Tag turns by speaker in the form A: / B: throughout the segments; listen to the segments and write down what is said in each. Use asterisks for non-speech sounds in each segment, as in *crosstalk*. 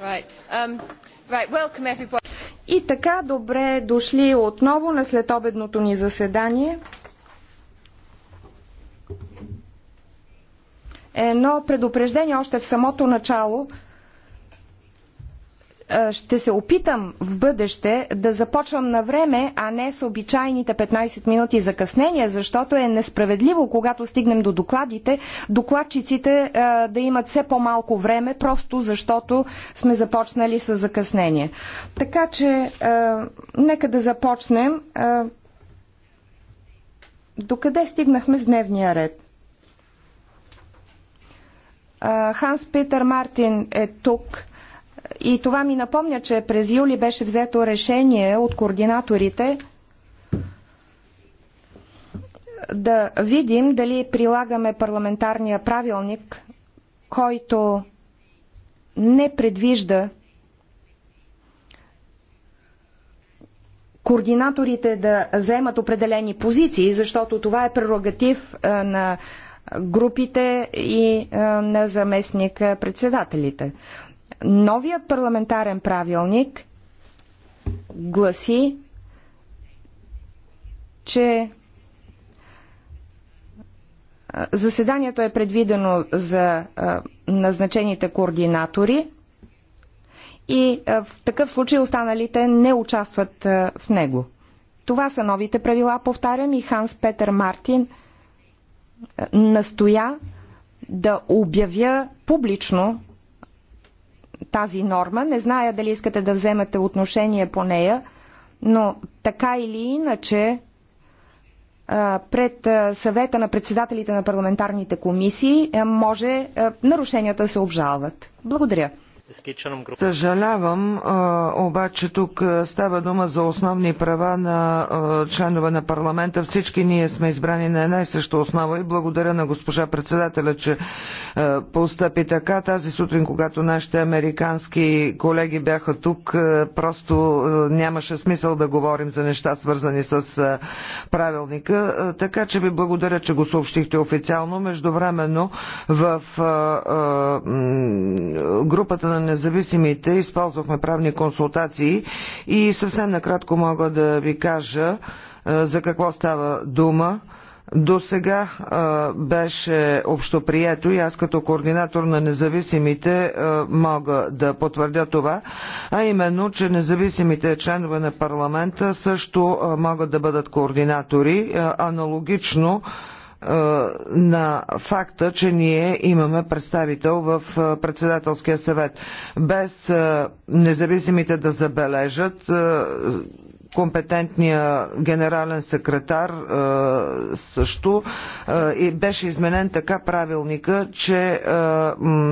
A: Right. Um, right. Welcome И така, добре дошли отново на следобедното ни заседание. Едно предупреждение още в самото начало – е, ще се опитам в бъдеще да започвам на време, а не с обичайните 15 минути закъснение, защото е несправедливо, когато стигнем до докладите, докладчиците е, да имат все по-малко време, просто защото сме започнали с закъснение. Така че, е, нека да започнем. Докъде стигнахме с дневния ред? Ханс Питер Мартин е тук и това ми напомня, че през юли беше взето решение от координаторите да видим дали прилагаме парламентарния правилник, който не предвижда координаторите да вземат определени позиции, защото това е прерогатив на групите и на заместник председателите. Новият парламентарен правилник гласи, че заседанието е предвидено за назначените координатори и в такъв случай останалите не участват в него. Това са новите правила, повтарям, и Ханс Петър Мартин настоя да обявя публично тази норма. Не зная дали искате да вземете отношение по нея, но така или иначе пред съвета на председателите на парламентарните комисии може нарушенията се обжалват. Благодаря.
B: Съжалявам, обаче тук става дума за основни права на членове на парламента. Всички ние сме избрани на една и съща основа и благодаря на госпожа председателя, че постъпи така. Тази сутрин, когато нашите американски колеги бяха тук, просто нямаше смисъл да говорим за неща свързани с правилника. Така че ви благодаря, че го съобщихте официално. Междувременно в групата на на независимите използвахме правни консултации и съвсем накратко мога да ви кажа за какво става дума. До сега беше общоприето и аз като координатор на независимите а, мога да потвърдя това, а именно, че независимите членове на парламента също а, могат да бъдат координатори. А, аналогично на факта, че ние имаме представител в председателския съвет. Без независимите да забележат, компетентния генерален секретар е, също е, и беше изменен така правилника, че е,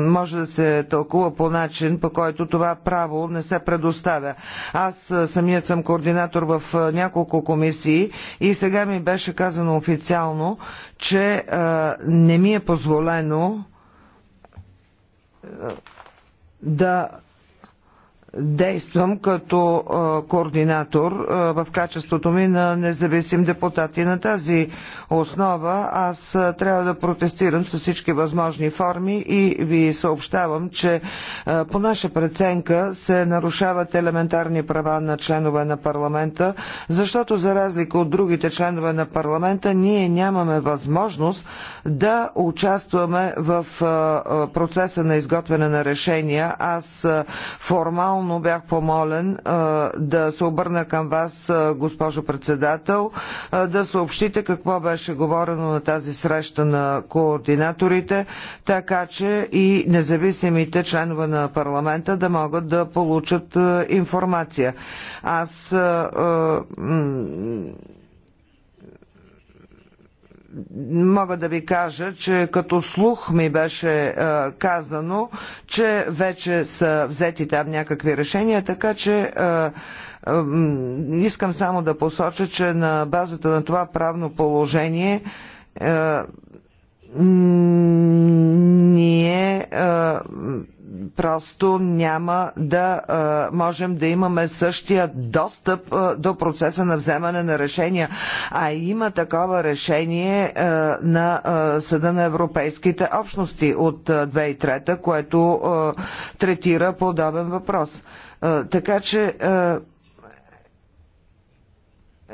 B: може да се тълкува по начин, по който това право не се предоставя. Аз самият съм координатор в няколко комисии и сега ми беше казано официално, че не ми е позволено да действам като координатор в качеството ми на независим депутат. И на тази основа, аз трябва да протестирам с всички възможни форми и ви съобщавам, че по наша преценка се нарушават елементарни права на членове на парламента, защото за разлика от другите членове на парламента, ние нямаме възможност да участваме в процеса на изготвяне на решения. Аз формално бях помолен да се обърна към вас, госпожо председател, да съобщите какво беше беше говорено на тази среща на координаторите, така че и независимите членове на парламента да могат да получат е, информация. Аз е, мога да ви кажа, че като слух ми беше е, казано, че вече са взети там някакви решения, така че е, Искам само да посоча, че на базата на това правно положение е, ние е, просто няма да е, можем да имаме същия достъп до процеса на вземане на решения. А има такова решение на Съда на Европейските общности от 2003, което третира подобен въпрос. така че.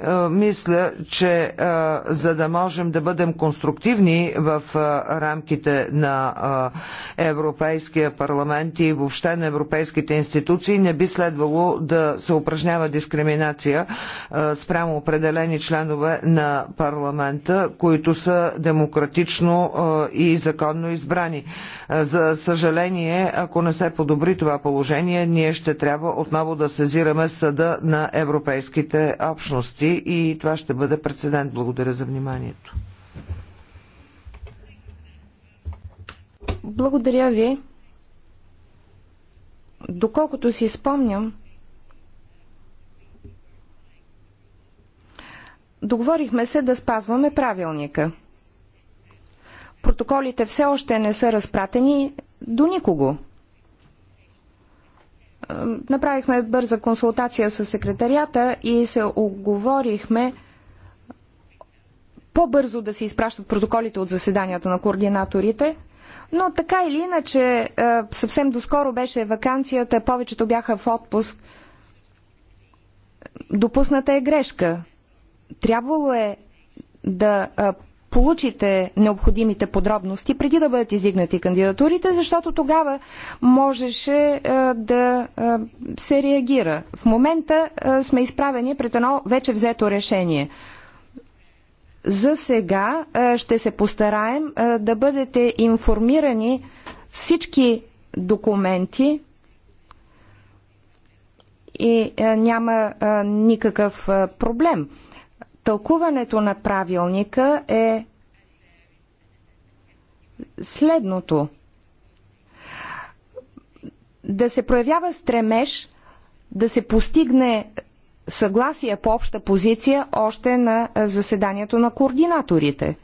B: Е, мисля, че е, за да можем да бъдем конструктивни в е, рамките на Европейския парламент и въобще на европейските институции, не би следвало да се упражнява дискриминация спрямо определени членове на парламента, които са демократично и законно избрани. За съжаление, ако не се подобри това положение, ние ще трябва отново да сезираме съда на европейските общности и това ще бъде прецедент. Благодаря за вниманието.
A: Благодаря ви. Доколкото си спомням, договорихме се да спазваме правилника. Протоколите все още не са разпратени до никого направихме бърза консултация с секретарията и се оговорихме по-бързо да се изпращат протоколите от заседанията на координаторите, но така или иначе, е, съвсем доскоро беше вакансията, повечето бяха в отпуск. Допусната е грешка. Трябвало е да е, получите необходимите подробности преди да бъдат издигнати кандидатурите, защото тогава можеше е, да е, се реагира. В момента е, сме изправени пред едно вече взето решение. За сега ще се постараем да бъдете информирани всички документи и няма никакъв проблем. Тълкуването на правилника е следното. Да се проявява стремеж да се постигне съгласие по обща позиция още на заседанието на координаторите.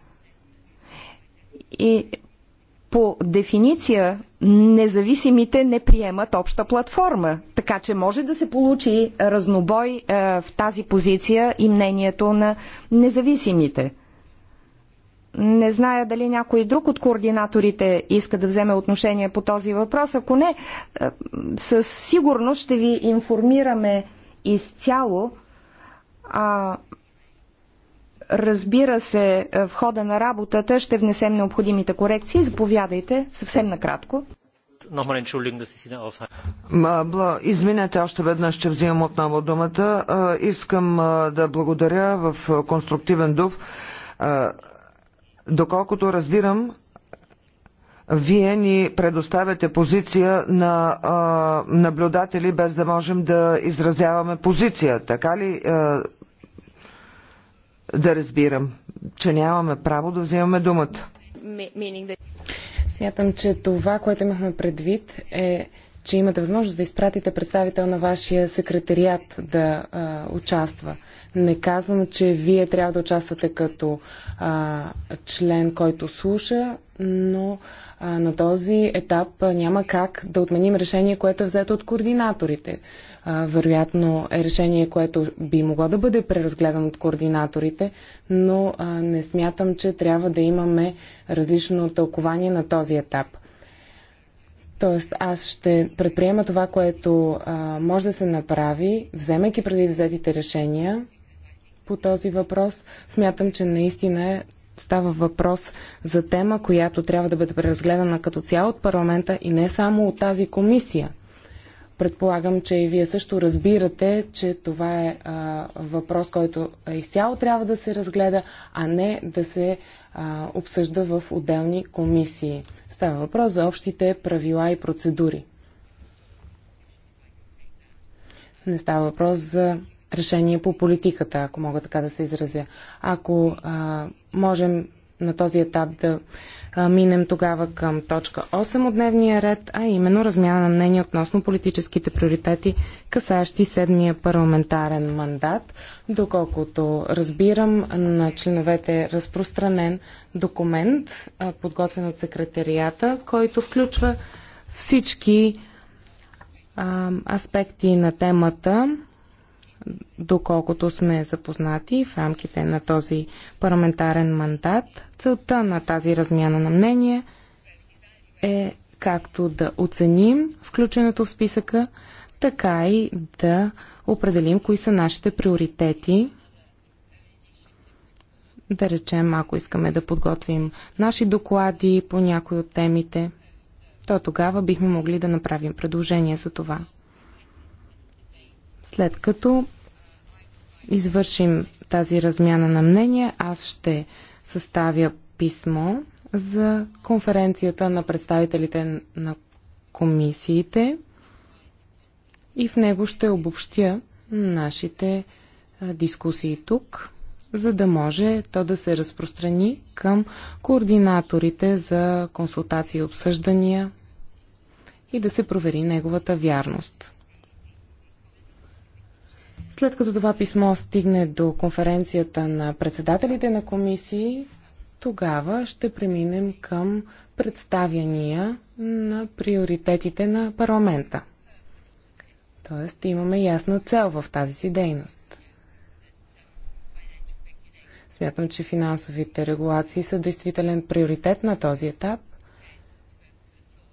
A: И по дефиниция независимите не приемат обща платформа. Така че може да се получи разнобой а, е, в тази позиция и мнението на независимите. Не зная дали някой друг от координаторите иска да вземе отношение по този въпрос. Ако не, е, със сигурност ще ви информираме изцяло. А, Разбира се, е, в хода на работата ще внесем необходимите корекции. Заповядайте съвсем накратко.
B: Извинете още веднъж, че взимам отново думата. Искам да благодаря в конструктивен дух. Доколкото разбирам, вие ни предоставяте позиция на наблюдатели, без да можем да изразяваме позиция. Така ли да разбирам, че нямаме право да взимаме думата.
C: Смятам, че това, което имахме предвид е, че имате възможност да изпратите представител на вашия секретариат да а, участва. Не казвам, че вие трябва да участвате като а, член, който слуша, но а, на този етап няма как да отменим решение, което е взето от координаторите вероятно е решение, което би могло да бъде преразгледано от координаторите, но не смятам, че трябва да имаме различно тълкование на този етап. Тоест, аз ще предприема това, което а, може да се направи, вземайки преди взетите решения по този въпрос. Смятам, че наистина е става въпрос за тема, която трябва да бъде преразгледана като цяло от парламента и не само от тази комисия – Предполагам, че и вие също разбирате, че това е а, въпрос, който изцяло трябва да се разгледа, а не да се а, обсъжда в отделни комисии. Става въпрос за общите правила и процедури. Не става въпрос за решение по политиката, ако мога така да се изразя. Ако а, можем на този етап да минем тогава към точка 8 от дневния ред, а именно размяна на мнение относно политическите приоритети, касащи седмия парламентарен мандат. Доколкото разбирам, на членовете е разпространен документ, подготвен от секретарията, който включва всички аспекти на темата доколкото сме запознати в рамките на този парламентарен мандат. Целта на тази размяна на мнение е както да оценим включеното в списъка, така и да определим кои са нашите приоритети. Да речем, ако искаме да подготвим наши доклади по някои от темите, то тогава бихме могли да направим предложение за това. След като извършим тази размяна на мнения, аз ще съставя писмо за конференцията на представителите на комисиите и в него ще обобщя нашите дискусии тук, за да може то да се разпространи към координаторите за консултации и обсъждания и да се провери неговата вярност. След като това писмо стигне до конференцията на председателите на комисии, тогава ще преминем към представяния на приоритетите на парламента. Тоест имаме ясна цел в тази си дейност. Смятам, че финансовите регулации са действителен приоритет на този етап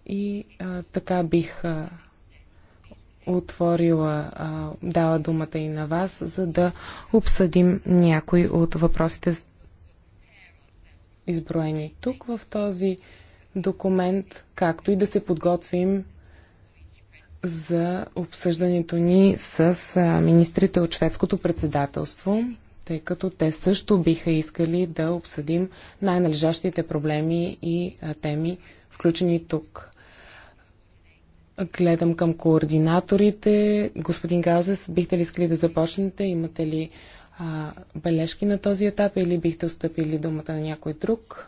C: и а, така бих а, отворила, а, дала думата и на вас, за да обсъдим някои от въпросите изброени тук в този документ, както и да се подготвим за обсъждането ни с министрите от шведското председателство, тъй като те също биха искали да обсъдим най-належащите проблеми и теми, включени тук. Гледам към координаторите. Господин Гаузес, бихте ли искали да започнете? Имате ли а, бележки на този етап или бихте отстъпили думата на някой друг?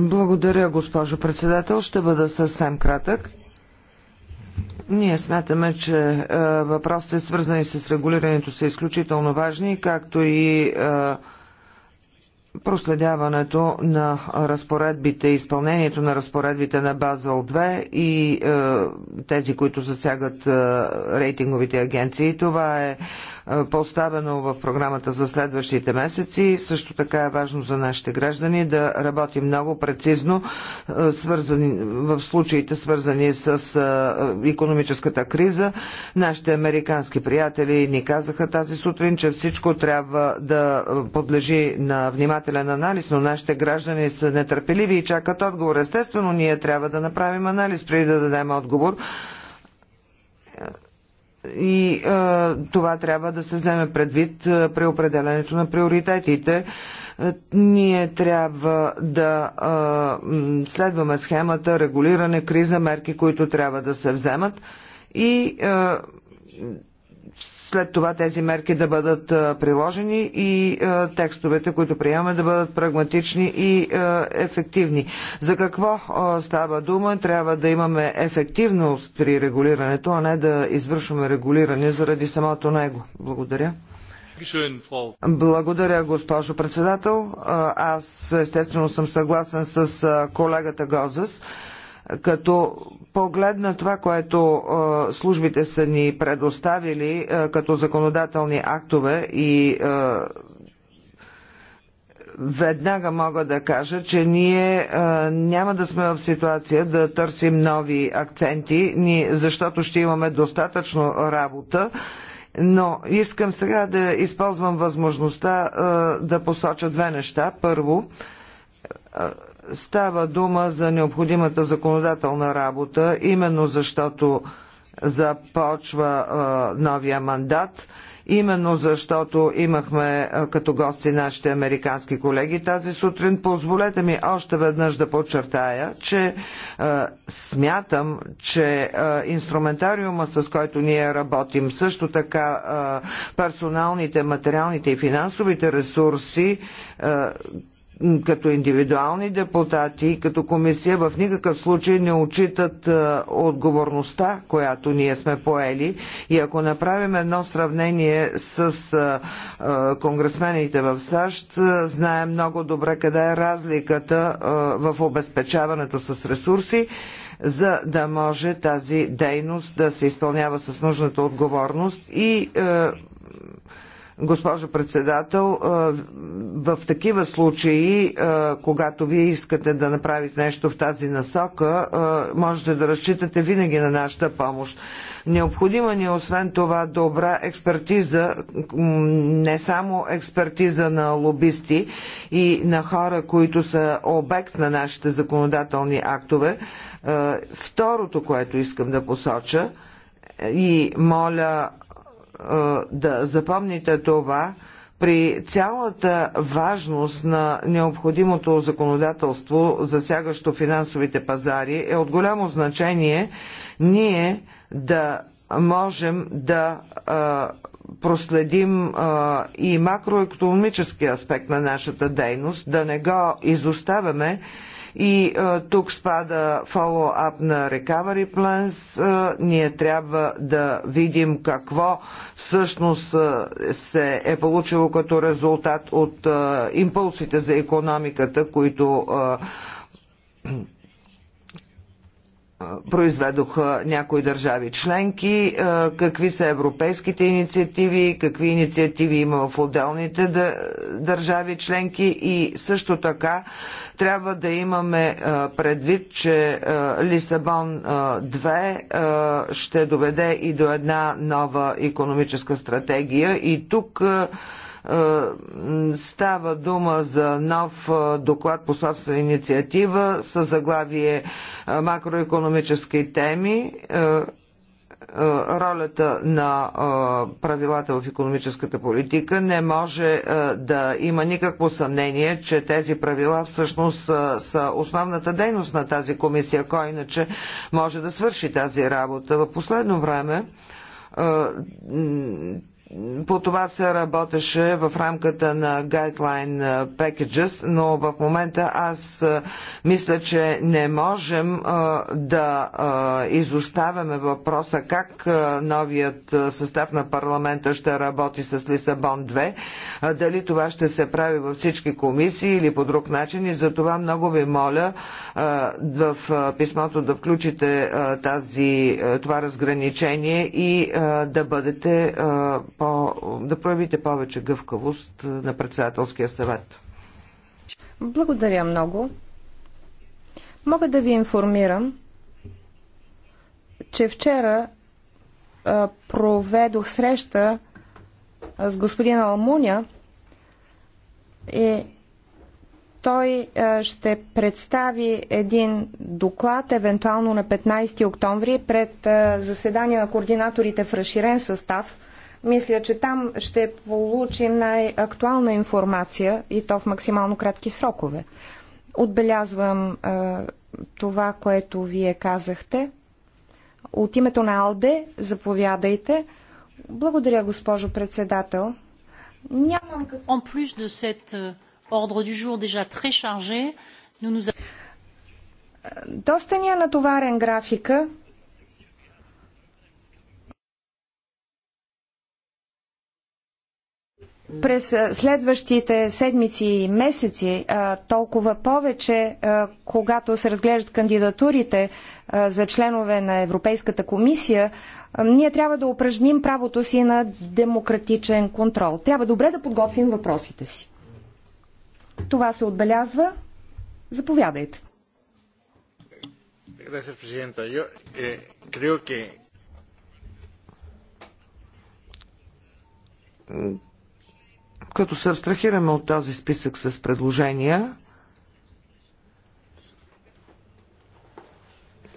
B: Благодаря, госпожо председател. Ще бъда съвсем кратък. Ние смятаме, че въпросите, свързани с регулирането, са изключително важни, както и проследяването на разпоредбите, изпълнението на разпоредбите на Базъл 2 и е, тези, които засягат е, рейтинговите агенции. Това е поставено в програмата за следващите месеци. Също така е важно за нашите граждани да работим много прецизно свързани, в случаите свързани с економическата криза. Нашите американски приятели ни казаха тази сутрин, че всичко трябва да подлежи на внимателен анализ, но нашите граждани са нетърпеливи и чакат отговор. Естествено, ние трябва да направим анализ преди да дадем отговор и а, това трябва да се вземе предвид а, при определенето на приоритетите. А, ние трябва да а, следваме схемата регулиране, криза, мерки, които трябва да се вземат и а, след това тези мерки да бъдат приложени и текстовете, които приемаме, да бъдат прагматични и ефективни. За какво става дума? Трябва да имаме ефективност при регулирането, а не да извършваме регулиране заради самото него. Благодаря. Благодаря, госпожо председател. Аз естествено съм съгласен с колегата Гозес. Като погледна това, което службите са ни предоставили като законодателни актове и веднага мога да кажа, че ние няма да сме в ситуация да търсим нови акценти, ни, защото ще имаме достатъчно работа. Но искам сега да използвам възможността да посоча две неща. Първо, Става дума за необходимата законодателна работа, именно защото започва новия мандат, именно защото имахме като гости нашите американски колеги тази сутрин. Позволете ми още веднъж да подчертая, че смятам, че инструментариума, с който ние работим, също така персоналните, материалните и финансовите ресурси, като индивидуални депутати, и като комисия в никакъв случай не отчитат отговорността, която ние сме поели. И ако направим едно сравнение с конгресмените в САЩ, знаем много добре къде е разликата в обезпечаването с ресурси за да може тази дейност да се изпълнява с нужната отговорност и е, Госпожо председател, в такива случаи, когато вие искате да направите нещо в тази насока, можете да разчитате винаги на нашата помощ. Необходима ни е освен това добра експертиза, не само експертиза на лобисти и на хора, които са обект на нашите законодателни актове. Второто, което искам да посоча, и моля е, да запомните това при цялата важност на необходимото законодателство, засягащо финансовите пазари, е от голямо значение ние да можем да а, е, проследим а, е, и макроекономически аспект на нашата дейност, да не го изоставяме и а, е, тук спада follow-up на Recovery Plans. А, е, ние трябва да видим какво всъщност а, е, се е получило като резултат от а, импулсите за економиката, които произведоха някои държави членки, какви са европейските инициативи, какви инициативи има в отделните държави членки и също така трябва да имаме е, предвид, че е, Лисабон 2 е, ще доведе и до една нова економическа стратегия и тук става дума за нов доклад по собствена инициатива с заглавие макроекономически теми ролята на правилата в економическата политика, не може да има никакво съмнение, че тези правила всъщност са основната дейност на тази комисия, кой иначе може да свърши тази работа. В последно време по това се работеше в рамката на Guideline Packages, но в момента аз мисля, че не можем да изоставяме въпроса как новият състав на парламента ще работи с Лисабон 2, дали това ще се прави във всички комисии или по друг начин и за това много ви моля в писмото да включите тази, това разграничение и да бъдете по по, да проявите повече гъвкавост е, на председателския съвет.
A: Благодаря много. Мога да ви информирам, че вчера а, е, проведох среща е, с господин Алмуня и той а, ще представи един доклад, евентуално на 15 октомври, пред а, заседание на координаторите в разширен състав – мисля, че там ще получим най-актуална информация и то в максимално кратки срокове. Отбелязвам а, е, това, което вие казахте. От името на Алде, заповядайте. Благодаря, госпожо председател.
C: Нямам какво. plus de cet е, ordre du jour déjà très chargé, nous nous... Е,
A: доста ни е натоварен графика. през следващите седмици и месеци, толкова повече, когато се разглеждат кандидатурите за членове на Европейската комисия, ние трябва да упражним правото си на демократичен контрол. Трябва добре да подготвим въпросите си. Това се отбелязва. Заповядайте.
B: Gracias, като се абстрахираме от този списък с предложения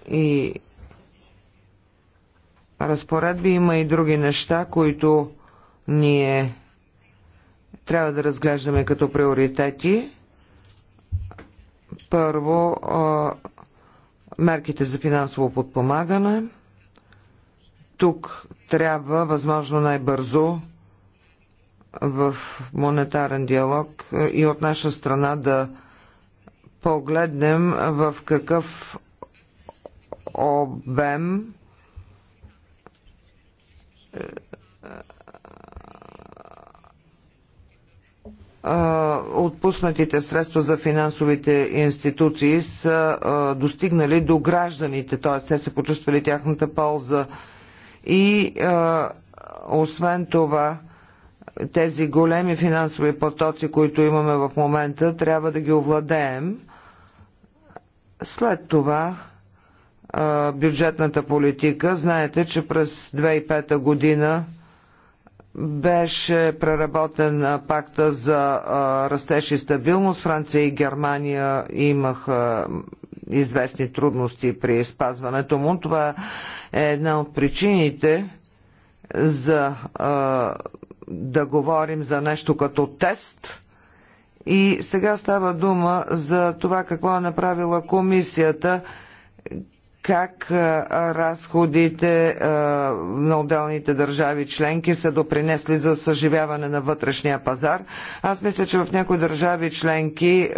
B: и разпоредби, има и други неща, които ние трябва да разглеждаме като приоритети. Първо, мерките за финансово подпомагане. Тук трябва възможно най-бързо в монетарен диалог е, и от наша страна да погледнем в какъв обем е, е, отпуснатите средства за финансовите институции са достигнали до гражданите, т.е. те са почувствали тяхната полза. И освен това, тези големи финансови потоци, които имаме в момента, трябва да ги овладеем. След това бюджетната политика. Знаете, че през 2005 година беше преработен пакта за растеж и стабилност. Франция и Германия имаха известни трудности при спазването му. Това е една от причините за да говорим за нещо като тест. И сега става дума за това какво е направила комисията как разходите на отделните държави членки са допринесли за съживяване на вътрешния пазар. Аз мисля, че в някои държави членки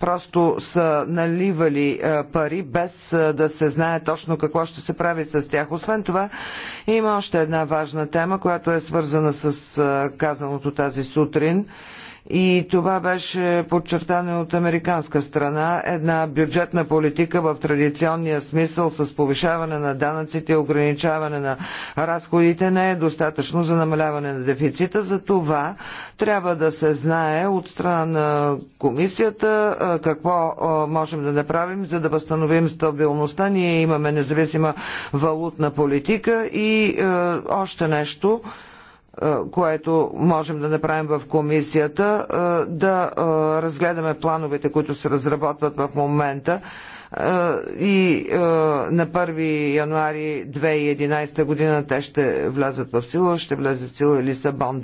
B: просто са наливали пари без да се знае точно какво ще се прави с тях. Освен това, има още една важна тема, която е свързана с казаното тази сутрин и това беше подчертано от американска страна. Една бюджетна политика в традиционния смисъл с повишаване на данъците и ограничаване на разходите не е достатъчно за намаляване на дефицита. За това трябва да се знае от страна на комисията какво можем да направим, за да възстановим стабилността. Ние имаме независима валутна политика и още нещо – което можем да направим в комисията, да разгледаме плановете, които се разработват в момента и на 1 януари 2011 година те ще влязат в сила, ще влезе в сила Лисабон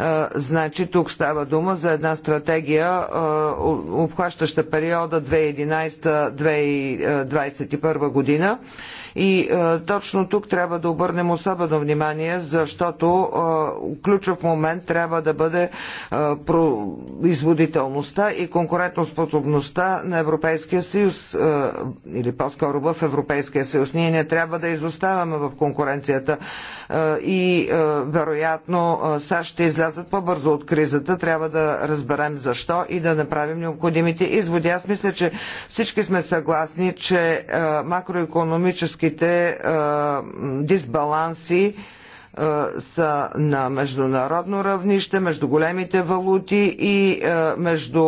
B: 2. Значи тук става дума за една стратегия, обхващаща периода 2011-2021 година и е, точно тук трябва да обърнем особено внимание, защото е, ключов момент трябва да бъде е, производителността и конкурентоспособността на Европейския съюз или по-скоро в Европейския съюз. Ние не трябва да изоставаме в конкуренцията и вероятно САЩ ще излязат по-бързо от кризата. Трябва да разберем защо и да направим необходимите изводи. Аз мисля, че всички сме съгласни, че макроекономическите дисбаланси са на международно равнище, между големите валути и между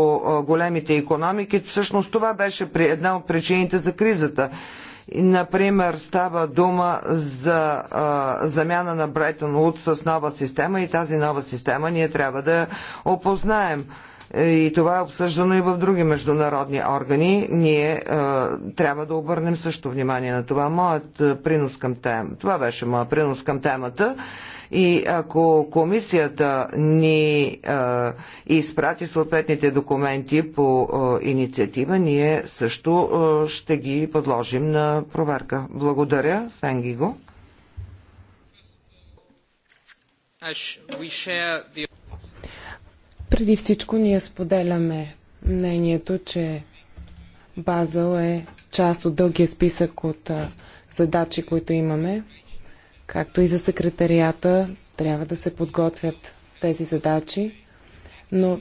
B: големите економики. Всъщност това беше една от причините за кризата. Например, става дума за а, замяна на Брайтон Луд с нова система и тази нова система ние трябва да опознаем. И това е обсъждано и в други международни органи. Ние а, трябва да обърнем също внимание на това. Моят принос към тем... Това беше моят принос към темата. И ако комисията ни а, изпрати съответните документи по а, инициатива, ние също а, ще ги подложим на проверка. Благодаря, Свен Гиго.
C: Преди всичко ние споделяме мнението, че Базъл е част от дългия списък от задачи, които имаме както и за секретарията, трябва да се подготвят тези задачи, но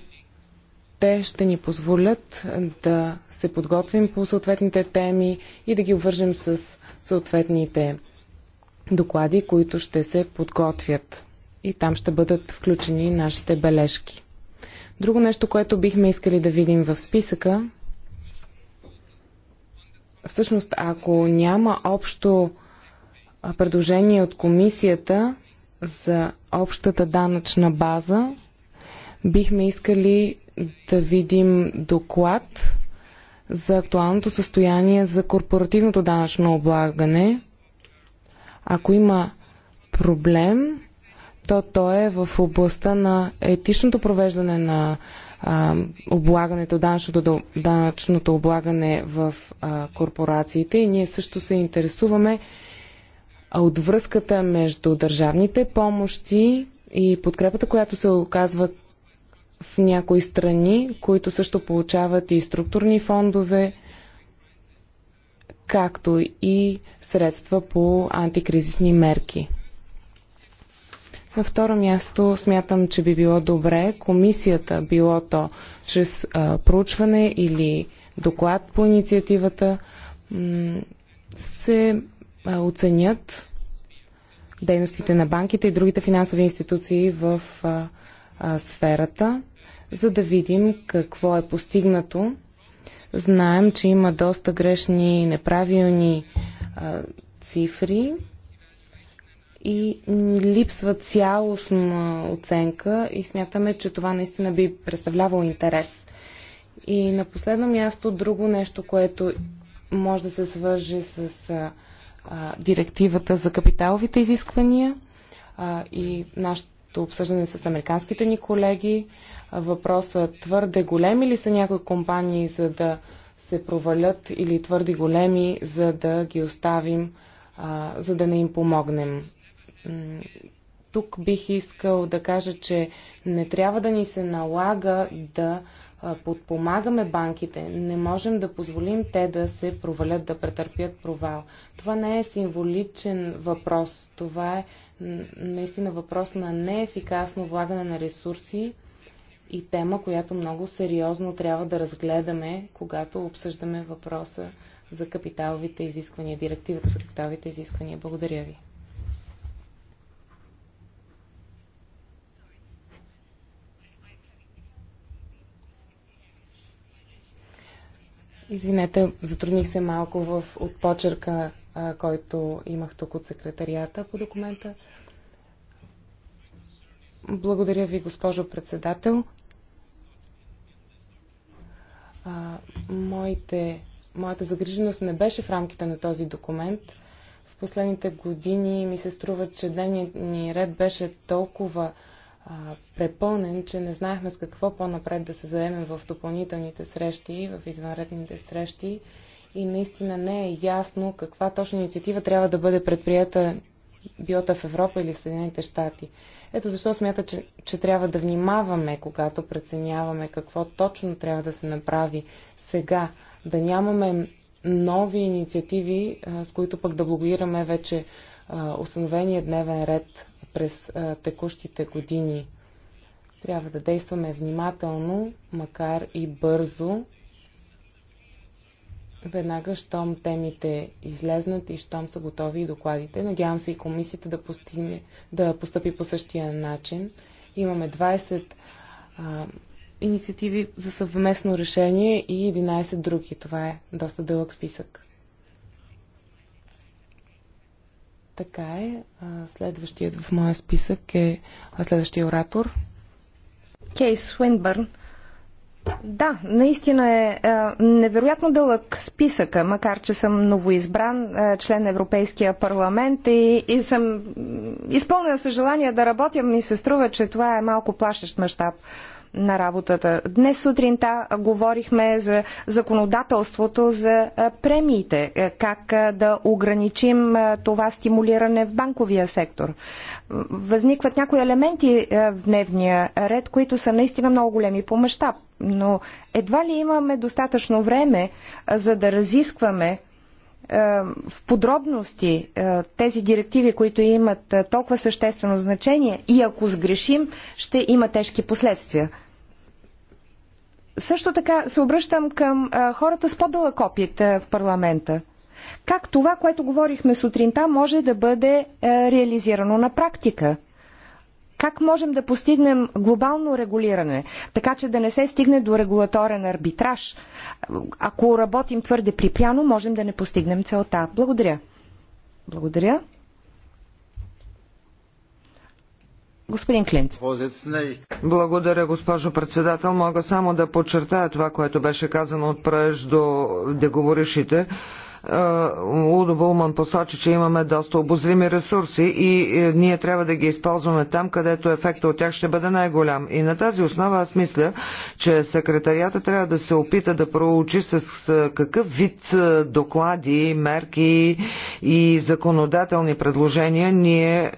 C: те ще ни позволят да се подготвим по съответните теми и да ги обвържем с съответните доклади, които ще се подготвят. И там ще бъдат включени нашите бележки. Друго нещо, което бихме искали да видим в списъка, всъщност ако няма общо предложение от комисията за общата данъчна база. Бихме искали да видим доклад за актуалното състояние за корпоративното данъчно облагане. Ако има проблем, то той е в областта на етичното провеждане на а, облагането, данъчното, данъчното облагане в а, корпорациите и ние също се интересуваме от връзката между държавните помощи и подкрепата, която се оказва в някои страни, които също получават и структурни фондове, както и средства по антикризисни мерки. На второ място смятам, че би било добре комисията, било то чрез а, проучване или доклад по инициативата, се оценят дейностите на банките и другите финансови институции в сферата, за да видим какво е постигнато. Знаем, че има доста грешни, неправилни цифри и липсва цялостна оценка и смятаме, че това наистина би представлявало интерес. И на последно място друго нещо, което може да се свържи с директивата за капиталовите изисквания а, и нашето обсъждане с американските ни колеги. Въпросът е твърде големи ли са някои компании, за да се провалят или твърде големи, за да ги оставим, а, за да не им помогнем. Тук бих искал да кажа, че не трябва да ни се налага да подпомагаме банките, не можем да позволим те да се провалят, да претърпят провал. Това не е символичен въпрос. Това е наистина въпрос на неефикасно влагане на ресурси и тема, която много сериозно трябва да разгледаме, когато обсъждаме въпроса за капиталовите изисквания, директивата за капиталовите изисквания. Благодаря ви. Извинете, затрудних се малко в, от почерка, а, който имах тук от секретарията по документа. Благодаря ви, госпожо председател. А, моите, моята загриженост не беше в рамките на този документ. В последните години ми се струва, че дневният ни ред беше толкова а, препълнен, че не знаехме с какво по-напред да се заемем в допълнителните срещи, в извънредните срещи и наистина не е ясно каква точно инициатива трябва да бъде предприята биота в Европа или в Съединените щати. Ето защо смята, че, че трябва да внимаваме, когато преценяваме какво точно трябва да се направи сега, да нямаме нови инициативи, с които пък да блогираме вече установения дневен ред през а, текущите години. Трябва да действаме внимателно, макар и бързо, веднага, щом темите излезнат и щом са готови и докладите. Надявам се и комисията да, постигне, да постъпи по същия начин. Имаме 20 а, инициативи за съвместно решение и 11 други. Това е доста дълъг списък. Така е. Следващият в моя списък е следващия оратор. Кейс Суинбърн. Да, наистина е, е
A: невероятно дълъг списъка, макар че съм новоизбран е, член на Европейския парламент и, и съм изпълнена с желание да работя, ми се струва, че това е малко плашещ мащаб на работата. Днес сутринта говорихме за законодателството за премиите, е, как да ограничим това стимулиране в банковия сектор. Възникват някои елементи е, в дневния ред, които са наистина много големи по мащаб, но едва ли имаме достатъчно време за да разискваме е, в подробности е, тези директиви, които имат е, толкова съществено значение и ако сгрешим, ще има тежки последствия. Също така се обръщам към хората с по-дълъг опит в парламента. Как това, което говорихме сутринта, може да бъде реализирано на практика? Как можем да постигнем глобално регулиране, така че да не се стигне до регулаторен арбитраж? Ако работим твърде припряно, можем да не постигнем целта. Благодаря. Благодаря.
B: Господин Клинц. Благодаря, госпожо председател. Мога само да подчертая това, което беше казано от преждоговорившите. Да е, Лудо Булман посочи, че имаме доста обозрими ресурси и е, ние трябва да ги използваме там, където ефектът от тях ще бъде най-голям. И на тази основа аз мисля, че секретарията трябва да се опита да проучи с какъв вид е, доклади, мерки и законодателни предложения ние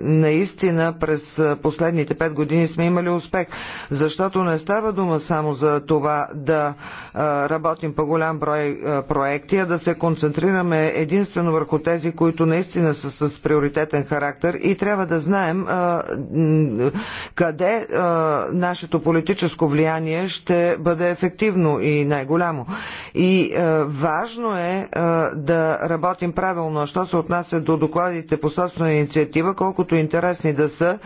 B: наистина през последните пет години сме имали успех. Защото не става дума само за това да работим по голям брой проекти, а да се се концентрираме единствено върху тези, които наистина са с приоритетен характер и трябва да знаем а, къде а, нашето политическо влияние ще бъде ефективно и най-голямо. И а, важно е а, да работим правилно. Що се отнася до докладите по собствена инициатива, колкото интересни да са,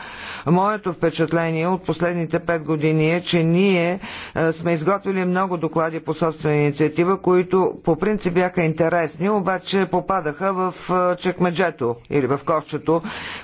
B: моето впечатление от последните пет години е, че ние а, сме изготвили много доклади по собствена инициатива, които по принцип бяха интересни интересни, обаче попадаха в чекмеджето или в кошчето.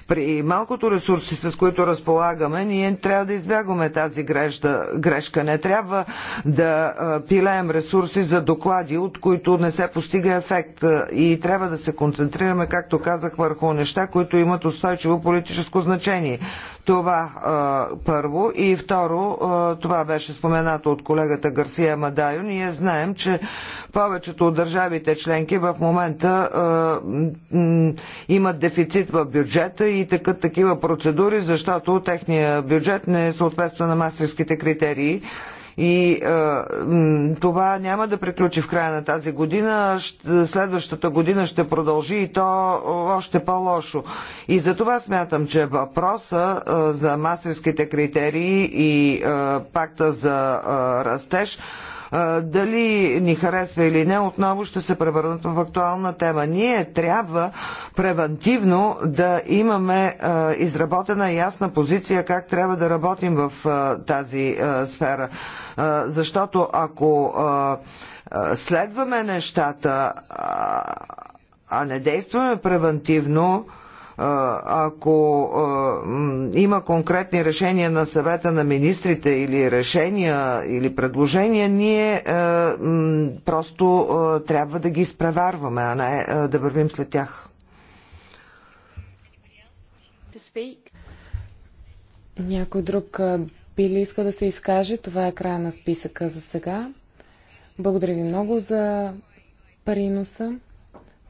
B: При малкото ресурси, с които разполагаме, ние трябва да избягваме тази грешда, грешка. Не трябва да пилеем ресурси за доклади, от които не се постига ефект. И трябва да се концентрираме, както казах, върху неща, които имат устойчиво политическо значение. Това а, първо. И второ, а, това беше споменато от колегата Гарсия Мадайо. Ние знаем, че повечето от държавите членки в момента е, имат дефицит в бюджета и такът такива процедури, защото техния бюджет не съответства на мастерските критерии. И е, това няма да приключи в края на тази година. Следващата година ще продължи и то е, още по-лошо. И за това смятам, че въпроса е, за мастерските критерии и е, пакта за е, растеж дали ни харесва или не, отново ще се превърнат в актуална тема. Ние трябва превентивно да имаме изработена ясна позиция как трябва да работим в тази сфера. Защото ако следваме нещата, а не действаме превентивно, ако има конкретни решения на съвета на министрите или решения или предложения, ние просто трябва да ги изпреварваме, а не да вървим след тях.
C: Някой друг би ли иска да се изкаже? Това е края на списъка за сега. Благодаря ви много за приноса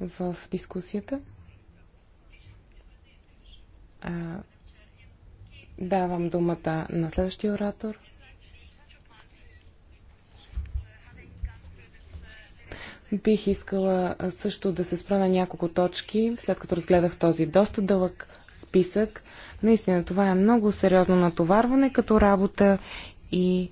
C: в дискусията. Давам думата на следващия оратор. Бих искала също да се спра на няколко точки, след като разгледах този доста дълъг списък. Наистина, това е много сериозно натоварване като работа и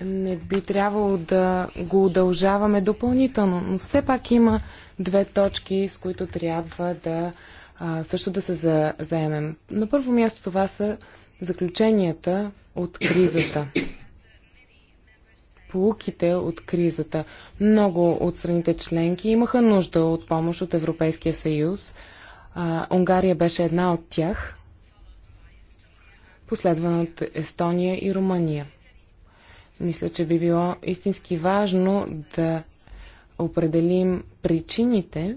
C: не би трябвало да го удължаваме допълнително, но все пак има две точки, с които трябва да а, също да се за, заемем. На първо място това са заключенията от кризата. Полуките от кризата. Много от страните членки имаха нужда от помощ от Европейския съюз. А, Унгария беше една от тях, последвана от Естония и Румъния. Мисля, че би било истински важно да определим причините,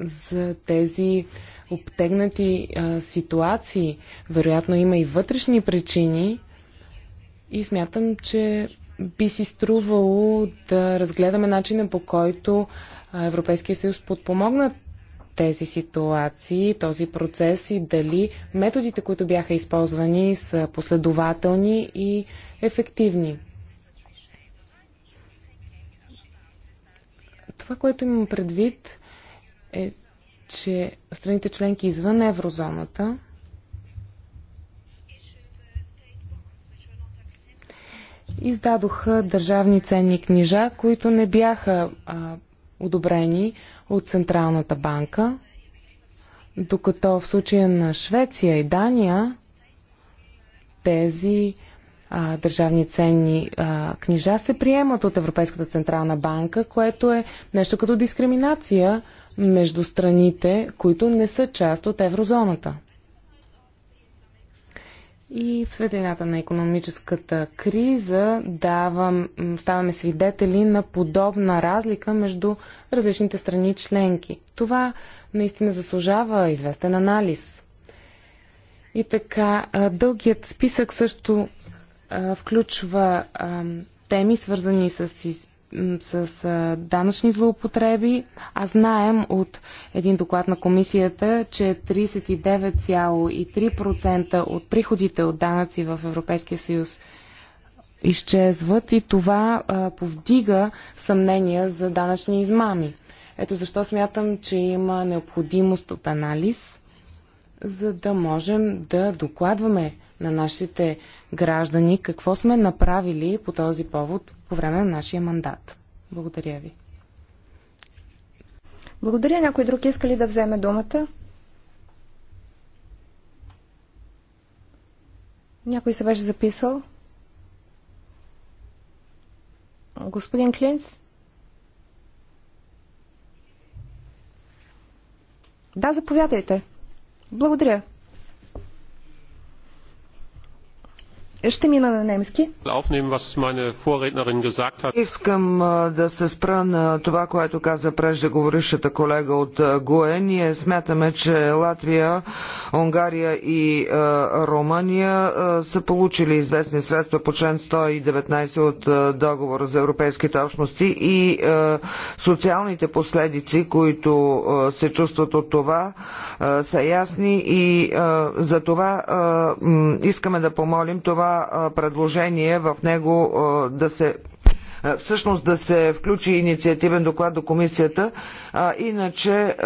C: за тези обтегнати а, ситуации. Вероятно има и вътрешни причини и смятам, че би си струвало да разгледаме начина по който Европейския съюз подпомогна тези ситуации, този процес и дали методите, които бяха използвани, са последователни и ефективни. Това, което имам предвид е, че страните членки извън еврозоната издадоха държавни ценни книжа, които не бяха а, одобрени от Централната банка, докато в случая на Швеция и Дания тези а, държавни ценни а, книжа се приемат от Европейската Централна банка, което е нещо като дискриминация между страните, които не са част от еврозоната. И в светлината на економическата криза давам, ставаме свидетели на подобна разлика между различните страни членки. Това наистина заслужава известен анализ. И така, дългият списък също включва теми, свързани с с а, данъчни злоупотреби, а знаем от един доклад на комисията, че 39,3% от приходите от данъци в Европейския съюз изчезват и това а, повдига съмнения за данъчни измами. Ето защо смятам, че има необходимост от анализ за да можем да докладваме на нашите граждани какво сме направили по този повод по време на нашия мандат. Благодаря ви.
A: Благодаря. Някой друг иска ли да вземе думата? Някой се беше записал? Господин Клинц? Да, заповядайте. Благодаря.
B: Ще мина на немски. Искам да се спра на това, което каза преждеговорившата колега от ГУЕ. Ние смятаме, че Латвия, Унгария и Румъния са получили известни средства по член 119 от договора за европейските общности и социалните последици, които се чувстват от това, са ясни и за това искаме да помолим това предложение в него да се всъщност да се включи инициативен доклад до комисията. иначе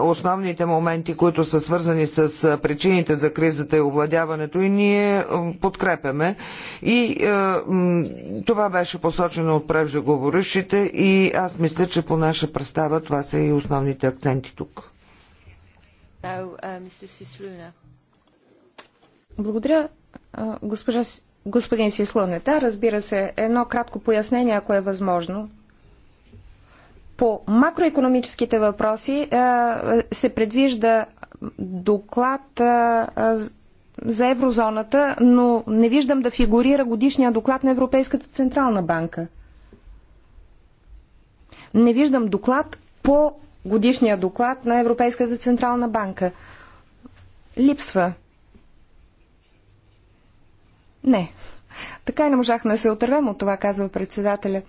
B: основните моменти, които са свързани с причините за кризата и овладяването и ние подкрепяме. И това беше посочено от преждеговорившите и аз мисля, че по наша представа това са и основните акценти тук.
C: Uh,
B: Благодаря. Госпожа, господин Сислонет,
A: да, разбира се, едно кратко пояснение, ако е възможно. По макроекономическите въпроси се предвижда доклад за еврозоната, но не виждам да фигурира годишния доклад на Европейската централна банка. Не виждам доклад по годишния доклад на Европейската централна банка. Липсва не. Така и не можахме да се отървем от това, казва председателя.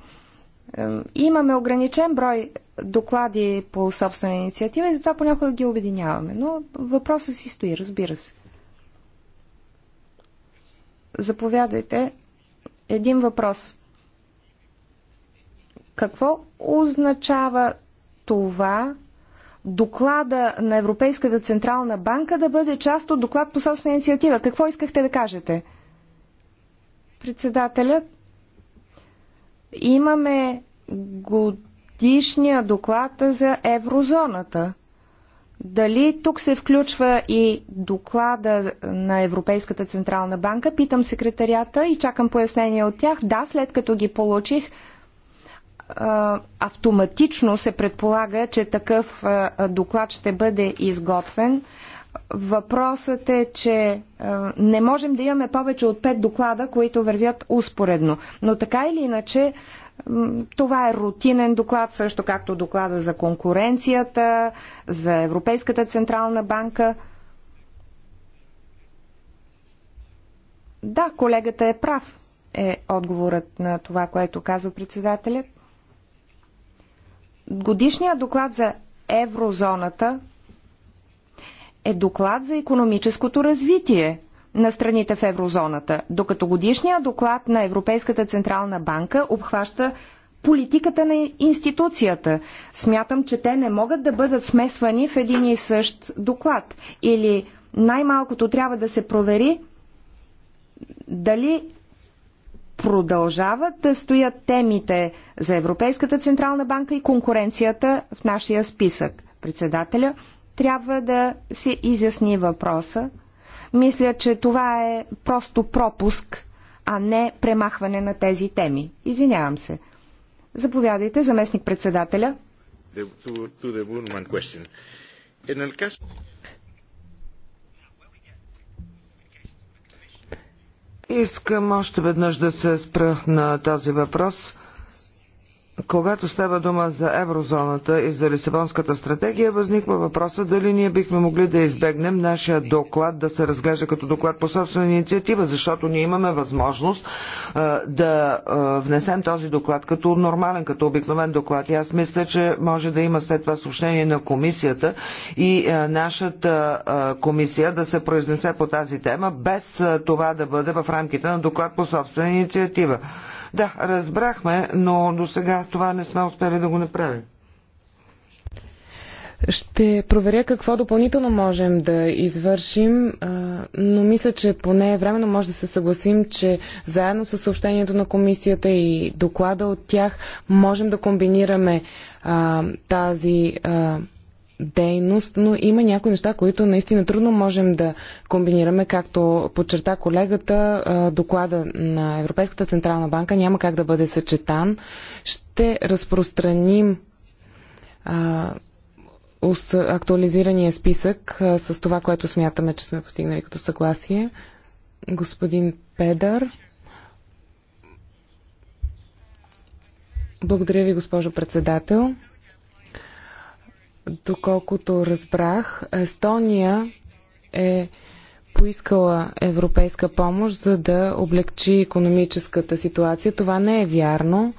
A: Имаме ограничен брой доклади по собствена инициатива и затова понякога ги обединяваме. Но въпросът си стои, разбира се. Заповядайте. Един въпрос. Какво означава това доклада на Европейската централна банка да бъде част от доклад по собствена инициатива? Какво искахте да кажете? Председателят, имаме годишния доклад за еврозоната. Дали тук се включва и доклада на Европейската Централна банка? Питам секретарията и чакам пояснение от тях. Да, след като ги получих, автоматично се предполага, че такъв доклад ще бъде изготвен. Въпросът е, че не можем да имаме повече от 5 доклада, които вървят успоредно. Но така или иначе, това е рутинен доклад, също както доклада за конкуренцията, за Европейската централна банка. Да, колегата е прав, е отговорът на това, което казва председателят. Годишният доклад за еврозоната е доклад за економическото развитие на страните в еврозоната, докато годишният доклад на Европейската централна банка обхваща политиката на институцията. Смятам, че те не могат да бъдат смесвани в един и същ доклад. Или най-малкото трябва да се провери дали продължават да стоят темите за Европейската Централна банка и конкуренцията в нашия списък. Председателя, трябва да се изясни въпроса. Мисля, че това е просто пропуск, а не премахване на тези теми. Извинявам се. Заповядайте, заместник председателя.
B: Искам още веднъж да се спра на този въпрос когато става дума за еврозоната и за Лисабонската стратегия, възниква въпроса дали ние бихме могли да избегнем нашия доклад да се разглежда като доклад по собствена инициатива, защото ние имаме възможност а, да а, внесем този доклад като нормален, като обикновен доклад. И аз мисля, че може да има след това съобщение на комисията и а, нашата а, комисия да се произнесе по тази тема, без а, това да бъде в рамките на доклад по собствена инициатива. Да, разбрахме, но до сега това не сме успели да го направим.
C: Ще проверя какво допълнително можем да извършим, но мисля, че поне е временно може да се съгласим, че заедно с съобщението на комисията и доклада от тях можем да комбинираме тази дейност, но има някои неща, които наистина трудно можем да комбинираме, както подчерта колегата, доклада на Европейската Централна банка няма как да бъде съчетан. Ще разпространим актуализирания списък с това, което смятаме, че сме постигнали като съгласие. Господин Педър. Благодаря ви, госпожо председател. Доколкото разбрах, Естония е поискала европейска помощ, за да облегчи економическата ситуация. Това не е вярно.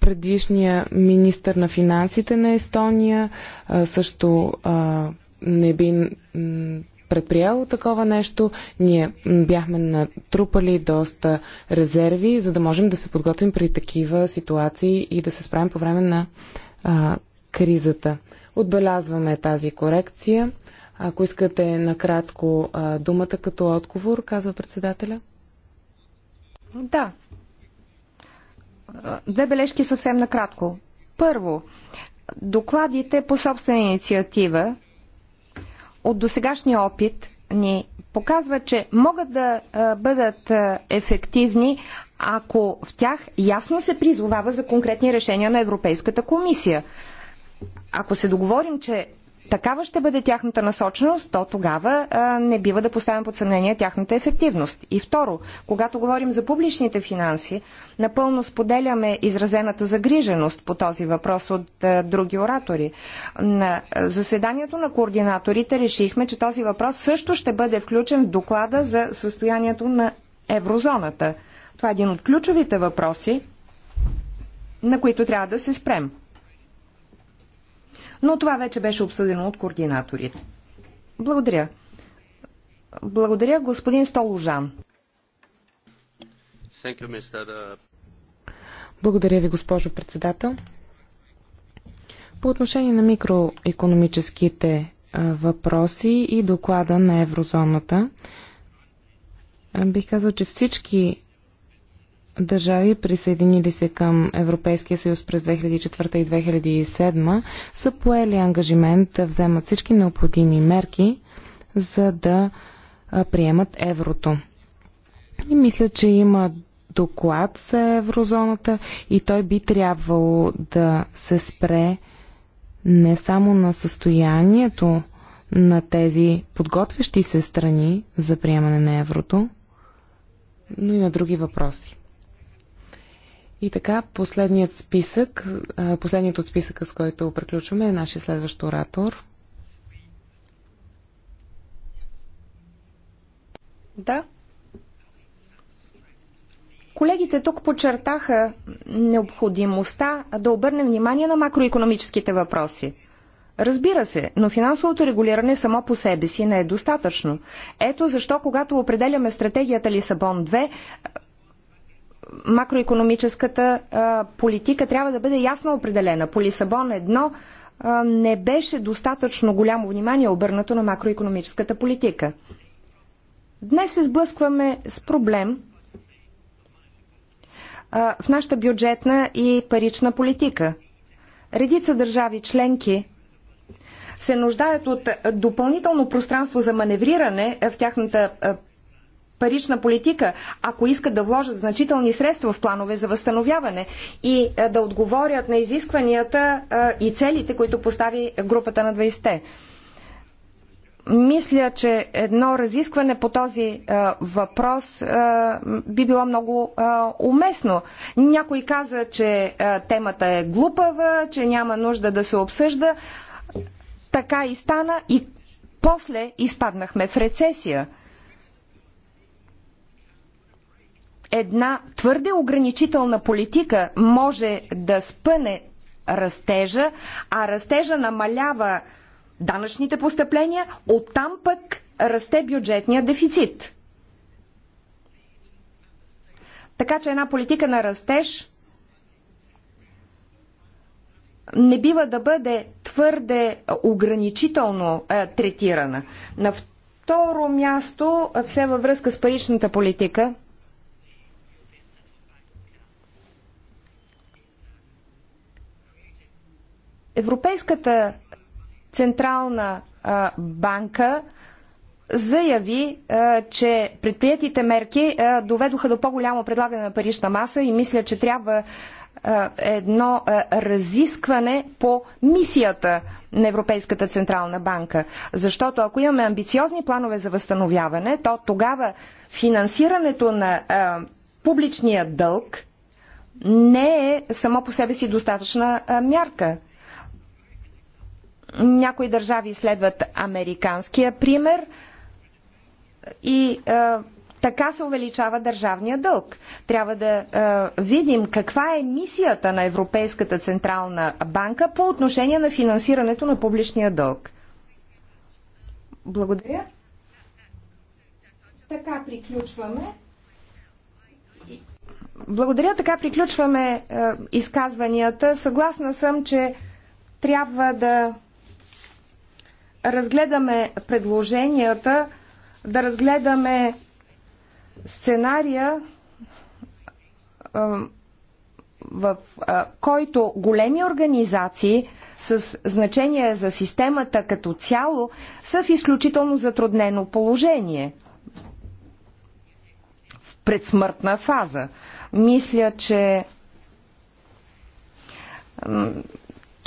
C: Предишният министр на финансите на Естония също не би предприял такова нещо. Ние бяхме натрупали доста резерви, за да можем да се подготвим при такива ситуации и да се справим по време на а, кризата. Отбелязваме тази корекция. Ако искате накратко а, думата като отговор, казва председателя. Да. Две бележки съвсем накратко.
A: Първо, докладите по собствена инициатива от досегашния опит ни показва, че могат да бъдат ефективни, ако в тях ясно се призовава за конкретни решения на Европейската комисия. Ако се договорим, че такава ще бъде тяхната насоченост, то тогава а, не бива да поставим под съмнение тяхната ефективност. И второ, когато говорим за публичните финанси, напълно споделяме изразената загриженост по този въпрос от а, други оратори. На заседанието на координаторите решихме, че този въпрос също ще бъде включен в доклада за състоянието на еврозоната – това е един от ключовите въпроси, на които трябва да се спрем. Но това вече беше обсъдено от координаторите. Благодаря. Благодаря, господин Столожан.
B: Uh,
C: Благодаря ви, госпожо председател. По отношение на микроекономическите въпроси и доклада на еврозоната, бих казал, че всички държави, присъединили се към Европейския съюз през 2004 и 2007, са поели ангажимент да вземат всички необходими мерки, за да приемат еврото. И мисля, че има доклад за еврозоната и той би трябвало да се спре не само на състоянието на тези подготвящи се страни за приемане на еврото, но и на други въпроси. И така, последният списък, последният от списъка, с който приключваме, е нашия следващ оратор. Да.
A: Колегите тук подчертаха необходимостта да обърнем внимание на макроекономическите въпроси. Разбира се, но финансовото регулиране само по себе си не е достатъчно. Ето защо, когато определяме стратегията Лисабон 2, макроекономическата политика трябва да бъде ясно определена. По Лисабон едно не беше достатъчно голямо внимание обърнато на макроекономическата политика. Днес се сблъскваме с проблем в нашата бюджетна и парична политика. Редица държави членки се нуждаят от допълнително пространство за маневриране в тяхната парична политика, ако искат да вложат значителни средства в планове за възстановяване и е, да отговорят на изискванията е, и целите, които постави групата на 20-те. Мисля, че едно разискване по този е, въпрос би било много уместно. Някой каза, че темата е глупава, че няма нужда да се обсъжда. Така и стана и после изпаднахме в рецесия. една твърде ограничителна политика може да спъне растежа, а растежа намалява данъчните постъпления, оттам пък расте бюджетния дефицит. Така че една политика на растеж не бива да бъде твърде ограничително е, третирана. На второ място, е, все във връзка с паричната политика – Европейската централна банка заяви, че предприятите мерки доведоха до по-голямо предлагане на парична маса и мисля, че трябва едно разискване по мисията на Европейската Централна банка. Защото ако имаме амбициозни планове за възстановяване, то тогава финансирането на публичния дълг не е само по себе си достатъчна мярка. Някои държави следват американския пример и е, така се увеличава държавния дълг. Трябва да е, видим каква е мисията на Европейската централна банка по отношение на финансирането на публичния дълг. Благодаря. Така приключваме. Благодаря, така приключваме е, изказванията. Съгласна съм, че трябва да разгледаме предложенията, да разгледаме сценария, в който големи организации с значение за системата като цяло са в изключително затруднено положение в предсмъртна фаза. Мисля, че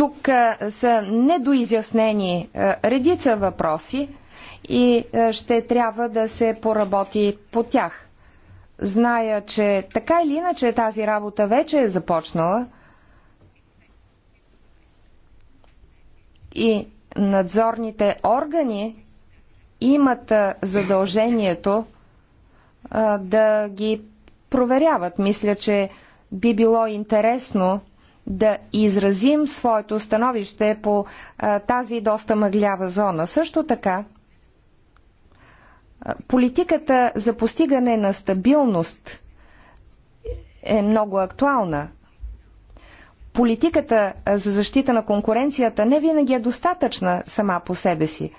A: тук са недоизяснени редица въпроси и ще трябва да се поработи по тях. Зная, че така или иначе тази работа вече е започнала и надзорните органи имат задължението да ги проверяват. Мисля, че би било интересно да изразим своето становище по а, тази доста мъглява зона. Също така, политиката за постигане на стабилност е много актуална. Политиката за защита на конкуренцията не винаги е достатъчна сама по себе си.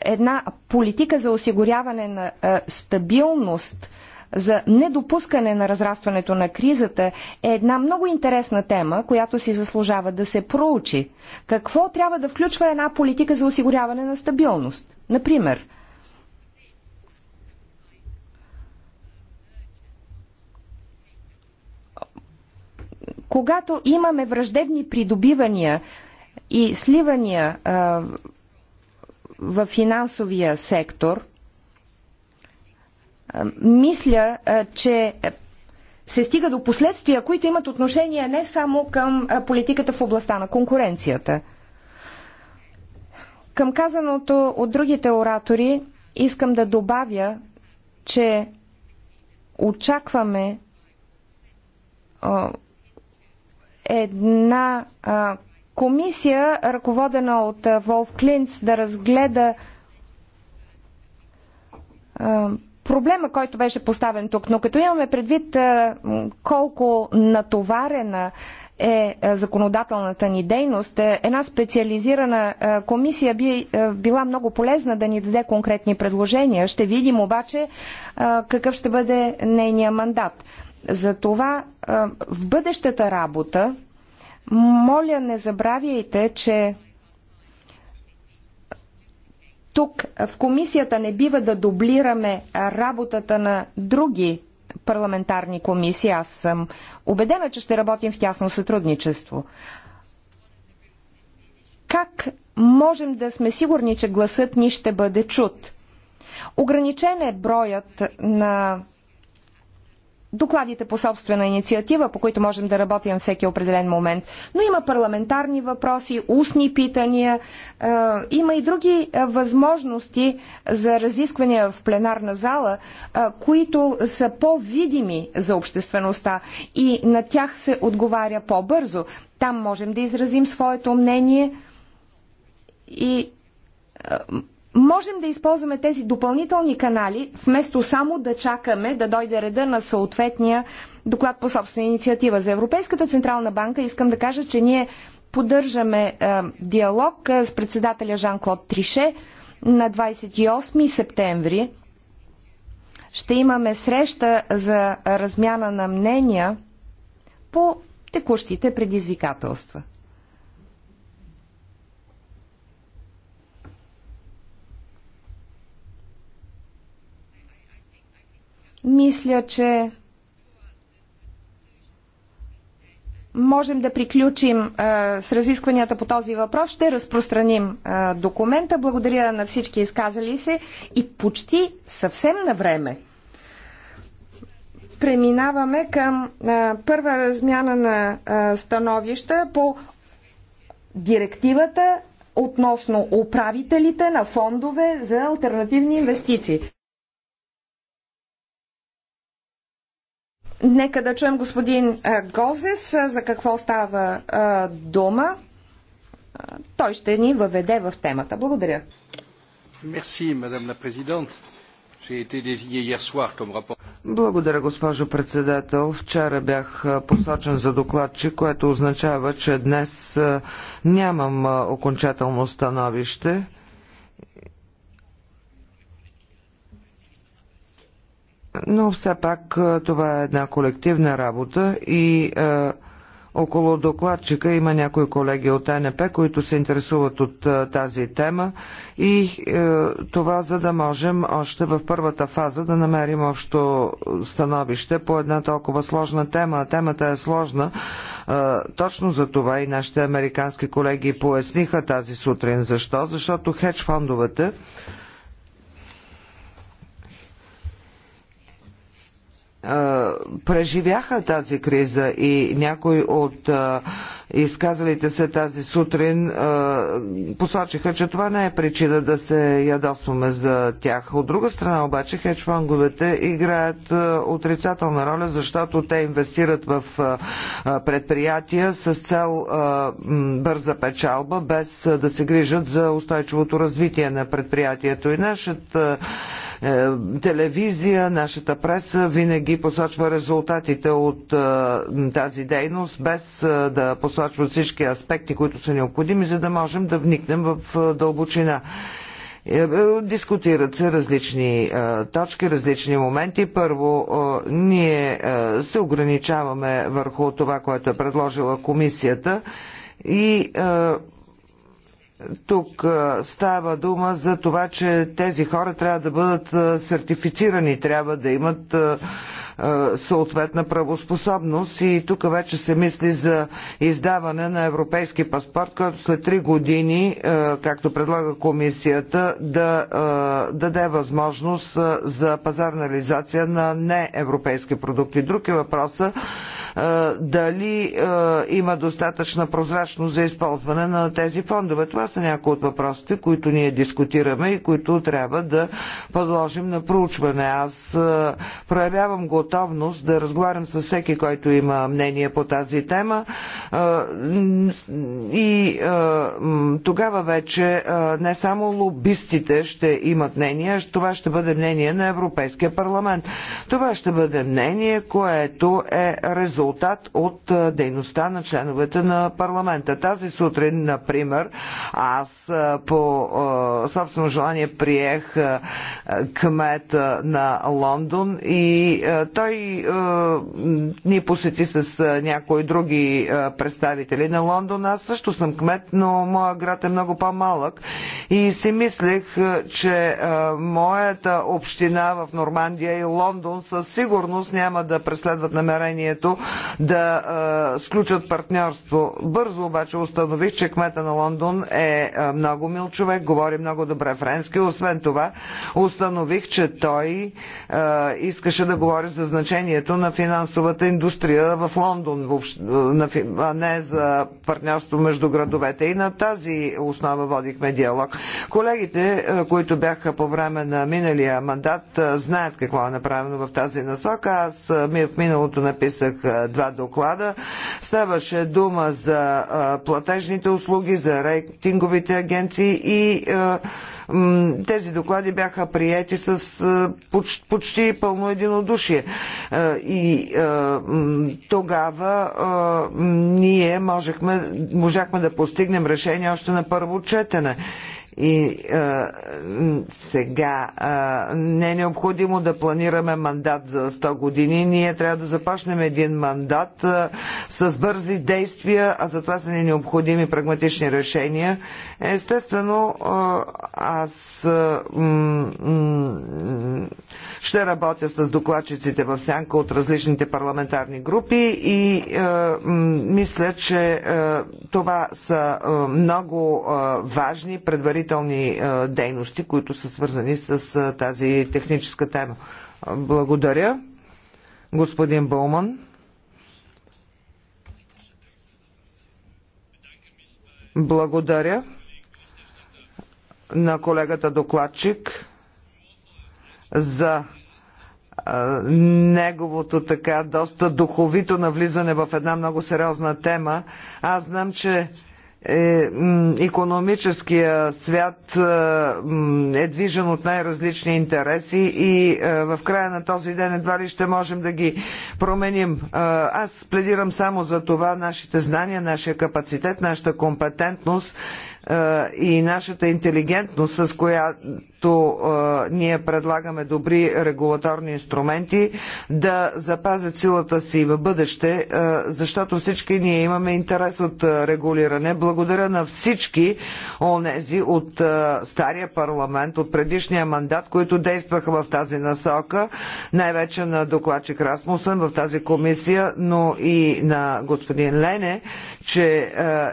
A: Една политика за осигуряване на а, стабилност за недопускане на разрастването на кризата е една много интересна тема, която си заслужава да се проучи. Какво трябва да включва една политика за осигуряване на стабилност? Например, когато имаме враждебни придобивания и сливания а, в финансовия сектор – е, мисля, е, че се стига до последствия, които имат отношение не само към е, политиката в областта на конкуренцията. Към казаното от другите оратори искам да добавя, че очакваме една комисия, ръководена от Волф Клинц, да разгледа проблема, който беше поставен тук, но като имаме предвид колко натоварена е законодателната ни дейност, е, една специализирана комисия би била много полезна да ни даде конкретни предложения. Ще видим обаче какъв ще бъде нейния мандат. Затова в бъдещата работа, моля не забравяйте, че тук в комисията не бива да дублираме работата на други парламентарни комисии. Аз съм убедена, че ще работим в тясно сътрудничество. Как можем да сме сигурни, че гласът ни ще бъде чут? Ограничен е броят на докладите по собствена инициатива, по които можем да работим всеки определен момент. Но има парламентарни въпроси, устни питания, е, има и други възможности за разисквания в пленарна зала, е, които са по-видими за обществеността и на тях се отговаря по-бързо. Там можем да изразим своето мнение и можем да използваме тези допълнителни канали, вместо само да чакаме да дойде реда на съответния доклад по собствена инициатива. За Европейската Централна банка искам да кажа, че ние поддържаме е, диалог е, с председателя Жан-Клод Трише на 28 септември. Ще имаме среща за размяна на мнения по текущите предизвикателства. Мисля, че можем да приключим а, с разискванията по този въпрос. Ще разпространим а, документа. Благодаря на всички изказали се и почти съвсем на време. Преминаваме към а, първа размяна на а, становища по директивата относно управителите на фондове за альтернативни инвестиции. Нека да чуем господин Гозес за какво става дума. Той ще ни въведе в
B: темата. Благодаря.
A: Мерси, мадам на президент.
B: Благодаря, госпожо председател. Вчера бях посочен за докладчик, което означава, че днес нямам окончателно становище. но все пак това е една колективна работа и е, около докладчика има някои колеги от НП, които се интересуват от е, тази тема и е, това за да можем още в първата фаза да намерим общо становище по една толкова сложна тема. Темата е сложна. Точно за това и нашите американски колеги поясниха тази сутрин. Защо? Защото хедж фондовете преживяха тази криза и някои от изказалите се тази сутрин посочиха, че това не е причина да се ядосваме за тях. От друга страна обаче хедж играят отрицателна роля, защото те инвестират в предприятия с цел бърза печалба, без да се грижат за устойчивото развитие на предприятието. И нашата е, телевизия, нашата преса винаги посочва резултатите от е, тази дейност, без е, да посочват всички аспекти, които са необходими, за да можем да вникнем в дълбочина. Дискутират се различни точки, различни моменти. Първо, ние се ограничаваме върху това, което е предложила комисията и тук става дума за това, че тези хора трябва да бъдат сертифицирани, трябва да имат съответна правоспособност и тук вече се мисли за издаване на европейски паспорт, който след три години, както предлага комисията, да даде възможност за пазарна реализация на неевропейски продукти. Друг е въпроса дали има достатъчна прозрачност за използване на тези фондове. Това са някои от въпросите, които ние дискутираме и които трябва да подложим на проучване. Аз проявявам готовност готовност да разговарям с всеки, който има мнение по тази тема. И тогава вече не само лобистите ще имат мнение, това ще бъде мнение на Европейския парламент. Това ще бъде мнение, което е резултат от дейността на членовете на парламента. Тази сутрин, например, аз по собствено желание приех кмета на Лондон и той е, ни посети с е, някои други е, представители на Лондон. Аз също съм кмет, но моя град е много по-малък и си мислех, че моята община в Нормандия и Лондон със сигурност няма да преследват намерението да сключат партньорство. Бързо обаче установих, че кмета на Лондон е много мил човек, говори много добре френски. Освен това, установих, че той искаше да говори за за значението на финансовата индустрия в Лондон, е, а не за партньорство между градовете. И на тази основа водихме диалог. Колегите, е, които бяха по време на миналия мандат, е, знаят какво е направено в тази насока. Аз ми в миналото написах два доклада. Ставаше дума за платежните услуги, за рейтинговите агенции и тези доклади бяха приети с почти, почти пълно единодушие. И тогава ние можехме, можахме да постигнем решение още на първо четене. И е, сега е, не е необходимо да планираме мандат за 100 години. Ние трябва да започнем един мандат е, с бързи действия, а за това са ни необходими прагматични решения. Естествено, аз ще работя с докладчиците в сянка от различните парламентарни групи и мисля, че това са много важни предварителни дейности, които са свързани с тази техническа тема. Благодаря, господин Бълман. Благодаря на колегата докладчик за неговото така доста духовито навлизане в една много сериозна тема. Аз знам, че економическия свят е движен от най-различни интереси и в края на този ден едва ли ще можем да ги променим. Аз пледирам само за това нашите знания, нашия капацитет, нашата компетентност е, и нашата интелигентност, с която е, ние предлагаме добри регулаторни инструменти, да запазят силата си в бъдеще, е, защото всички ние имаме интерес от регулиране. Благодаря на всички онези от стария парламент, от предишния мандат, които действаха в тази насока, най-вече на докладчик Расмусън в тази комисия, но и на господин Лене, че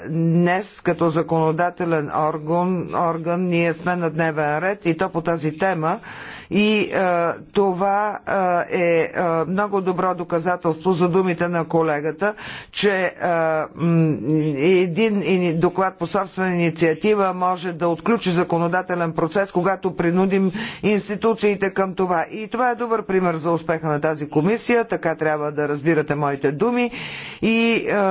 B: днес като законодател законодателен орган, орган, ние сме на дневен ред и то по тази тема, и а, това а, е а, много добро доказателство за думите на колегата, че а, един доклад по собствена инициатива може да отключи законодателен процес, когато принудим институциите към това. И това е добър пример за успеха на тази комисия, така трябва да разбирате моите думи. И а,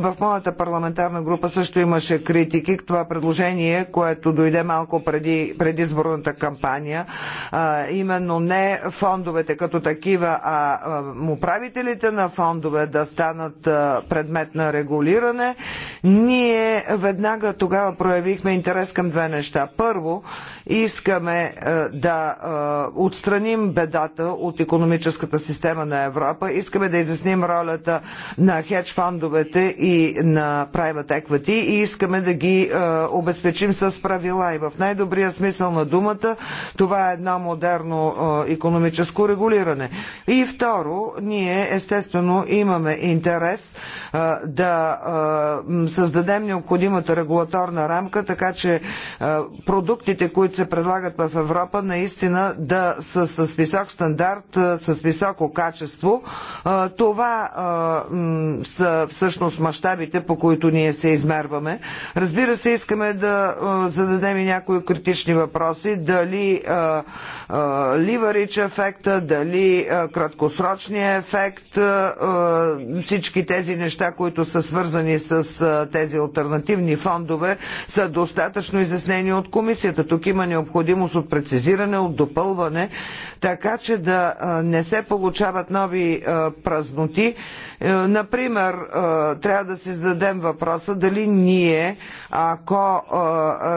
B: в моята парламентарна група също имаше критики. Това предложение, което дойде малко преди предизборната кампания, а, именно не фондовете като такива, а, управителите на фондове да станат предмет на регулиране, ние веднага тогава проявихме интерес към две неща. Първо, Искаме е, да е, отстраним бедата от економическата система на Европа. Искаме да изясним ролята на хедж фандовете и на private equity и искаме да ги е, обезпечим с правила. И в най-добрия смисъл на думата това е едно модерно економическо регулиране. И второ, ние естествено имаме интерес да създадем необходимата регулаторна рамка, така че продуктите, които се предлагат в Европа, наистина да са с висок стандарт, с високо качество. Това са всъщност мащабите, по които ние се измерваме. Разбира се, искаме да зададем и някои критични въпроси. Дали ливарич ефекта, дали краткосрочния ефект, всички тези неща, които са свързани с тези альтернативни фондове, са достатъчно изяснени от комисията. Тук има необходимост от прецизиране, от допълване, така че да не се получават нови празноти. Е, например, трябва да си зададем въпроса дали ние, ако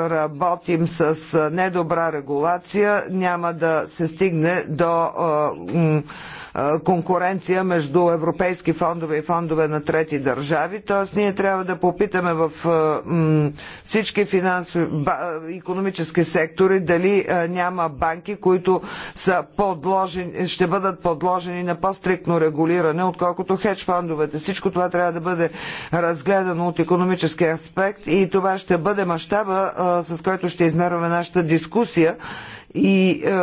B: работим с недобра регулация, няма да да се стигне до конкуренция между европейски фондове и фондове на трети държави. Т.е. ние трябва да попитаме в всички финансови, економически сектори дали няма банки, които са подложени, ще бъдат подложени на по стриктно регулиране, отколкото хедж фондовете. Всичко това трябва да бъде разгледано от економически аспект и това ще бъде мащаба, с който ще измерваме нашата дискусия и е,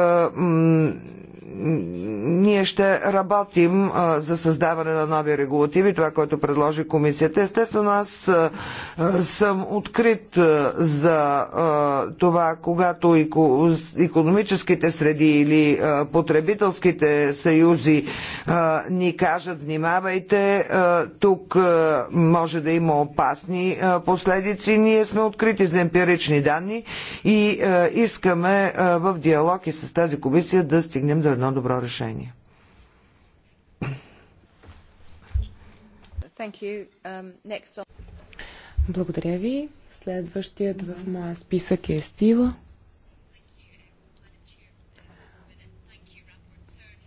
B: ние ще работим а, за създаване на нови регулативи, това, което предложи комисията. Естествено, аз а, съм открит а, за това, когато еко, економическите среди или потребителските съюзи ни кажат, внимавайте, тук може да има опасни последици. Ние сме открити за емпирични данни и искаме в диалог и с тази комисия да стигнем до едно добро решение.
A: Um,
C: Благодаря ви. Следващият в моя списък е Стива.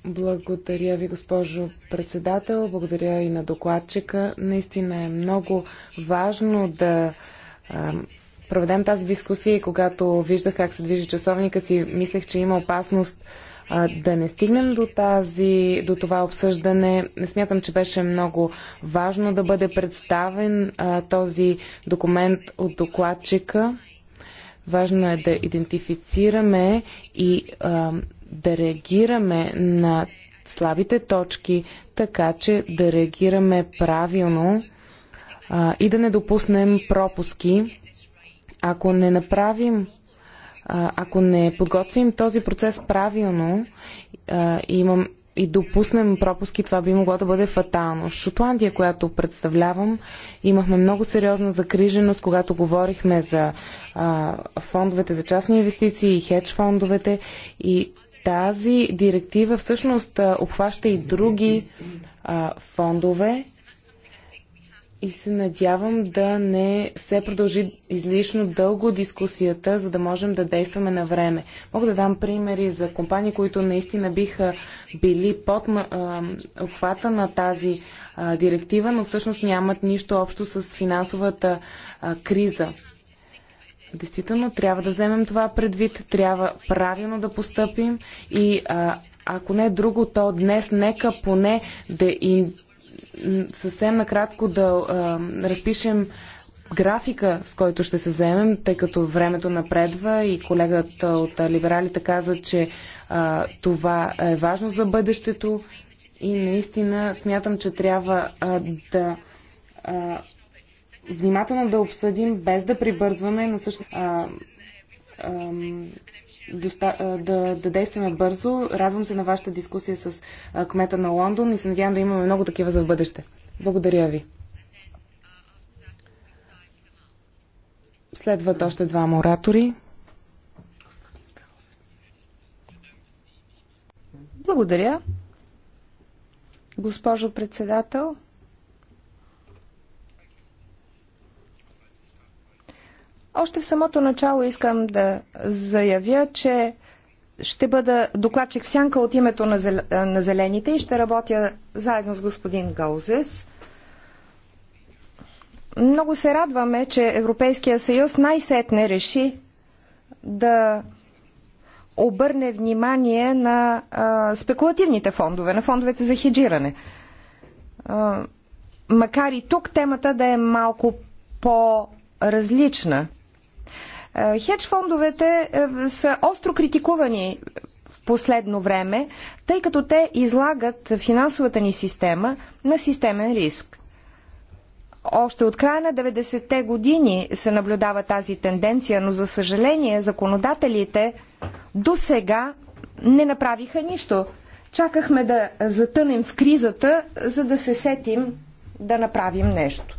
C: Благодаря ви, госпожо председател. Благодаря и на докладчика. Наистина е много важно да а, проведем тази дискусия и когато виждах как се движи часовника си, мислех, че има опасност да не стигнем до, тази, до това обсъждане. не Смятам, че беше много важно да бъде представен а, този документ от докладчика. Важно е да идентифицираме и а, да реагираме на слабите точки, така че да реагираме правилно а, и да не допуснем пропуски. Ако не направим ако не подготвим този процес правилно и, имам, и допуснем пропуски, това би могло да бъде фатално. В Шотландия, която представлявам, имахме много сериозна закриженост, когато говорихме за а, фондовете за частни инвестиции и хедж фондовете. И тази директива всъщност обхваща и други а, фондове, и се надявам да не се продължи излишно дълго дискусията, за да можем да действаме на време. Мога да дам примери за компании, които наистина биха били под а, обхвата на тази а, директива, но всъщност нямат нищо общо с финансовата а, криза. Действително, трябва да вземем това предвид, трябва правилно да постъпим и ако не е друго, то днес нека поне да и съвсем накратко да а, разпишем графика, с който ще се заемем, тъй като времето напредва и колегата от либералите каза, че а, това е важно за бъдещето и наистина смятам, че трябва а, да а, внимателно да обсъдим, без да прибързваме, но също а, а, да, да действаме бързо. Радвам се на вашата дискусия с кмета на Лондон и се надявам да имаме много такива за в бъдеще. Благодаря ви. Следват още два оратори. Благодаря.
A: Госпожо председател, Още в самото начало искам да заявя, че ще бъда докладчик в сянка от името на, зел... на зелените и ще работя заедно с господин Гаузес. Много се радваме, че Европейския съюз най-сетне реши да обърне внимание на а, спекулативните фондове, на фондовете за хеджиране. А, макар и тук темата да е малко по-различна – е, хедж фондовете е, са остро критикувани в последно време, тъй като те излагат финансовата ни система на системен риск. Още от края на 90-те години се наблюдава тази тенденция, но за съжаление законодателите до сега не направиха нищо. Чакахме да затънем в кризата, за да се сетим да направим нещо.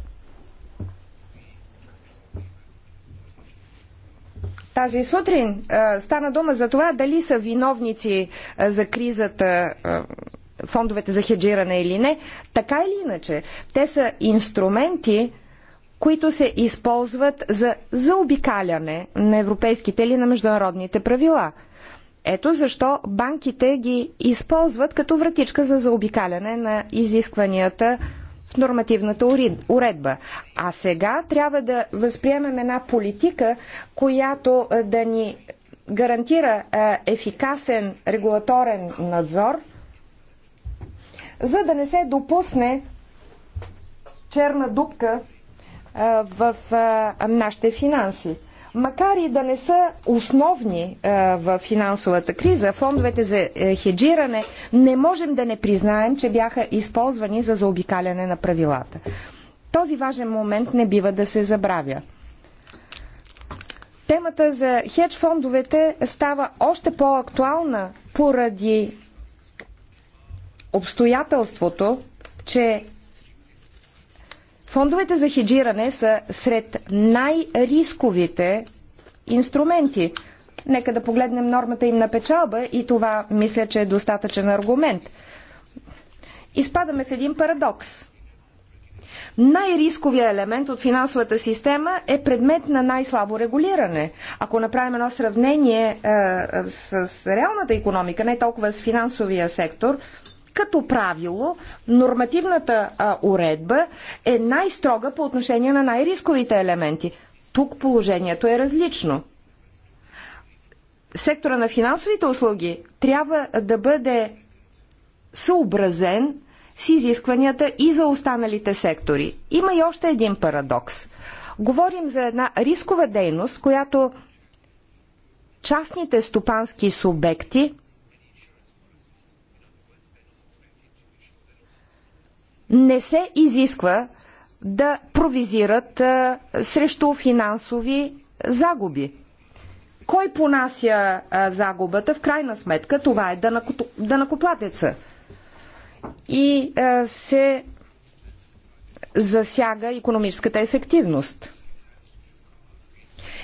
A: Тази сутрин стана дума за това дали са виновници за кризата фондовете за хеджиране или не. Така или иначе, те са инструменти, които се използват за заобикаляне на европейските или на международните правила. Ето защо банките ги използват като вратичка за заобикаляне на изискванията нормативната уредба. А сега трябва да възприемем една политика, която да ни гарантира ефикасен регулаторен надзор, за да не се допусне черна дупка в нашите финанси. Макар и да не са основни е, в финансовата криза, фондовете за е, хеджиране не можем да не признаем, че бяха използвани за заобикаляне на правилата. Този важен момент не бива да се забравя. Темата за хедж фондовете става още по-актуална поради обстоятелството, че Фондовете за хеджиране са сред най-рисковите инструменти. Нека да погледнем нормата им на печалба и това мисля, че е достатъчен аргумент. Изпадаме в един парадокс. Най-рисковия елемент от финансовата система е предмет на най-слабо регулиране. Ако направим едно сравнение е, е с реалната економика, не толкова с финансовия сектор, като правило, нормативната а, уредба е най-строга по отношение на най-рисковите елементи. Тук положението е различно. Сектора на финансовите услуги трябва да бъде съобразен с изискванията и за останалите сектори. Има и още един парадокс. Говорим за една рискова дейност, която частните стопански субекти не се изисква да провизират а, срещу финансови загуби. Кой понася а, загубата? В крайна сметка това е дънакоплатеца И а, се засяга економическата ефективност.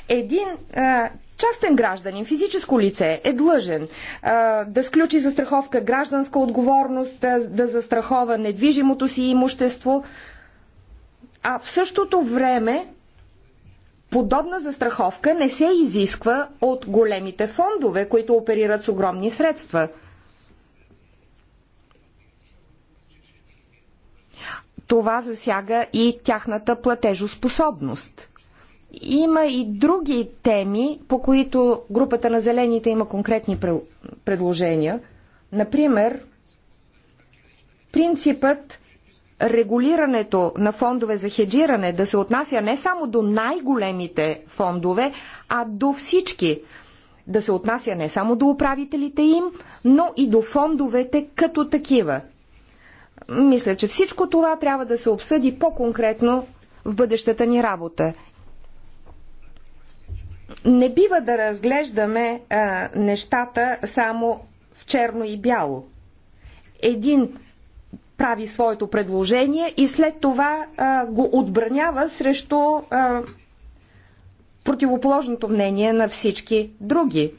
A: Един а, частен гражданин, физическо лице е длъжен а, да сключи застраховка гражданска отговорност, да, да застрахова недвижимото си имущество, а в същото време подобна застраховка не се изисква от големите фондове, които оперират с огромни средства. Това засяга и тяхната платежоспособност – има и други теми, по които групата на зелените има конкретни предложения. Например, принципът регулирането на фондове за хеджиране да се отнася не само до най-големите фондове, а до всички. Да се отнася не само до управителите им, но и до фондовете като такива. Мисля, че всичко това трябва да се обсъди по-конкретно в бъдещата ни работа. Не бива да разглеждаме а, нещата само в черно и бяло. Един прави своето предложение и след това а, го отбранява срещу а, противоположното мнение на всички други.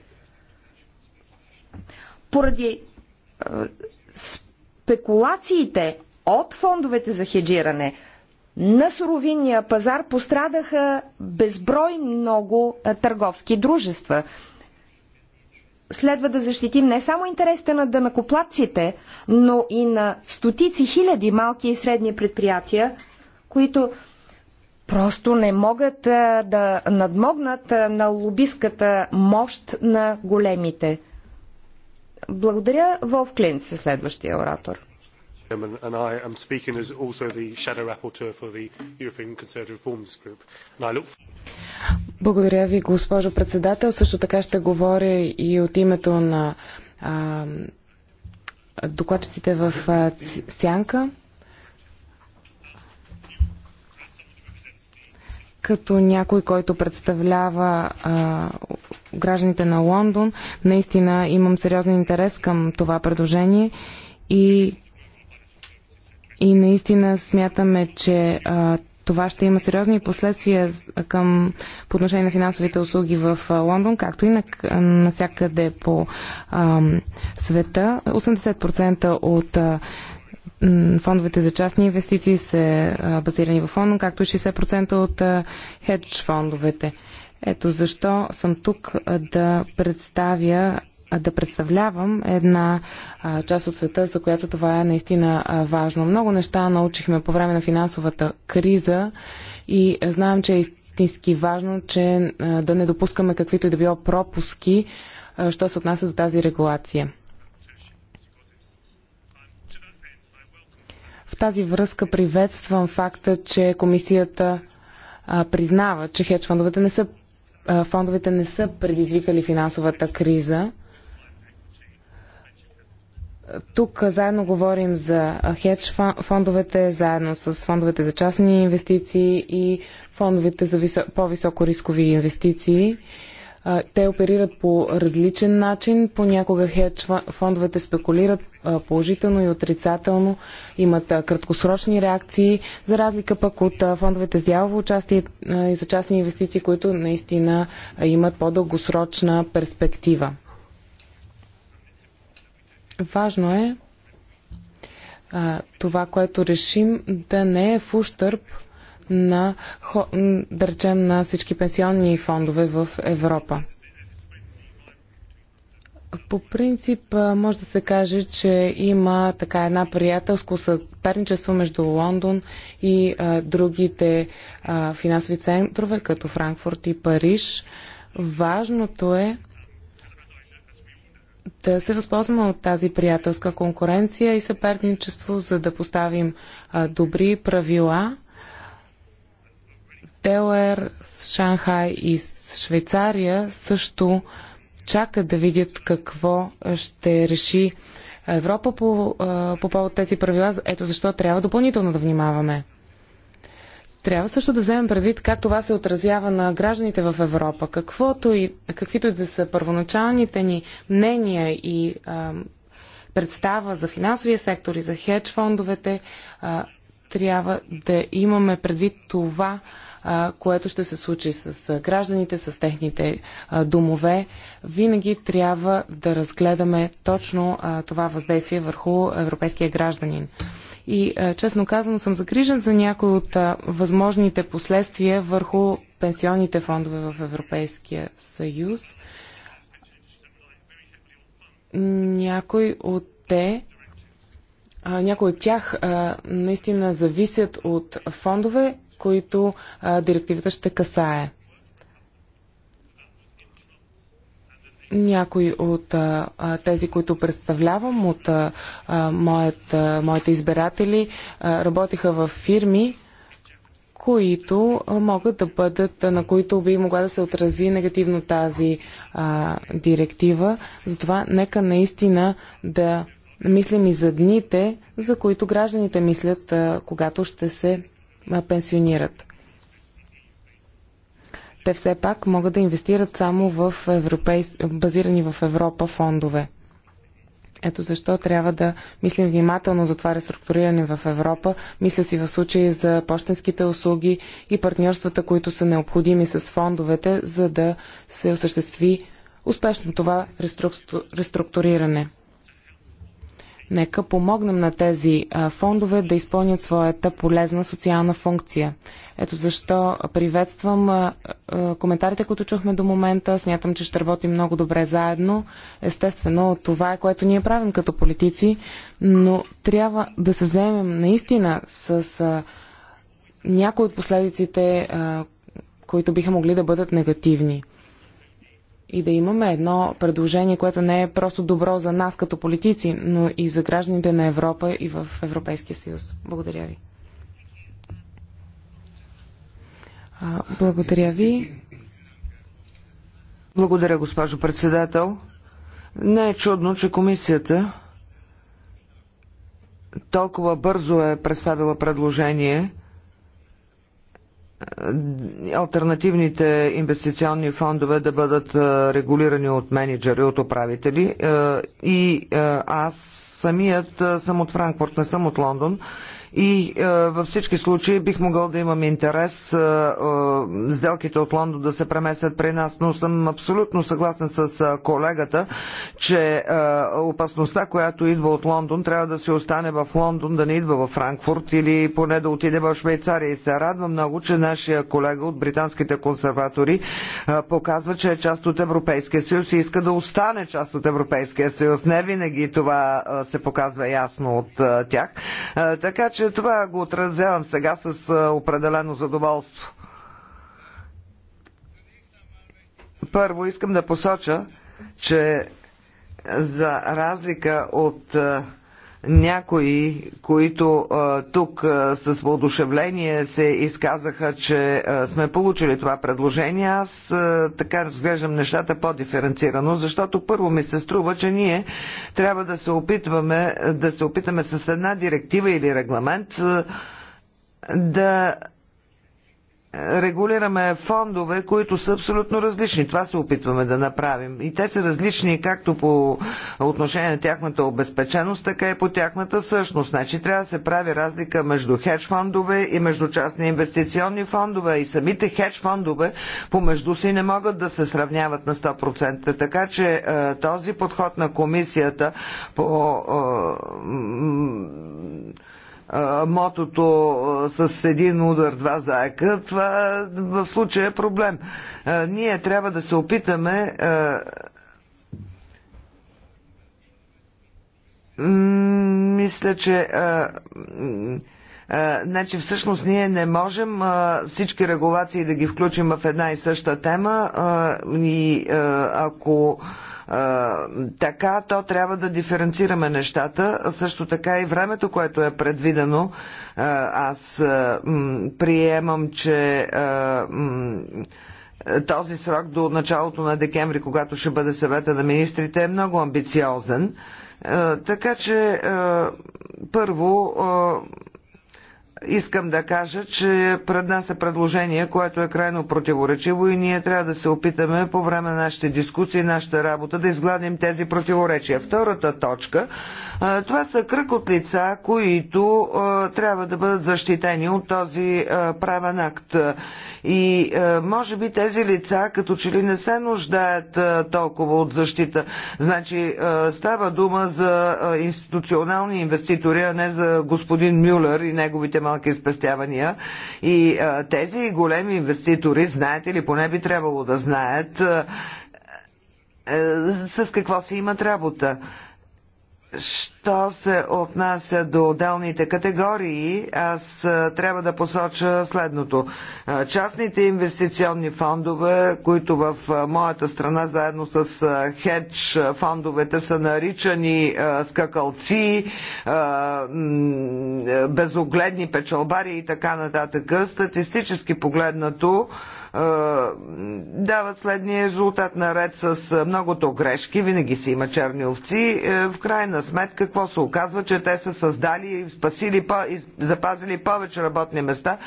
A: Поради а, спекулациите от фондовете за хеджиране, на суровинния пазар пострадаха безброй много търговски дружества. Следва да защитим не само интересите на дънакоплатците, но и на стотици хиляди малки и средни предприятия, които просто не могат да надмогнат на лобистката мощ на големите. Благодаря, Волф Клин, е следващия
C: оратор
B: and I am speaking as also the shadow rapporteur for the European Conservative Reforms Group. And I look
C: Благодаря ви, госпожо председател. Също така ще говоря и от името на а, докладчиците в Сянка. като някой, който представлява а, гражданите на Лондон, наистина имам сериозен интерес към това предложение и и наистина смятаме, че а, това ще има сериозни последствия към, по отношение на финансовите услуги в Лондон, както и на, насякъде по а, света. 80% от а, фондовете за частни инвестиции са а, базирани в Лондон, както и 60% от а, хедж фондовете. Ето защо съм тук а, да представя да представлявам една а, част от света, за която това е наистина а, важно. Много неща научихме по време на финансовата криза и знам, че е истински важно, че а, да не допускаме каквито и да било пропуски, а, що се отнася до тази регулация. В тази връзка приветствам факта, че комисията а, признава, че хедж фондовете не са фондовете не са предизвикали финансовата криза тук заедно говорим за хедж фондовете, заедно с фондовете за частни инвестиции и фондовете за висо... по-високо рискови инвестиции. Те оперират по различен начин. Понякога хедж фондовете спекулират положително и отрицателно, имат краткосрочни реакции, за разлика пък от фондовете с дялово участие и за частни инвестиции, които наистина имат по-дългосрочна перспектива. Важно е а, това, което решим, да не е в ущърб на, да речем, на всички пенсионни фондове в Европа. По принцип може да се каже, че има така една приятелско съперничество между Лондон и а, другите а, финансови центрове, като Франкфурт и Париж. Важното е да се възползваме от тази приятелска конкуренция и съперничество, за да поставим а, добри правила. Телер, Шанхай и Швейцария също чакат да видят какво ще реши Европа по, по повод тези правила. Ето защо трябва допълнително да внимаваме. Трябва също да вземем предвид как това се отразява на гражданите в Европа. Каквото и, каквито и да са първоначалните ни мнения и а, представа за финансовия сектор и за хедж фондовете, а, трябва да имаме предвид това, което ще се случи с гражданите, с техните домове. Винаги трябва да разгледаме точно това въздействие върху европейския гражданин. И честно казано съм загрижен за някои от възможните последствия върху пенсионните фондове в Европейския съюз. Някой от те някои от тях а, наистина зависят от фондове които а, директивата ще касае. някои от а, тези, които представлявам, от а, моят, а, моите избиратели, а, работиха в фирми, които а, могат да бъдат, а, на които би могла да се отрази негативно тази а, директива. Затова нека наистина да мислим и за дните, за които гражданите мислят, а, когато ще се пенсионират. Те все пак могат да инвестират само в европейс... базирани в Европа фондове. Ето защо трябва да мислим внимателно за това реструктуриране в Европа. Мисля си в случай за почтенските услуги и партньорствата, които са необходими с фондовете, за да се осъществи успешно това реструктуриране. Нека помогнем на тези фондове да изпълнят своята полезна социална функция. Ето защо приветствам коментарите, които чухме до момента. Смятам, че ще работим много добре заедно. Естествено, това е което ние правим като политици, но трябва да се вземем наистина с някои от последиците, които биха могли да бъдат негативни и да имаме едно предложение, което не е просто добро за нас като политици, но и за гражданите на Европа и в Европейския съюз. Благодаря ви. Благодаря ви.
B: Благодаря, госпожо председател. Не е чудно, че комисията толкова бързо е представила предложение альтернативните инвестиционни фондове да бъдат регулирани от менеджери, от управители. И аз самият съм от Франкфурт, не съм от Лондон. И е, във всички случаи бих могъл да имам интерес е, е, сделките от Лондон да се преместят при нас, но съм абсолютно съгласен с е, колегата, че е, опасността, която идва от Лондон, трябва да се остане в Лондон, да не идва във Франкфурт или поне да отиде в Швейцария. И се радвам много, че нашия колега от британските консерватори е, показва, че е част от Европейския съюз и иска да остане част от Европейския съюз. Не винаги това се показва ясно от тях. Така че че това го отразявам сега с определено задоволство. Първо искам да посоча, че за разлика от някои, които тук с воодушевление се изказаха, че сме получили това предложение, аз така разглеждам нещата по-диференцирано, защото първо ми се струва, че ние трябва да се опитваме, да се опитаме с една директива или регламент да регулираме фондове, които са абсолютно различни. Това се опитваме да направим. И те са различни както по отношение на тяхната обезпеченост, така и по тяхната същност. Значи трябва да се прави разлика между хедж фондове и между частни инвестиционни фондове. И самите хедж фондове помежду си не могат да се сравняват на 100%. Така че е, този подход на комисията по е, мотото с един удар, два заека, това в случая е проблем. Ние трябва да се опитаме мисля, че значи всъщност ние не можем а, всички регулации да ги включим в една и съща тема а, и а, ако така то трябва да диференцираме нещата, също така и времето, което е предвидено. Аз приемам, че този срок до началото на декември, когато ще бъде съвета на министрите, е много амбициозен. Така че, първо, искам да кажа, че пред нас е предложение, което е крайно противоречиво и ние трябва да се опитаме по време на нашите дискусии, нашата работа да изгладим тези противоречия. Втората точка, това са кръг от лица, които трябва да бъдат защитени от този правен акт. И може би тези лица като че ли не се нуждаят толкова от защита. Значи става дума за институционални инвеститори, а не за господин Мюлер и неговите малки малки спестявания. И тези големи инвеститори, знаете или поне би трябвало да знаят, с какво си имат работа. Що се отнася до отделните категории, аз трябва да посоча следното. Частните инвестиционни фондове, които в моята страна заедно с хедж фондовете са наричани скакалци, безогледни печалбари и така нататък, статистически погледнато, е, дават следния резултат наред с е, многото грешки. Винаги си има черни овци. Е, в крайна сметка, какво се оказва, че те са създали и спасили и запазили повече работни места,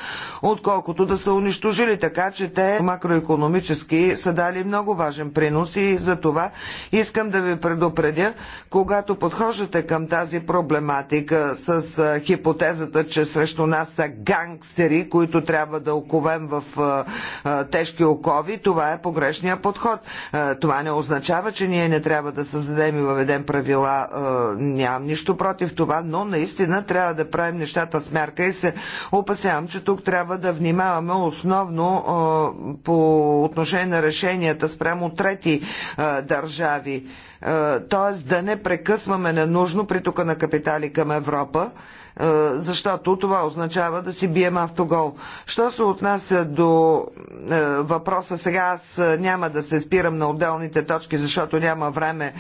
B: отколкото да са унищожили. Така че те макроекономически са дали много важен принос и за това искам да ви предупредя, когато подхождате към тази проблематика с хипотезата, че срещу нас са гангстери, които трябва да оковем в тежки окови, това е погрешния подход. Е, това не означава, че ние не трябва да създадем и въведем правила. Е, нямам нищо против това, но наистина трябва да правим нещата с мярка и се опасявам, че тук трябва да внимаваме основно е, по отношение на решенията спрямо трети държави. Тоест да не прекъсваме ненужно притока на капитали към Европа защото това означава да си бием автогол. Що се отнася до въпроса сега, аз няма да се спирам на отделните точки, защото няма време.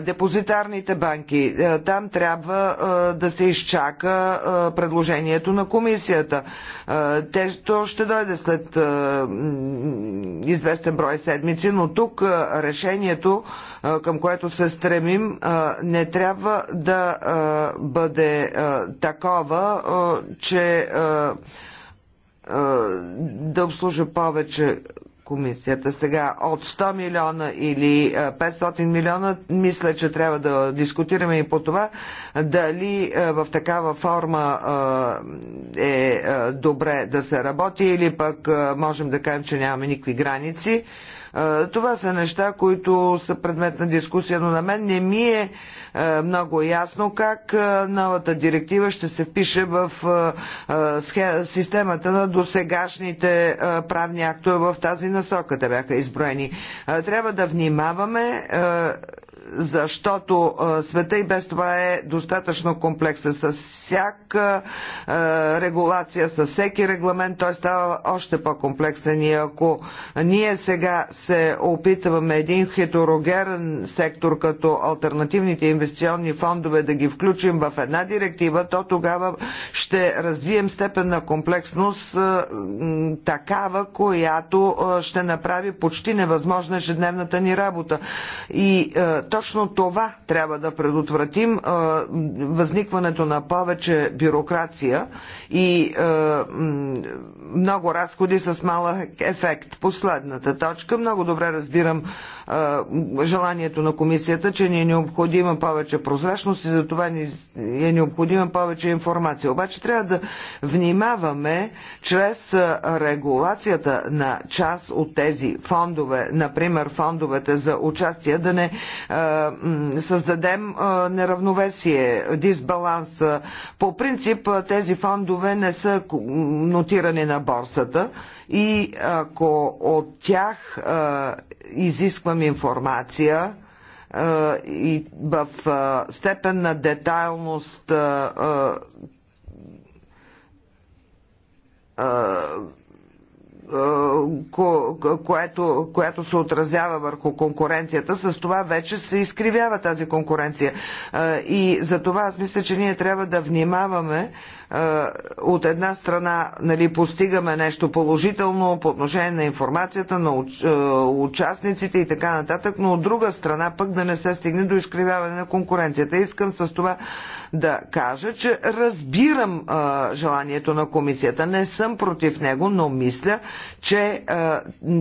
B: Депозитарните банки, там трябва да се изчака предложението на комисията. Те ще дойде след известен брой седмици, но тук решението към което се стремим, не трябва да бъде такова, че да обслужа повече комисията. Сега от 100 милиона или 500 милиона, мисля, че трябва да дискутираме и по това дали в такава форма е добре да се работи или пък можем да кажем, че нямаме никакви граници. Това са неща, които са предмет на дискусия, но на мен не ми е, е много ясно как е, новата директива ще се впише в е, системата на досегашните правни актове в тази насока. Те бяха изброени. Трябва да внимаваме защото света и без това е достатъчно комплексен. С всяка регулация, с всеки регламент той става още по-комплексен. И ако ние сега се опитваме един хетерогерен сектор като альтернативните инвестиционни фондове да ги включим в една директива, то тогава ще развием степен на комплексност такава, която ще направи почти невъзможна ежедневната ни работа. И то точно това трябва да предотвратим възникването на повече бюрокрация и много разходи с малък ефект. Последната точка. Много добре разбирам желанието на комисията, че ни е необходима повече прозрачност и за това ни е необходима повече информация. Обаче трябва да внимаваме чрез регулацията на част от тези фондове, например фондовете за участие, да не създадем неравновесие, дисбаланс. По принцип тези фондове не са нотирани на борсата и ако от тях изисквам информация и в степен на детайлност е, което, което се отразява върху конкуренцията, с това вече се изкривява тази конкуренция. Е, и за това аз мисля, че ние трябва да внимаваме е, от една страна нали, постигаме нещо положително по отношение на информацията, на участниците и така нататък, но от друга страна пък да не се стигне до изкривяване на конкуренцията. Искам с това да кажа, че разбирам а, желанието на комисията. Не съм против него, но мисля, че а,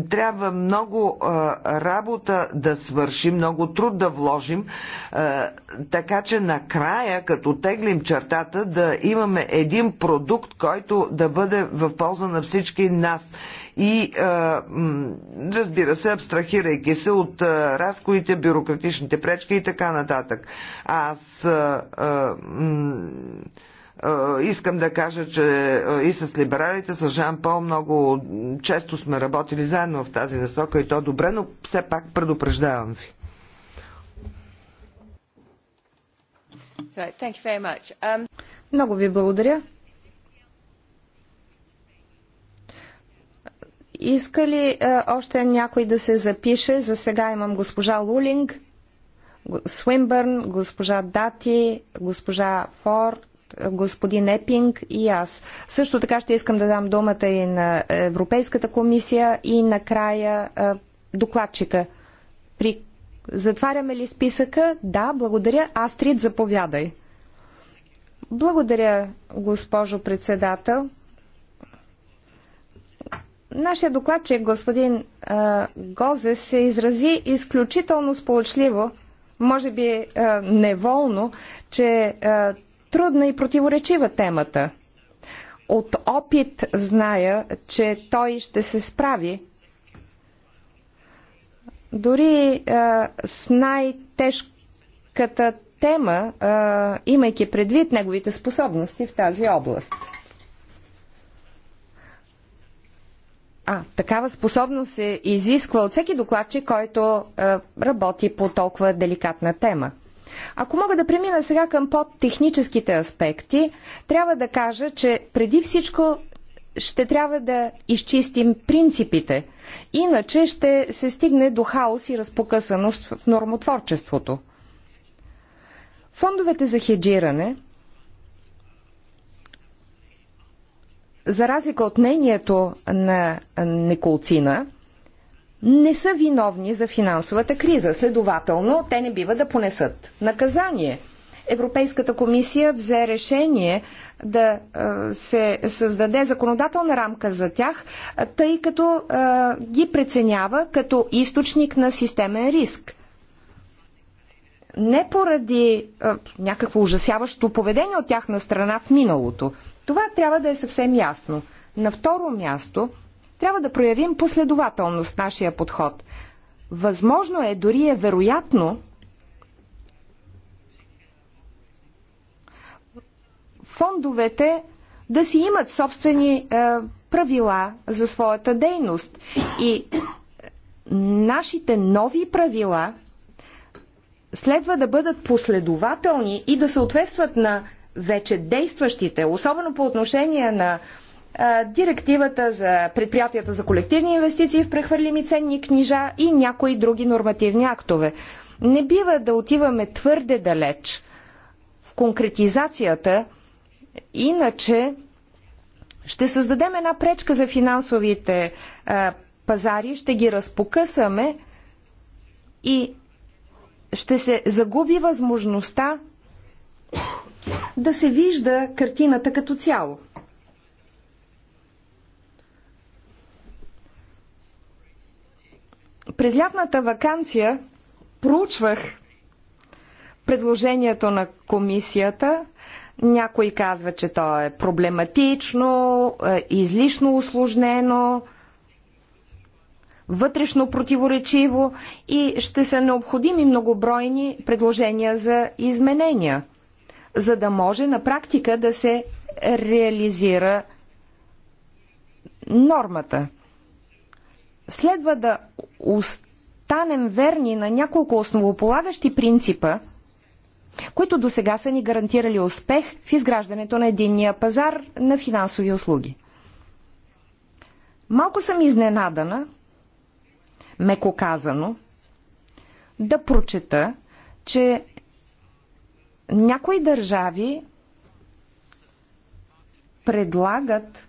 B: трябва много а, работа да свършим, много труд да вложим, а, така че накрая, като теглим чертата, да имаме един продукт, който да бъде в полза на всички нас и разбира се, абстрахирайки се от разходите, бюрократичните пречки и така нататък. Аз искам да кажа, че и с либералите, с Жан Пол много често сме работили заедно в тази насока и то добре, но все пак предупреждавам ви.
A: Um, много ви благодаря. Иска ли а, е, още някой да се запише? За сега имам госпожа Лулинг, Свинбърн, госпожа Дати, госпожа Форд, господин Епинг и аз. Също така ще искам да дам думата и на Европейската комисия и накрая а, е, докладчика. При... Затваряме ли списъка? Да, благодаря. Астрид, заповядай. Благодаря, госпожо председател. Нашия докладчик господин а, Гозе се изрази изключително сполучливо, може би а, неволно, че а, трудна и противоречива темата. От опит зная, че той ще се справи дори а, с най-тежката тема, а, имайки предвид неговите способности в тази област. А, такава способност се изисква от всеки докладчик, който е, работи по толкова деликатна тема. Ако мога да премина сега към по-техническите аспекти, трябва да кажа, че преди всичко ще трябва да изчистим принципите, иначе ще се стигне до хаос и разпокъсаност в нормотворчеството. Фондовете за хеджиране – за разлика от мнението на Николцина, не са виновни за финансовата криза. Следователно, те не бива да понесат наказание. Европейската комисия взе решение да е, се създаде законодателна рамка за тях, е, тъй като е, ги преценява като източник на системен риск. Не поради някакво ужасяващо поведение от тяхна страна в миналото – това трябва да е съвсем ясно. На второ място, трябва да проявим последователност нашия подход. Възможно е, дори е вероятно, фондовете да си имат собствени е, правила за своята дейност. И нашите нови правила следва да бъдат последователни и да съответстват на вече действащите, особено по отношение на а, директивата за предприятията за колективни инвестиции в прехвърлими ценни книжа и някои други нормативни актове. Не бива да отиваме твърде далеч в конкретизацията, иначе ще създадем една пречка за финансовите а, пазари, ще ги разпокъсаме и ще се загуби възможността да се вижда картината като цяло. През лятната вакансия проучвах предложението на комисията. Някой казва, че то е проблематично, е, излишно усложнено, вътрешно противоречиво и ще са необходими многобройни предложения за изменения – за да може на практика да се реализира нормата. Следва да останем верни на няколко основополагащи принципа, които до сега са ни гарантирали успех в изграждането на единния пазар на финансови услуги. Малко съм изненадана, меко казано, да прочета, че някои държави предлагат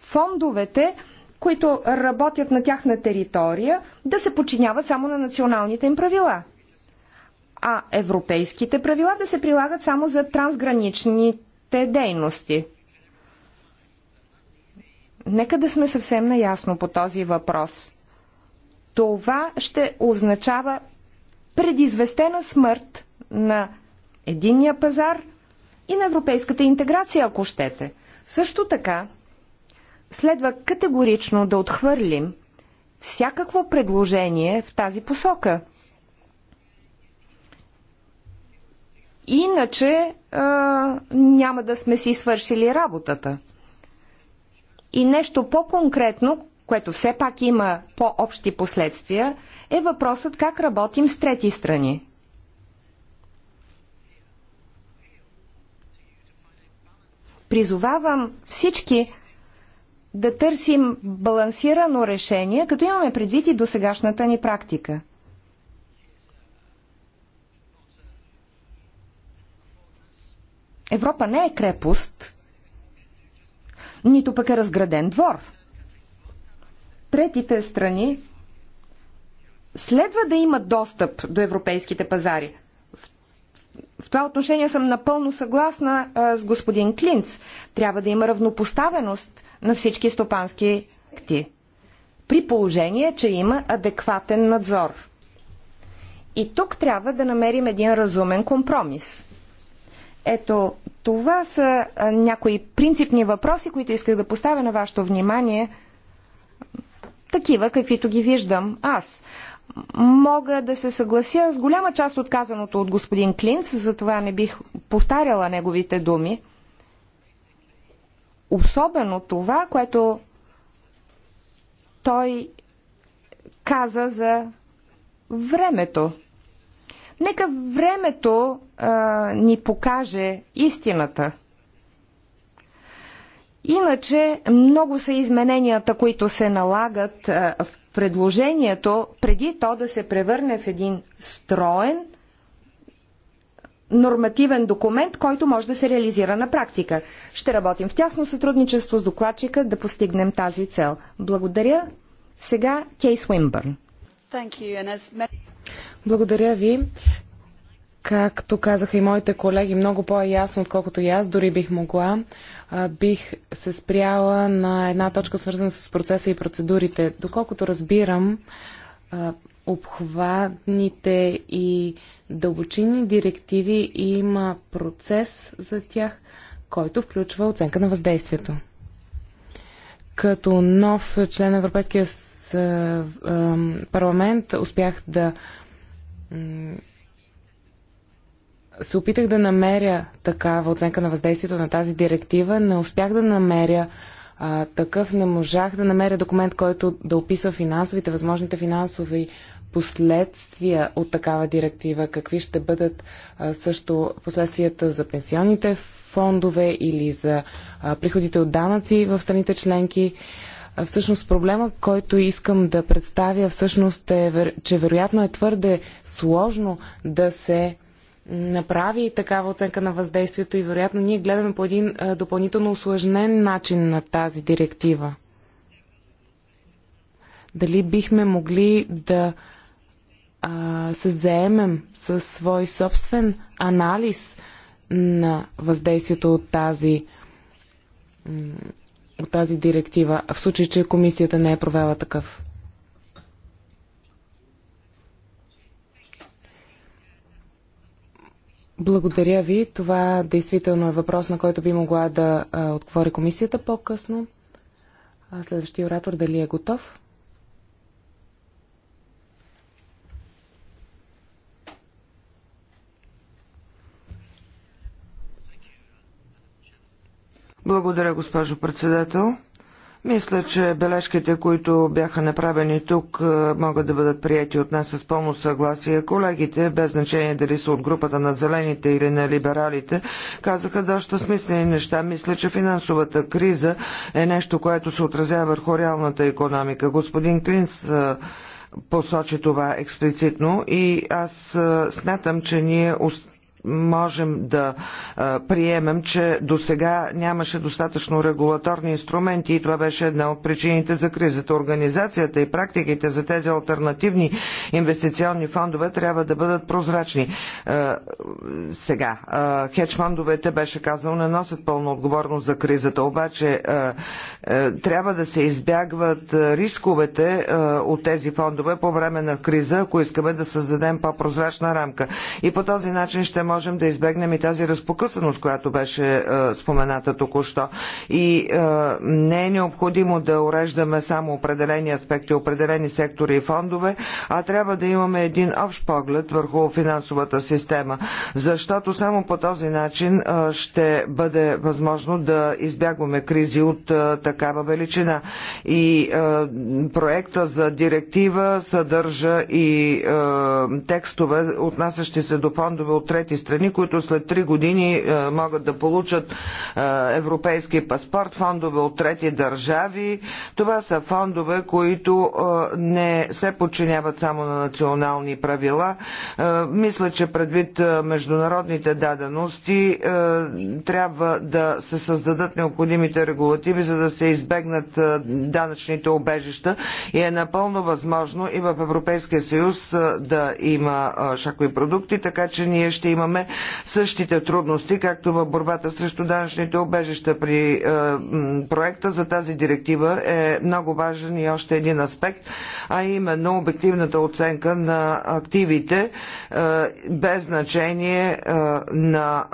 A: фондовете, които работят на тяхна територия, да се подчиняват само на националните им правила. А европейските правила да се прилагат само за трансграничните дейности. Нека да сме съвсем наясно по този въпрос. Това ще означава предизвестена смърт на единния пазар и на европейската интеграция, ако щете. Също така, следва категорично да отхвърлим всякакво предложение в тази посока. Иначе а, няма да сме си свършили работата. И нещо по-конкретно, което все пак има по-общи последствия, е въпросът как работим с трети страни. Призовавам всички да търсим балансирано решение, като имаме предвид и досегашната ни практика. Европа не е крепост, нито пък е разграден двор. Третите страни следва да имат достъп до европейските пазари, в това отношение съм напълно съгласна с господин Клинц. Трябва да има равнопоставеност на всички стопански акти. При положение, че има адекватен надзор. И тук трябва да намерим един разумен компромис. Ето, това са някои принципни въпроси, които исках да поставя на вашето внимание, такива каквито ги виждам аз мога да се съглася с голяма част от казаното от господин Клинц, затова не бих повтаряла неговите думи. Особено това, което той каза за времето. Нека времето а, ни покаже истината – Иначе много са измененията, които се налагат е, в предложението, преди то да се превърне в един строен нормативен документ, който може да се реализира на практика. Ще работим в тясно сътрудничество с докладчика да постигнем тази
C: цел. Благодаря. Сега Кейс Уимбърн. Благодаря ви. Както казаха и моите колеги, много по-ясно, отколкото и аз, дори бих могла бих се спряла на една точка, свързана с процеса и процедурите. Доколкото разбирам, обхватните и дълбочинни директиви има процес за тях, който включва оценка на въздействието. Като нов член на Европейския парламент успях да се опитах да намеря такава оценка на въздействието на тази директива, не успях да намеря а, такъв, не можах да намеря документ, който да описва финансовите, възможните финансови последствия от такава директива, какви ще бъдат а, също последствията за пенсионните фондове или за а, приходите от данъци в страните членки. А, всъщност проблема, който искам да представя, всъщност е, че вероятно е твърде сложно да се направи такава оценка на въздействието и вероятно ние гледаме по един допълнително осложнен начин на тази директива. Дали бихме могли да а, се заемем със свой собствен анализ на въздействието от тази, от тази директива, в случай, че комисията не е провела такъв? Благодаря ви. Това действително е въпрос, на който би могла да а, отговори комисията по-късно. следващия оратор дали е готов?
B: Благодаря, госпожо председател. Мисля, че бележките, които бяха направени тук, е, могат да бъдат прияти от нас с пълно съгласие. Колегите, без значение дали са от групата на зелените или на либералите, казаха доста смислени неща. Мисля, че финансовата криза е нещо, което се отразява върху реалната економика. Господин Клинс е, посочи това експлицитно и аз е, смятам, че ние можем да приемем, че до сега нямаше достатъчно регулаторни инструменти и това беше една от причините за кризата. Организацията и практиките за тези альтернативни инвестиционни фондове трябва да бъдат прозрачни. Сега, хедж фондовете беше казано не носят пълна отговорност за кризата, обаче трябва да се избягват рисковете от тези фондове по време на криза, ако искаме да създадем по-прозрачна рамка. И по този начин ще може можем да избегнем и тази разпокъсаност, която беше а, е, спомената току-що. И а, е, не е необходимо да уреждаме само определени аспекти, определени сектори и фондове, а трябва да имаме един общ поглед върху финансовата система, защото само по този начин а, е, ще бъде възможно да избягваме кризи от а, такава величина. И а, проекта за директива съдържа и а, текстове, отнасящи се до фондове от трети страни, страни, които след 3 години е, могат да получат е, европейски паспорт, фондове от трети държави. Това са фондове, които е, не се подчиняват само на национални правила. Мисля, че предвид международните дадености трябва да се създадат необходимите регулативи, за да се избегнат данъчните обежища и е напълно възможно и в Европейския съюз да има шакови продукти, така че ние ще имаме имаме същите трудности, както в борбата срещу данъчните обежища при е, проекта за тази директива е много важен и още един аспект, а именно обективната оценка на активите е, без значение е, на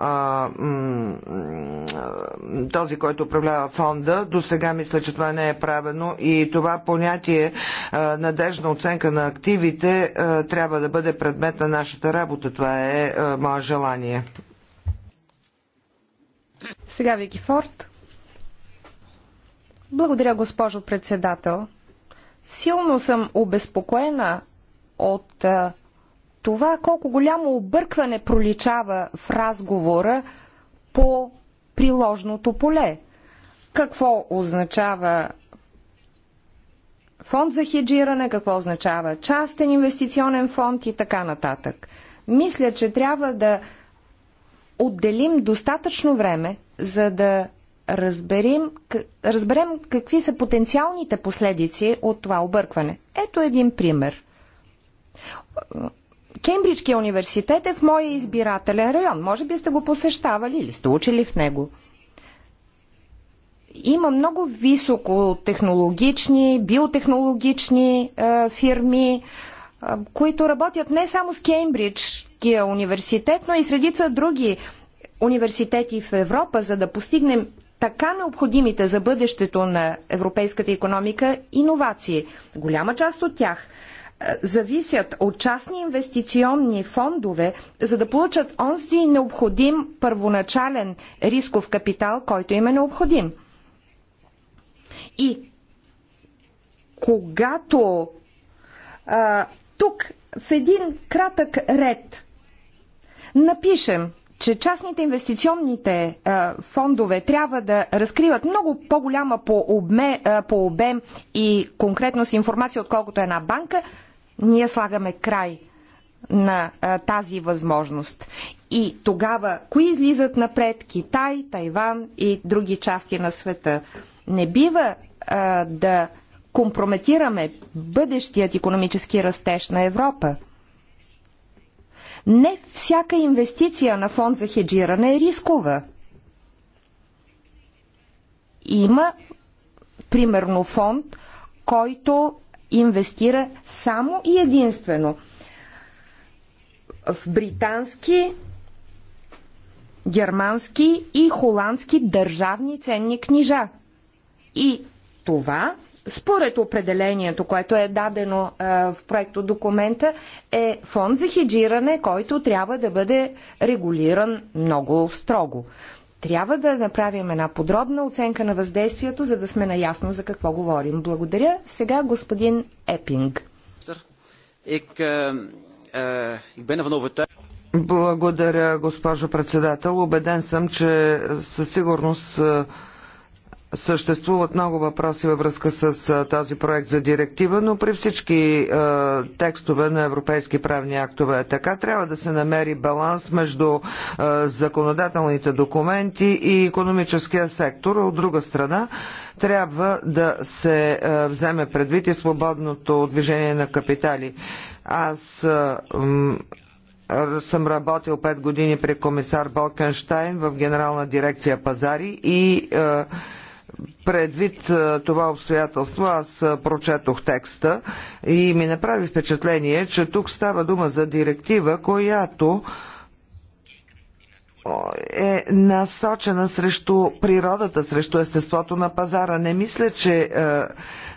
B: е, този, който управлява фонда. До сега мисля, че това не е правено и това понятие е, надежна оценка на активите е, трябва да бъде предмет на нашата работа. Това е моят желание.
A: Сега Вики Форд. Благодаря, госпожо председател. Силно съм обезпокоена от а, това колко голямо объркване проличава в разговора по приложното поле. Какво означава фонд за хеджиране, какво означава частен инвестиционен фонд и така нататък. Мисля, че трябва да отделим достатъчно време, за да разберем, разберем какви са потенциалните последици от това объркване. Ето един пример. Кембриджкия университет е в моя избирателен район. Може би сте го посещавали или сте учили в него. Има много високотехнологични, биотехнологични е, фирми, е, които работят не само с Кеймбриджския университет, но и средица други университети в Европа, за да постигнем така необходимите за бъдещето на европейската економика иновации. Голяма част от тях зависят от частни инвестиционни фондове, за да получат онзи необходим първоначален рисков капитал, който им е необходим. И когато а, тук в един кратък ред напишем, че частните инвестиционните а, е, фондове трябва да разкриват много по-голяма по, обме, а, е, по обем и конкретно с информация, отколкото една банка, ние слагаме край на а, е, тази възможност. И тогава, кои излизат напред? Китай, Тайван и други части на света. Не бива а, да компрометираме бъдещият економически растеж на Европа. Не всяка инвестиция на фонд за хеджиране е рискова. Има, примерно, фонд, който инвестира само и единствено в британски, германски и холандски държавни ценни книжа. И това според определението, което е дадено е, в проекто документа, е фонд за хеджиране, който трябва да бъде регулиран много строго. Трябва да направим една подробна оценка на въздействието, за да сме наясно за какво говорим.
B: Благодаря. Сега господин Епинг. Е, е, Благодаря, госпожо председател. Обеден съм, че със сигурност Съществуват много въпроси във връзка с този проект за директива, но при всички текстове на европейски правни актове е така. Трябва да се намери баланс между законодателните документи и економическия сектор. От друга страна, трябва да се вземе предвид и свободното движение на капитали. Аз съм работил 5 години при комисар Болкенштайн в Генерална дирекция пазари и е, Предвид това обстоятелство, аз прочетох текста и ми направи впечатление, че тук става дума за директива, която е насочена срещу природата, срещу естеството на пазара. Не мисля, че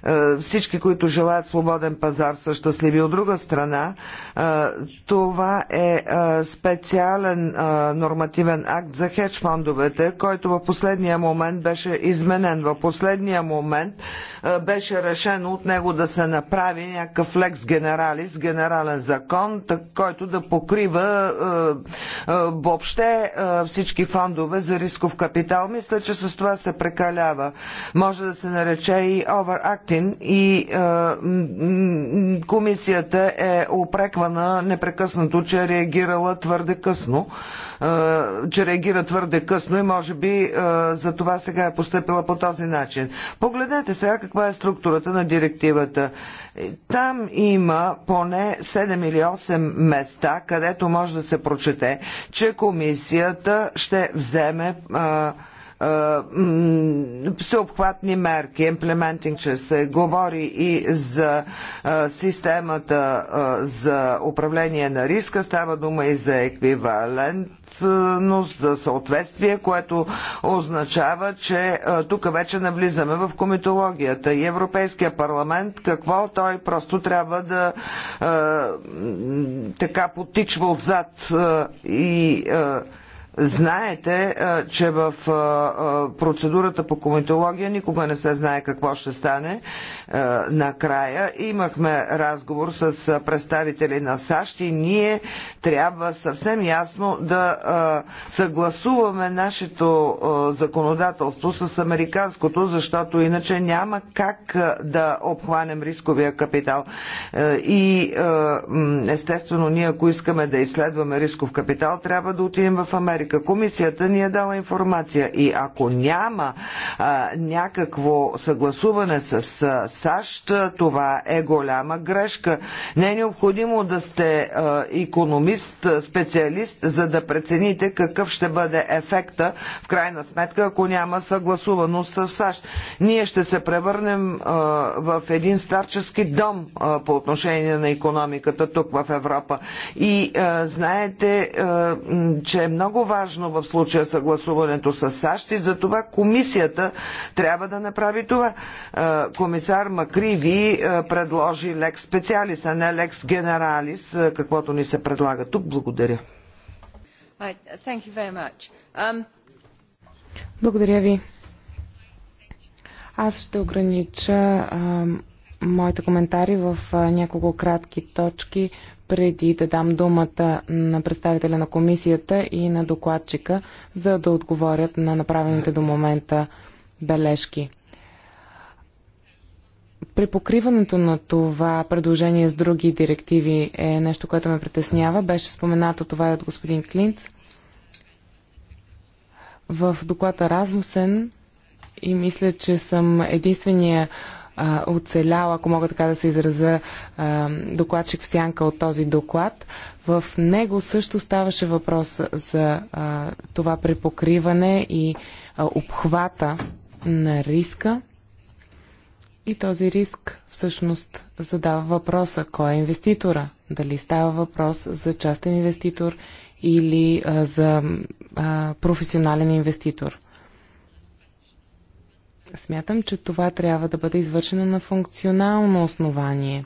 B: е, всички, които желаят свободен пазар, са щастливи. От друга страна, е, това е, е специален нормативен акт за хедж фондовете, който в последния момент беше изменен. В последния момент беше решено от него да се направи някакъв лекс генералис генерален закон, който да покрива въобще всички фондове за рисков капитал. Мисля, че с това се прекалява. Може да се нарече и overacting Путин и м- комисията е опреквана непрекъснато, че е реагирала твърде късно, че реагира твърде късно и може би за това сега е поступила по този начин. Погледнете сега каква е структурата на директивата. Е, там има поне 7 или 8 места, където може да се прочете, че комисията ще вземе а, всеобхватни мерки, имплементинг, че се говори и за системата за управление на риска, става дума и за еквивалент за съответствие, което означава, че тук вече навлизаме в комитологията. И Европейския парламент, какво той просто трябва да така потичва отзад и Знаете, че в процедурата по комитология никога не се знае какво ще стане накрая. Имахме разговор с представители на САЩ и ние трябва съвсем ясно да съгласуваме нашето законодателство с американското, защото иначе няма как да обхванем рисковия капитал. И естествено, ние ако искаме да изследваме рисков капитал, трябва да отидем в Америка. Америка. Комисията ни е дала информация и ако няма а, някакво съгласуване с а, САЩ, това е голяма грешка. Не е необходимо да сте а, економист, специалист, за да прецените какъв ще бъде ефекта в крайна сметка, ако няма съгласуваност с САЩ. Ние ще се превърнем а, в един старчески дом а, по отношение на економиката тук в Европа. И а, знаете, а, че е много важно важно в случая съгласуването с САЩ и за това комисията трябва да направи това. Е, комисар Макриви е, предложи лекс специалис, а не лекс генералис, е, каквото ни се предлага тук. Благодаря.
A: Um,
C: Благодаря ви. Аз ще огранича а, моите коментари в а, няколко кратки точки преди да дам думата на представителя на комисията и на докладчика, за да отговорят на направените до момента бележки. При покриването на това предложение с други директиви е нещо, което ме притеснява. Беше споменато това и от господин Клинц. В доклада Размусен и мисля, че съм единствения а, оцелял, ако мога така да се израза, а, докладчик в сянка от този доклад. В него също ставаше въпрос за а, това препокриване и а, обхвата на риска. И този риск всъщност задава въпроса кой е инвеститора. Дали става въпрос за частен инвеститор или а, за а, професионален инвеститор. Смятам, че това трябва да бъде извършено на функционално основание.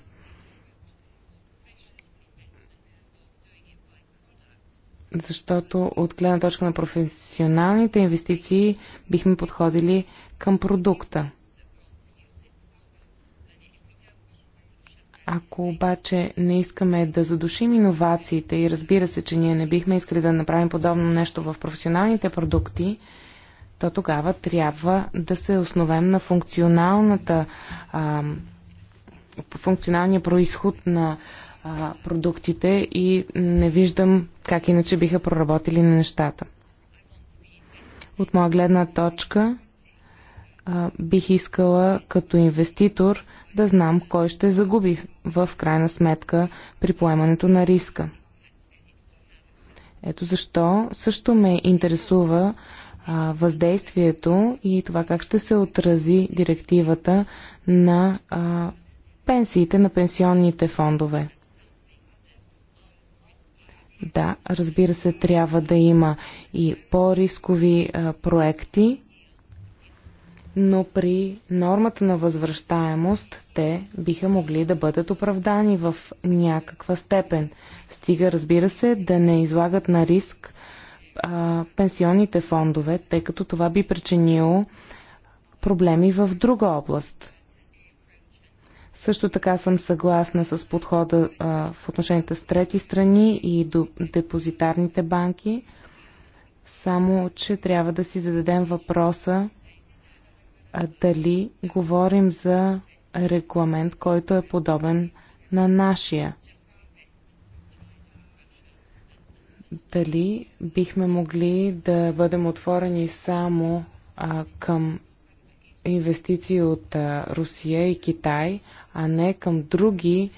C: Защото от гледна точка на професионалните инвестиции бихме подходили към продукта. Ако обаче не искаме да задушим иновациите и разбира се, че ние не бихме искали да направим подобно нещо в професионалните продукти, то тогава трябва да се е основем на функционалната, а, функционалния происход на а, продуктите и не виждам как иначе биха проработили на нещата. От моя гледна точка а, бих искала като инвеститор да знам кой ще загуби в крайна сметка при поемането на риска. Ето защо също ме интересува въздействието и това как ще се отрази директивата на а, пенсиите, на пенсионните фондове. Да, разбира се, трябва да има и по-рискови проекти, но при нормата на възвръщаемост те биха могли да бъдат оправдани в някаква степен. Стига, разбира се, да не излагат на риск а, пенсионните фондове, тъй като това би причинило проблеми в друга област. Също така съм съгласна с подхода а, в отношенията с трети страни и до депозитарните банки, само че трябва да си зададем въпроса а, дали говорим за регламент, който е подобен на нашия дали бихме могли да бъдем отворени само а, към инвестиции от а, Русия и Китай, а не към други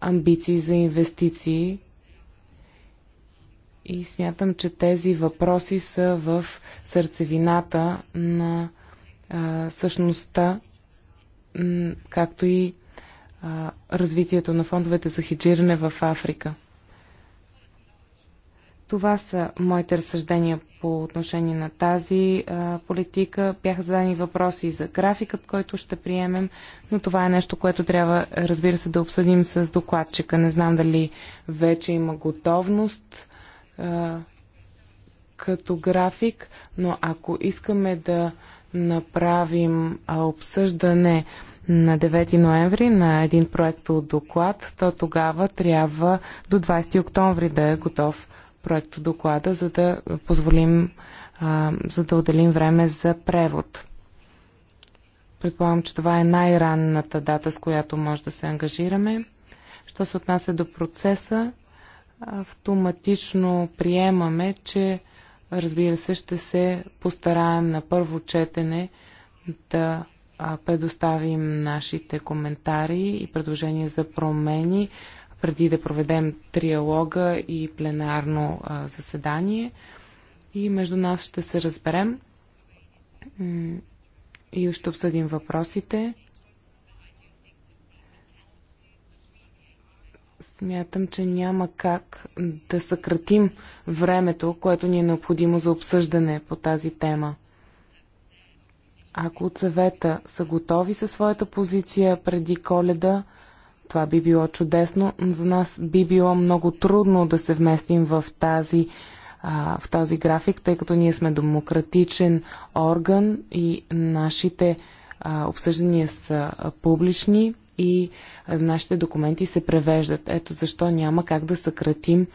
C: амбиции за инвестиции. И смятам, че тези въпроси са в сърцевината на а, същността, както и а, развитието на фондовете за хиджиране в Африка. Това са моите разсъждения по отношение на тази а, политика. Бяха зададени въпроси за графикът, който ще приемем, но това е нещо, което трябва, разбира се, да обсъдим с докладчика. Не знам дали вече има готовност а, като график, но ако искаме да направим а, обсъждане на 9 ноември на един проект от доклад, то тогава трябва до 20 октомври да е готов проекто доклада, за да позволим, а, за да отделим време за превод. Предполагам, че това е най-ранната дата, с която може да се ангажираме. Що се отнася до процеса, автоматично приемаме, че разбира се, ще се постараем на първо четене да предоставим нашите коментари и предложения за промени преди да проведем триалога и пленарно а, заседание. И между нас ще се разберем и ще обсъдим въпросите. Смятам, че няма как да съкратим времето, което ни е необходимо за обсъждане по тази тема. Ако от съвета са готови със своята позиция преди коледа, това би било чудесно. За нас би било много трудно да се вместим в тази в този график, тъй като ние сме демократичен орган и нашите обсъждания са публични и нашите документи се превеждат. Ето защо няма как да съкратим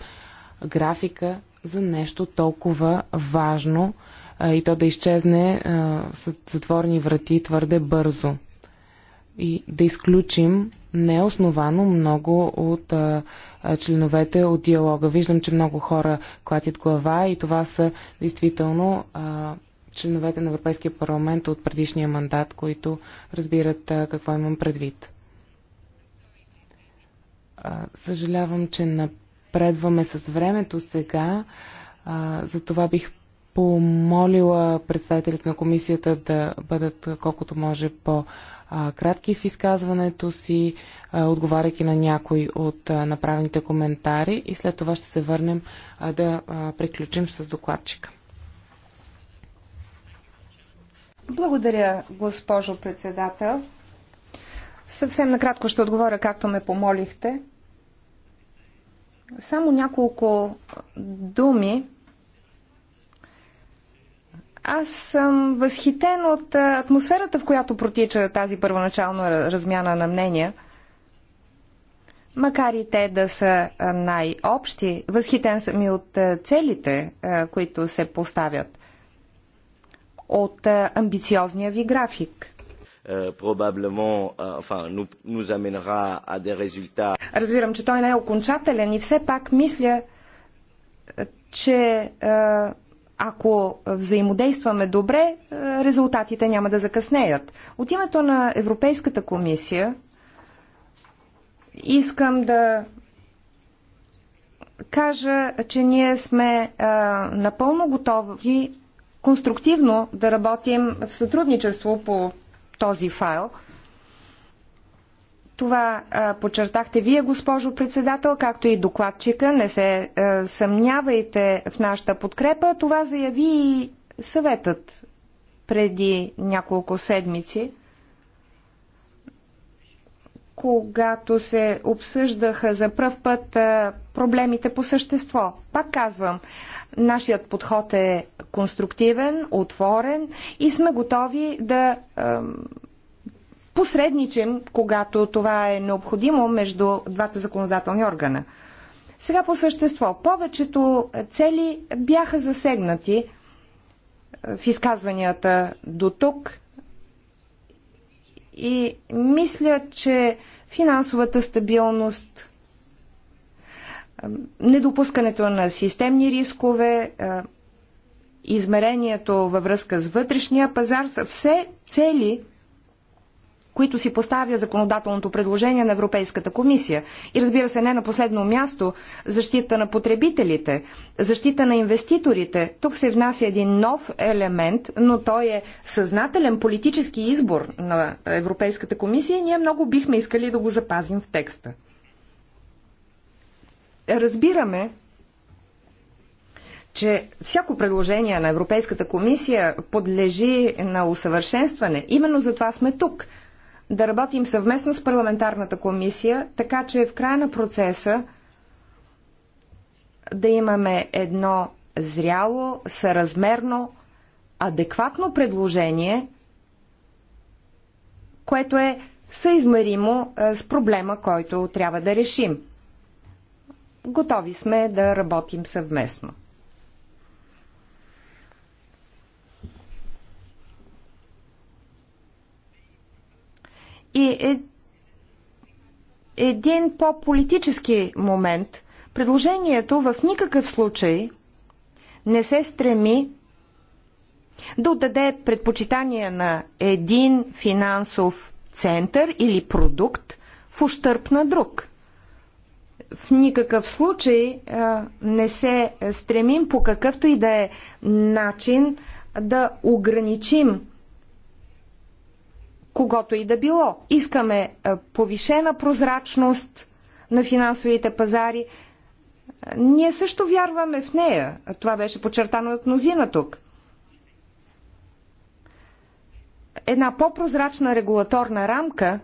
C: графика за нещо толкова важно и то да изчезне с затворни врати твърде бързо и да изключим неосновано много от а, членовете от диалога. Виждам, че много хора клатят глава и това са действително а, членовете на Европейския парламент от предишния мандат, които разбират а, какво имам предвид. А, съжалявам, че напредваме с времето сега. А, за това бих помолила представителите на комисията да бъдат колкото може по-кратки в изказването си, отговаряйки на някой от направените коментари и след това ще се върнем да приключим с докладчика.
A: Благодаря, госпожо председател. Съвсем накратко ще отговоря, както ме помолихте. Само няколко думи аз съм възхитен от атмосферата, в която протича тази първоначална размяна на мнения. Макар и те да са най-общи, възхитен съм и от целите, които се поставят. От амбициозния ви график. Е, Разбирам, че той не е окончателен и все пак мисля, че ако взаимодействаме добре, е, резултатите няма да закъснеят. От името на Европейската комисия искам да кажа, че ние сме а, е, напълно готови конструктивно да работим в сътрудничество по този файл – това а, подчертахте вие, госпожо председател, както и докладчика. Не се а, съмнявайте в нашата подкрепа. Това заяви и съветът преди няколко седмици, когато се обсъждаха за пръв път а, проблемите по същество. Пак казвам, нашият подход е конструктивен, отворен и сме готови да. А, посредничим, когато това е необходимо между двата законодателни органа. Сега по същество. Повечето цели бяха засегнати е, в изказванията до тук и мисля, че финансовата стабилност, е, недопускането на системни рискове, е, измерението във връзка с вътрешния пазар са все цели, които си поставя законодателното предложение на Европейската комисия. И разбира се, не на последно място, защита на потребителите, защита на инвеститорите. Тук се внася един нов елемент, но той е съзнателен политически избор на Европейската комисия и ние много бихме искали да го запазим в текста. Разбираме, че всяко предложение на Европейската комисия подлежи на усъвършенстване. Именно за това сме тук – да работим съвместно с парламентарната комисия, така че в края на процеса да имаме едно зряло, съразмерно, адекватно предложение, което е съизмеримо е, с проблема, който трябва да решим. Готови сме да работим съвместно. И е, един по-политически момент. Предложението в никакъв случай не се стреми да отдаде предпочитание на един финансов център или продукт в ущърп на друг. В никакъв случай а, не се стремим по какъвто и да е начин да ограничим когото и да било. Искаме е, повишена прозрачност на финансовите пазари. Ние също вярваме в нея. Това беше подчертано от мнозина тук. Една по-прозрачна регулаторна рамка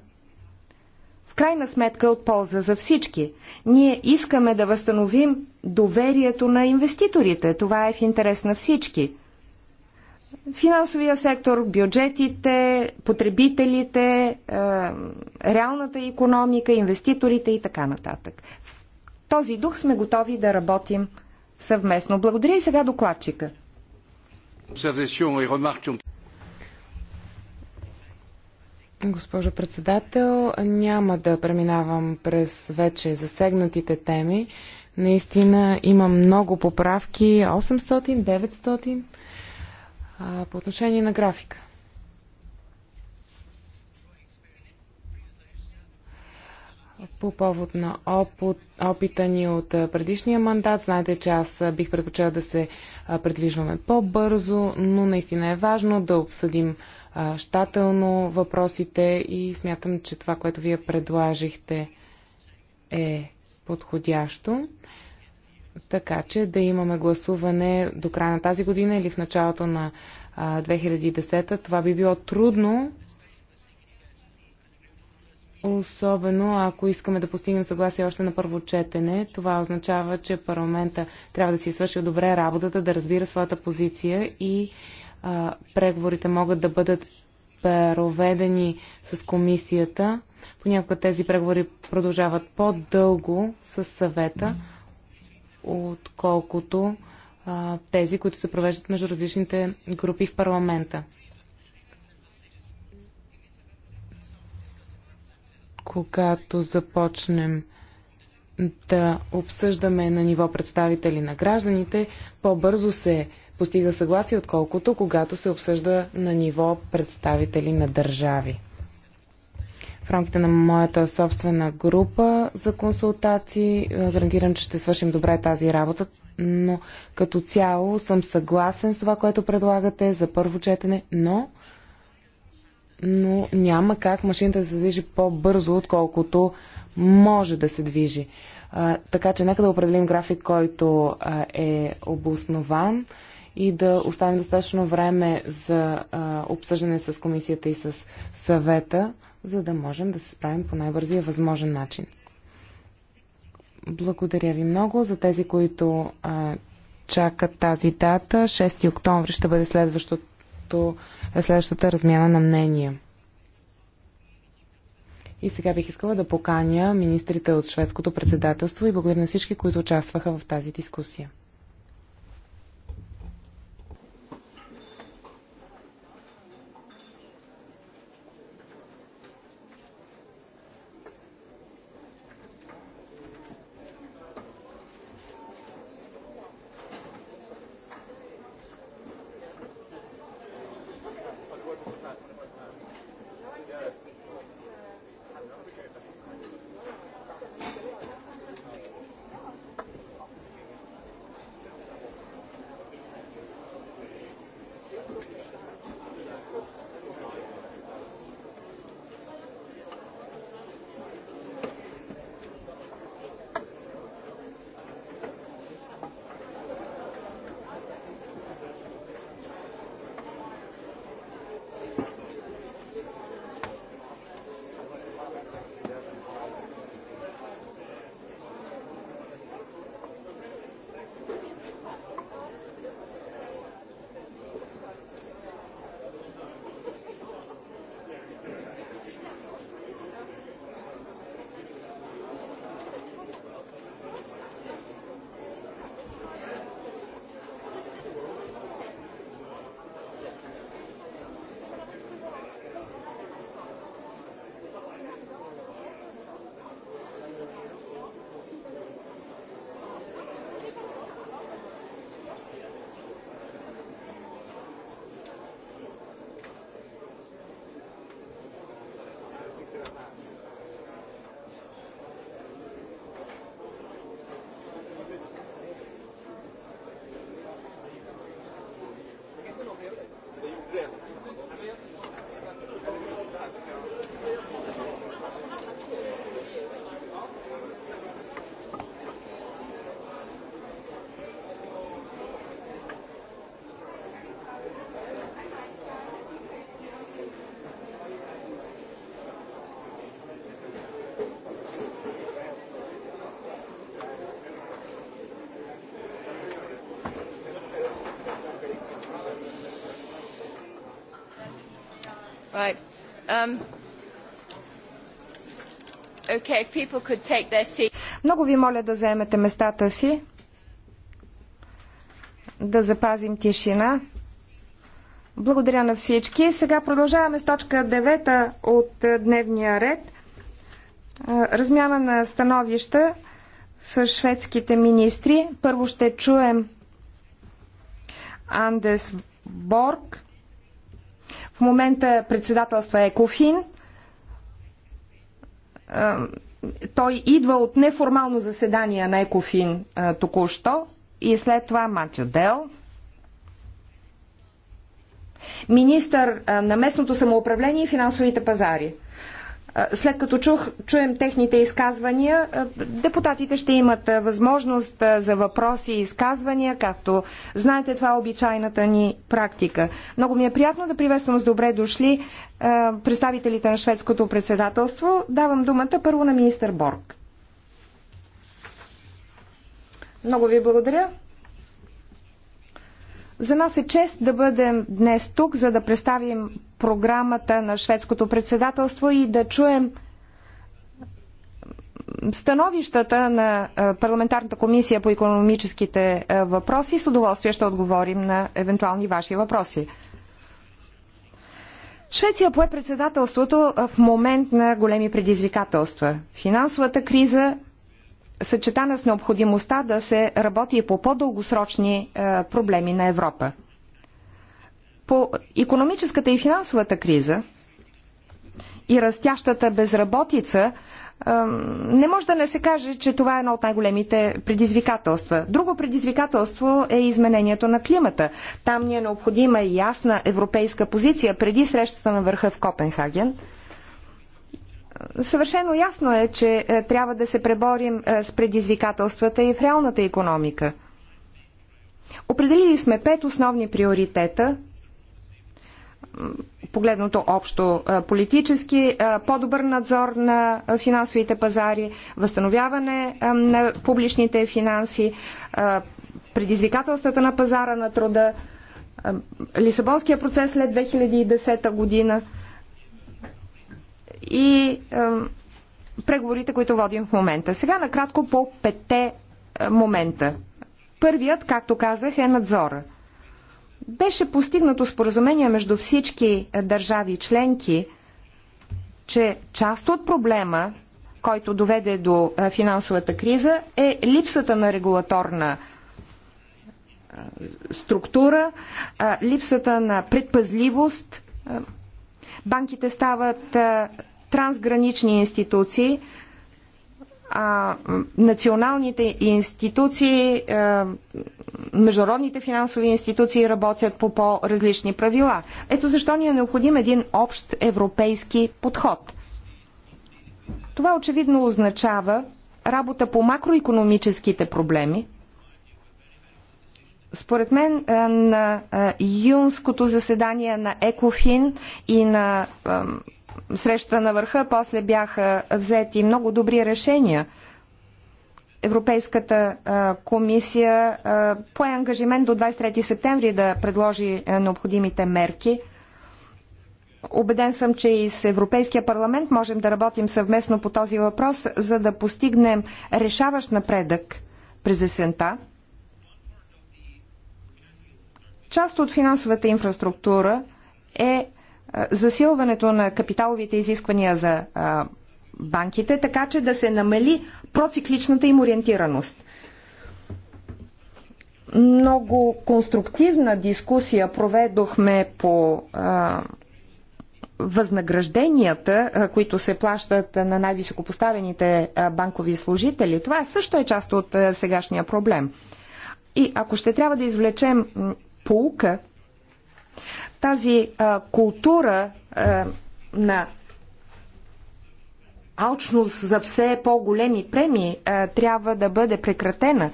A: в крайна сметка е от полза за всички. Ние искаме да възстановим доверието на инвеститорите. Това е в интерес на всички – финансовия сектор, бюджетите, потребителите, е, реалната економика, инвеститорите и така нататък. В този дух сме готови да работим съвместно. Благодаря и сега докладчика.
C: Госпожо председател, няма да преминавам през вече засегнатите теми. Наистина има много поправки, 800, 900. А, по отношение на графика. По повод на опит, опита ни от предишния мандат, знаете, че аз бих предпочела да се предвижваме по-бързо, но наистина е важно да обсъдим а, щателно въпросите и смятам, че това, което вие предложихте е подходящо така че да имаме гласуване до края на тази година или в началото на 2010. Това би било трудно, Особено ако искаме да постигнем съгласие още на първо четене, това означава, че парламента трябва да си е свърши добре работата, да разбира своята позиция и а, преговорите могат да бъдат проведени с комисията. Понякога тези преговори продължават по-дълго с съвета отколкото а, тези, които се провеждат между различните групи в парламента. Когато започнем да обсъждаме на ниво представители на гражданите, по-бързо се постига съгласие, отколкото когато се обсъжда на ниво представители на държави в рамките на моята собствена група за консултации. Е, гарантирам, че ще свършим добре тази работа, но като цяло съм съгласен с това, което предлагате за първо четене, но, но няма как машината да се движи по-бързо, отколкото може да се движи. А, е, така че нека да определим график, който а, е, е обоснован и да оставим достатъчно време за а, обсъждане с комисията и с съвета за да можем да се справим по най-бързия възможен начин. Благодаря ви много за тези, които а, чакат тази дата. 6 октомври ще бъде следващата размяна на мнения. И сега бих искала да поканя министрите от шведското председателство и благодаря на всички, които участваха в тази дискусия.
A: Um, okay, if people could take their seat. Много ви моля да заемете местата си, да запазим тишина. Благодаря на всички. Сега продължаваме с точка 9 от дневния ред. Размяна на становища с шведските министри. Първо ще чуем Андес Борг, в момента председателства е Кофин. Той идва от неформално заседание на Екофин току-що и след това Матю Дел, министър на местното самоуправление и финансовите пазари – след като чух, чуем техните изказвания, депутатите ще имат възможност за въпроси и изказвания, както знаете, това е обичайната ни практика. Много ми е приятно да приветствам с добре дошли представителите на шведското председателство. Давам думата първо на министър Борг. Много ви благодаря. За нас е чест да бъдем днес тук, за да представим програмата на шведското председателство и да чуем становищата на парламентарната комисия по економическите въпроси. С удоволствие ще отговорим на евентуални ваши въпроси. Швеция пое председателството в момент на големи предизвикателства. Финансовата криза, съчетана с необходимостта да се работи по по-дългосрочни е, проблеми на Европа. По економическата и финансовата криза и растящата безработица е, не може да не се каже, че това е едно от най-големите предизвикателства. Друго предизвикателство е изменението на климата. Там ни е необходима и ясна европейска позиция преди срещата на върха в Копенхаген – Съвършено ясно е, че е, трябва да се преборим е, с предизвикателствата и в реалната економика. Определили сме пет основни приоритета, погледното общо е, политически, по-добър надзор на финансовите пазари, възстановяване на публичните финанси, предизвикателствата на пазара на труда, Лисабонския процес след 2010 година – и преговорите, които водим в момента. Сега накратко по пете е, момента. Първият, както казах, е надзора. Беше постигнато споразумение между всички е, държави членки, че част от проблема, който доведе до е, финансовата криза, е липсата на регулаторна структура, липсата на предпазливост. Банките стават трансгранични институции, а националните институции, международните финансови институции работят по по-различни правила. Ето защо ни е необходим един общ европейски подход. Това очевидно означава работа по макроекономическите проблеми. Според мен на юнското заседание на ЕКОФИН и на среща на върха, после бяха взети много добри решения. Европейската комисия пое ангажимент до 23 септември да предложи необходимите мерки. Обеден съм, че и с Европейския парламент можем да работим съвместно по този въпрос, за да постигнем решаващ напредък през есента. Част от финансовата инфраструктура е засилването на капиталовите изисквания за банките, така че да се намали процикличната им ориентираност. Много конструктивна дискусия проведохме по а, възнагражденията, а, които се плащат на най-високопоставените банкови служители. Това също е част от а, сегашния проблем. И ако ще трябва да извлечем поука тази а, култура а, на алчност за все по-големи премии а, трябва да бъде прекратена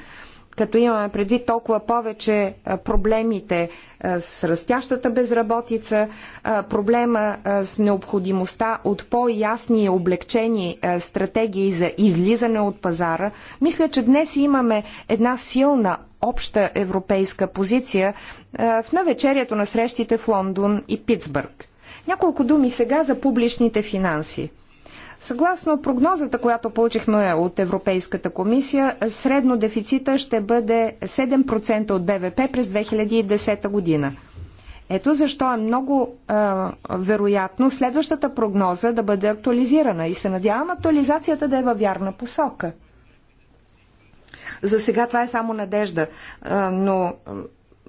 A: като имаме преди толкова повече проблемите с растящата безработица, проблема с необходимостта от по-ясни и облегчени стратегии за излизане от пазара, мисля, че днес имаме една силна обща европейска позиция е, в навечерието на срещите в Лондон и Питсбърг. Няколко думи сега за публичните финанси. Съгласно прогнозата, която получихме от Европейската комисия, средно дефицита ще бъде 7% от БВП през 2010 година. Ето защо е много е, вероятно следващата прогноза да бъде актуализирана и се надявам актуализацията да е във вярна посока. За сега това е само надежда, но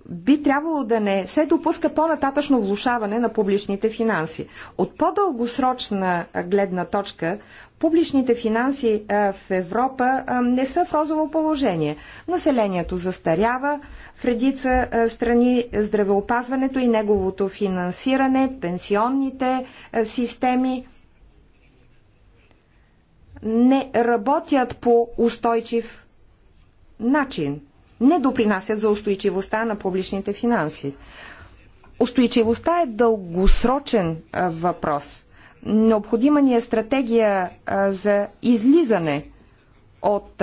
A: би трябвало да не се допуска по-нататъчно влушаване на публичните финанси. От по-дългосрочна гледна точка, публичните финанси в Европа не са в розово положение. Населението застарява, в редица страни здравеопазването и неговото финансиране, пенсионните системи не работят по устойчив начин не допринасят за устойчивостта на публичните финанси. Устойчивостта е дългосрочен въпрос. Необходима ни е стратегия за излизане от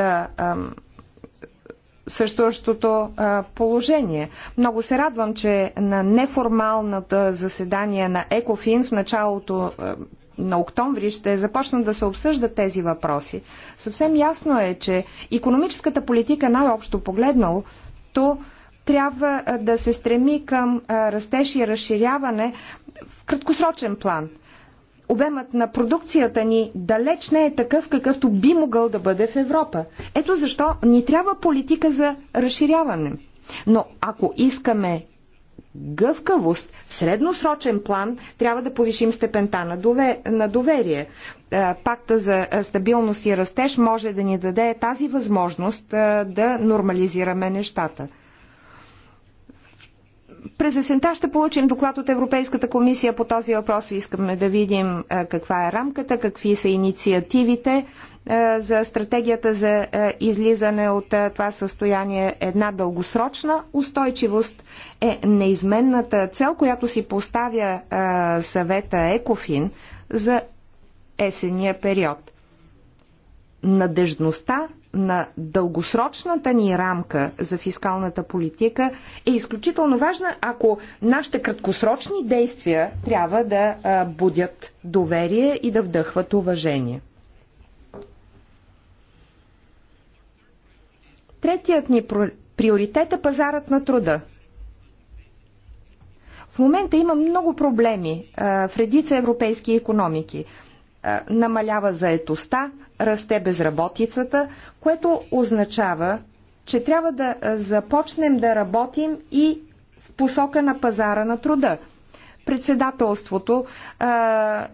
A: същото положение. Много се радвам, че на неформалната заседание на ЕКОФИН в началото на октомври ще започнат да се обсъждат тези въпроси. Съвсем ясно е, че економическата политика най-общо погледнало, то трябва да се стреми към растеж и разширяване в краткосрочен план. Обемът на продукцията ни далеч не е такъв, какъвто би могъл да бъде в Европа. Ето защо ни трябва политика за разширяване. Но ако искаме гъвкавост, в средносрочен план трябва да повишим степента на, дове, на доверие. Е, пакта за е, стабилност и растеж може да ни даде тази възможност е, да нормализираме нещата през есента ще получим доклад от Европейската комисия по този въпрос. Искаме да видим каква е рамката, какви са инициативите за стратегията за излизане от това състояние. Една дългосрочна устойчивост е неизменната цел, която си поставя съвета Екофин за есения период. Надежността на дългосрочната ни рамка за фискалната политика е изключително важна, ако нашите краткосрочни действия трябва да будят доверие и да вдъхват уважение. Третият ни приоритет е пазарът на труда. В момента има много проблеми в редица европейски економики – е, намалява заетостта, расте безработицата, което означава, че трябва да е, започнем да работим и в посока на пазара на труда. Председателството а, е,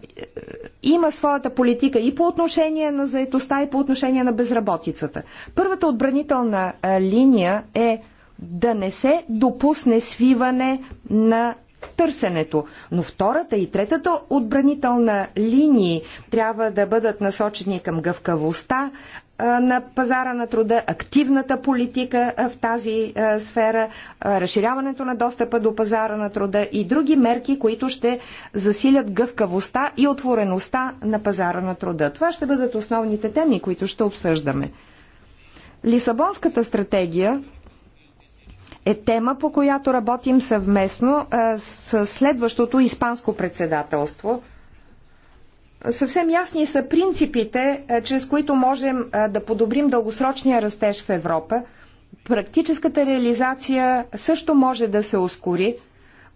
A: има своята политика и по отношение на заетостта, и по отношение на безработицата. Първата отбранителна линия е да не се допусне свиване на търсенето. Но втората и третата отбранителна линии трябва да бъдат насочени към гъвкавостта на пазара на труда, активната политика в тази сфера, разширяването на достъпа до пазара на труда и други мерки, които ще засилят гъвкавостта и отвореността на пазара на труда. Това ще бъдат основните теми, които ще обсъждаме. Лисабонската стратегия е тема, по която работим съвместно с следващото испанско председателство. Съвсем ясни са принципите, чрез които можем да подобрим дългосрочния растеж в Европа. Практическата реализация също може да се ускори.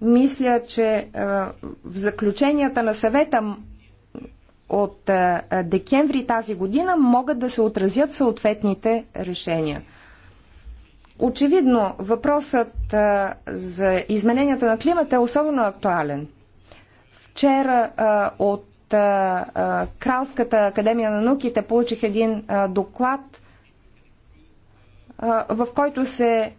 A: Мисля, че в заключенията на съвета от декември тази година могат да се отразят съответните решения. Очевидно, въпросът за измененията на климата е особено актуален. Вчера от Кралската академия на науките получих един доклад, в който се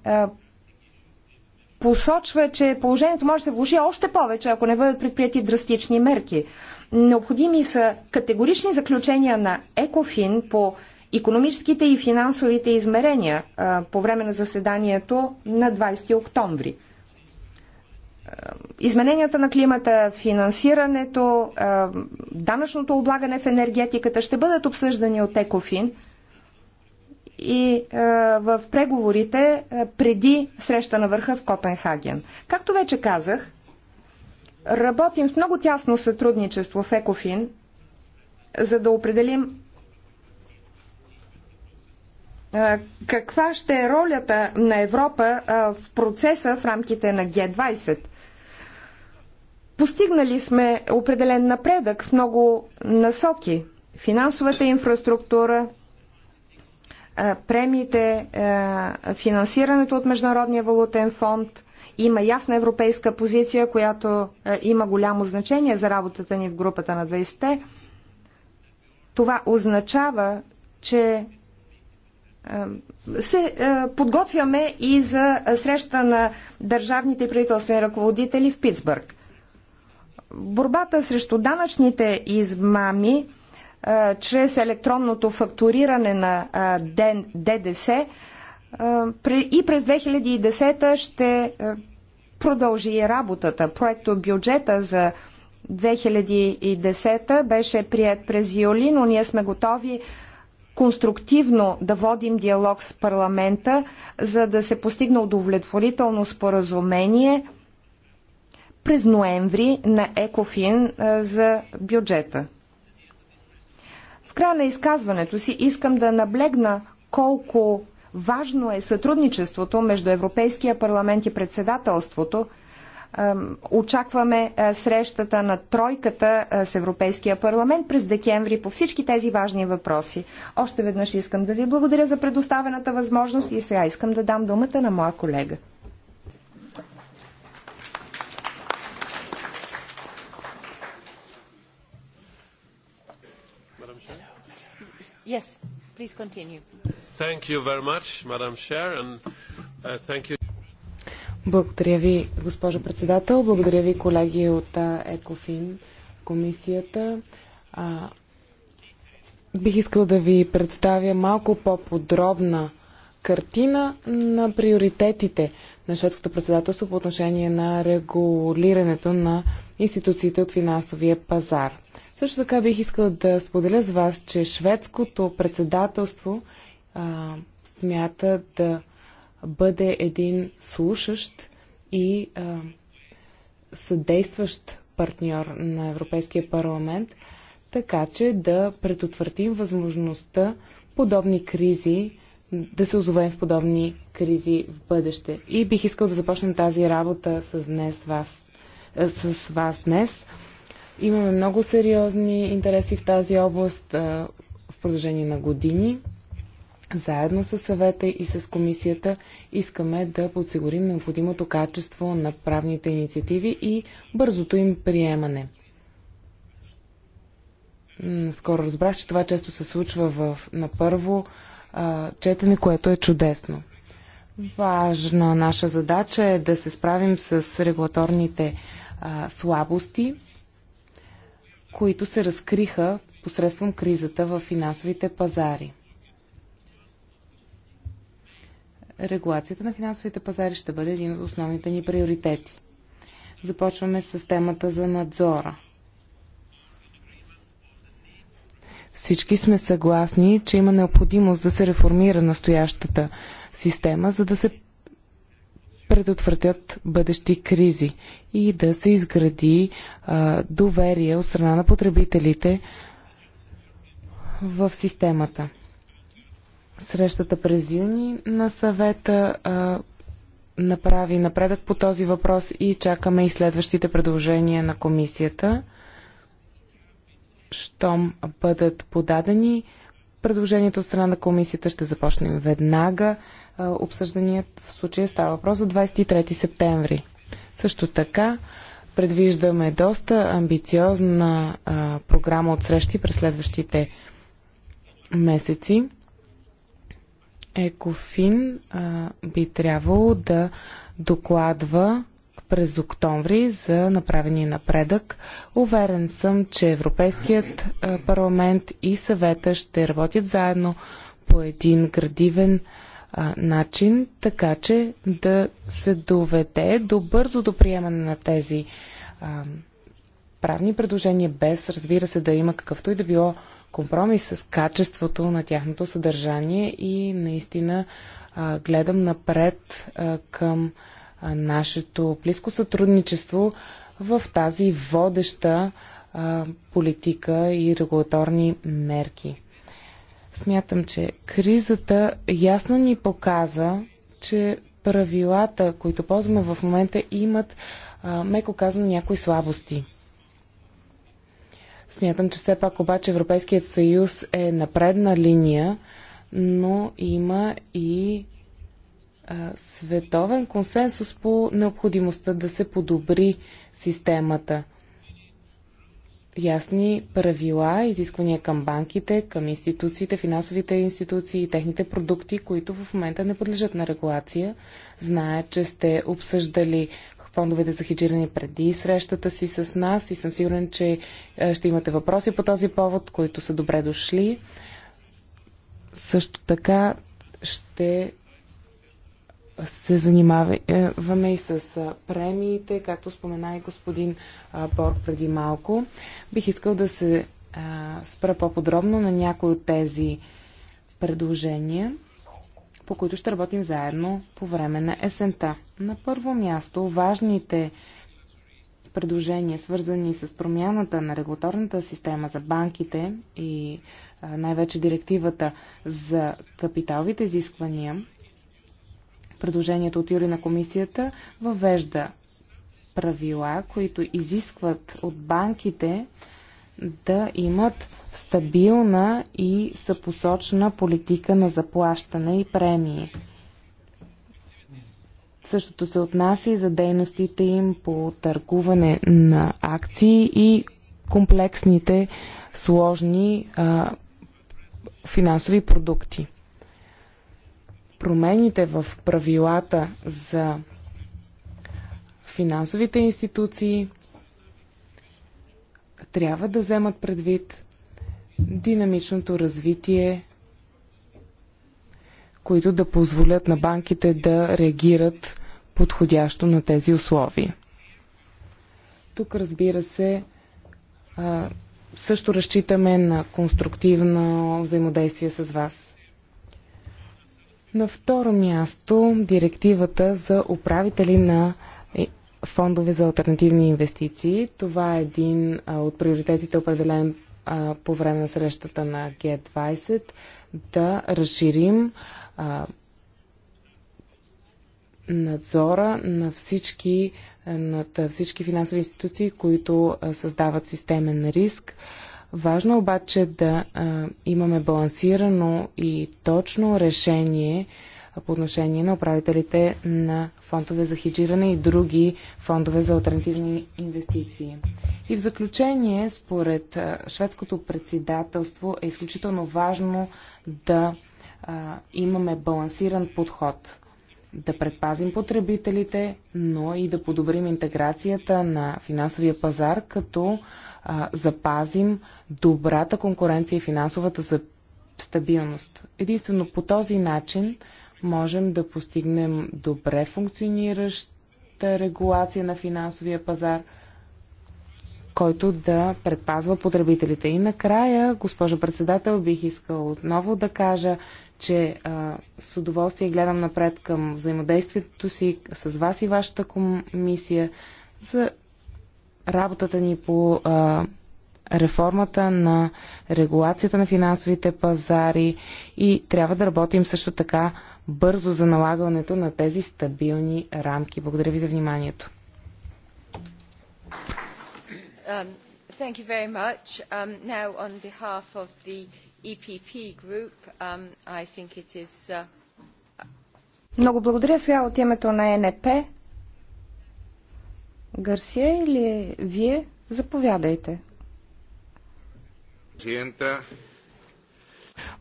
A: посочва, че положението може да се влуши още повече, ако не бъдат предприяти драстични мерки. Необходими са категорични заключения на ЕКОФИН по економическите и финансовите измерения по време на заседанието на 20 октомври. Измененията на климата, финансирането, данъчното облагане в енергетиката ще бъдат обсъждани от ЕКОФИН и в преговорите преди среща на върха в Копенхаген. Както вече казах, работим в много тясно сътрудничество в ЕКОФИН, за да определим каква ще е ролята на Европа в процеса в рамките на Г-20. Постигнали сме определен напредък в много насоки. Финансовата инфраструктура, премиите, финансирането от Международния валутен фонд. Има ясна европейска позиция, която има голямо значение за работата ни в групата на 20-те. Това означава, че е, се е, подготвяме и за среща на държавните и правителствени ръководители в Питсбърг. Борбата срещу данъчните измами е, чрез електронното фактуриране на ДДС и през 2010 ще продължи работата. Проекто бюджета за 2010 беше прият през юли, но ние сме готови конструктивно да водим диалог с парламента, за да се постигне удовлетворително споразумение през ноември на Екофин за бюджета. В края на изказването си искам да наблегна колко важно е сътрудничеството между Европейския парламент и председателството – Очакваме е, срещата на тройката е, с Европейския парламент през декември по всички тези важни въпроси. Още веднъж искам да ви благодаря за предоставената възможност и сега искам да дам думата на моя колега.
C: Yes, please continue.
B: Thank you very much, Madam Chair, and uh, thank you.
C: Благодаря ви, госпожо председател. Благодаря ви, колеги от ЕКОФИН, комисията. А, бих искал да ви представя малко по-подробна картина на приоритетите на шведското председателство по отношение на регулирането на институциите от финансовия пазар. Също така бих искал да споделя с вас, че шведското председателство а, смята да бъде един слушащ и а, съдействащ партньор на Европейския парламент, така че да предотвратим възможността подобни кризи да се озовем в подобни кризи в бъдеще. И бих искал да започнем тази работа с, днес вас, с вас днес. Имаме много сериозни интереси в тази област в продължение на години заедно с съвета и с комисията искаме да подсигурим необходимото качество на правните инициативи и бързото им приемане. Скоро разбрах, че това често се случва в, на първо а, четене, което е чудесно. Важна наша задача е да се справим с регулаторните а, слабости, които се разкриха посредством кризата в финансовите пазари. регулацията на финансовите пазари ще бъде един от основните ни приоритети. Започваме с темата за надзора. Всички сме съгласни, че има необходимост да се реформира настоящата система, за да се предотвратят бъдещи кризи и да се изгради а, доверие от страна на потребителите в системата. Срещата през юни на съвета а, направи напредък по този въпрос и чакаме и следващите предложения на комисията. Щом бъдат подадени предложението от страна на комисията, ще започнем веднага. А, обсъжданият в случая става въпрос за 23 септември. Също така, предвиждаме доста амбициозна а, програма от срещи през следващите месеци. Екофин а, би трябвало да докладва през октомври за направения напредък. Уверен съм, че Европейският парламент и съвета ще работят заедно по един градивен а, начин, така че да се доведе до бързо до приемане на тези а, правни предложения, без, разбира се, да има какъвто и да било компромис с качеството на тяхното съдържание и наистина а, гледам напред а, към а, нашето близко сътрудничество в тази водеща а, политика и регулаторни мерки. Смятам, че кризата ясно ни показа, че правилата, които ползваме в момента, имат, а, меко казано, някои слабости. Смятам, че все пак обаче Европейският съюз е на предна линия, но има и а, световен консенсус по необходимостта да се подобри системата. Ясни правила, изисквания към банките, към институциите, финансовите институции и техните продукти, които в момента не подлежат на регулация. Знаят, че сте обсъждали фондовете са хеджирани преди срещата си с нас и съм сигурен, че е, ще имате въпроси по този повод, които са добре дошли. Също така ще се занимаваме и с е, премиите, както спомена и господин е, Борг преди малко. Бих искал да се спра по-подробно на някои от тези предложения по които ще работим заедно по време на есента. На първо място, важните предложения, свързани с промяната на регулаторната система за банките и най-вече директивата за капиталовите изисквания, предложението от юри на комисията въвежда правила, които изискват от банките да имат стабилна и съпосочна политика на заплащане и премии. Същото се отнася и за дейностите им по търгуване на акции и комплексните сложни а, финансови продукти. Промените в правилата за финансовите институции трябва да вземат предвид динамичното развитие, които да позволят на банките да реагират подходящо на тези условия. Тук, разбира се, също разчитаме на конструктивно взаимодействие с вас. На второ място директивата за управители на фондове за альтернативни инвестиции. Това е един от приоритетите, определен а, по време на срещата на Г20 да разширим а, надзора на всички, над всички финансови институции, които а, създават системен риск. Важно е обаче да а, имаме балансирано и точно решение по отношение на управителите на фондове за хеджиране и други фондове за альтернативни инвестиции. И в заключение, според шведското председателство е изключително важно да а, имаме балансиран подход да предпазим потребителите, но и да подобрим интеграцията на финансовия пазар, като а, запазим добрата конкуренция и финансовата стабилност. Единствено по този начин можем да постигнем добре функционираща регулация на финансовия пазар, който да предпазва потребителите. И накрая, госпожо председател, бих искал отново да кажа, че а, с удоволствие гледам напред към взаимодействието си с вас и вашата комисия за работата ни по а, реформата на регулацията на финансовите пазари и трябва да работим също така бързо за налагането на тези стабилни рамки. Благодаря ви за вниманието.
A: Um, thank you very much. Um, now, on behalf of the EPP group, um, I think it is. Uh, Много благодаря сега от името на НП. Гарсия или вие?
B: Заповядайте.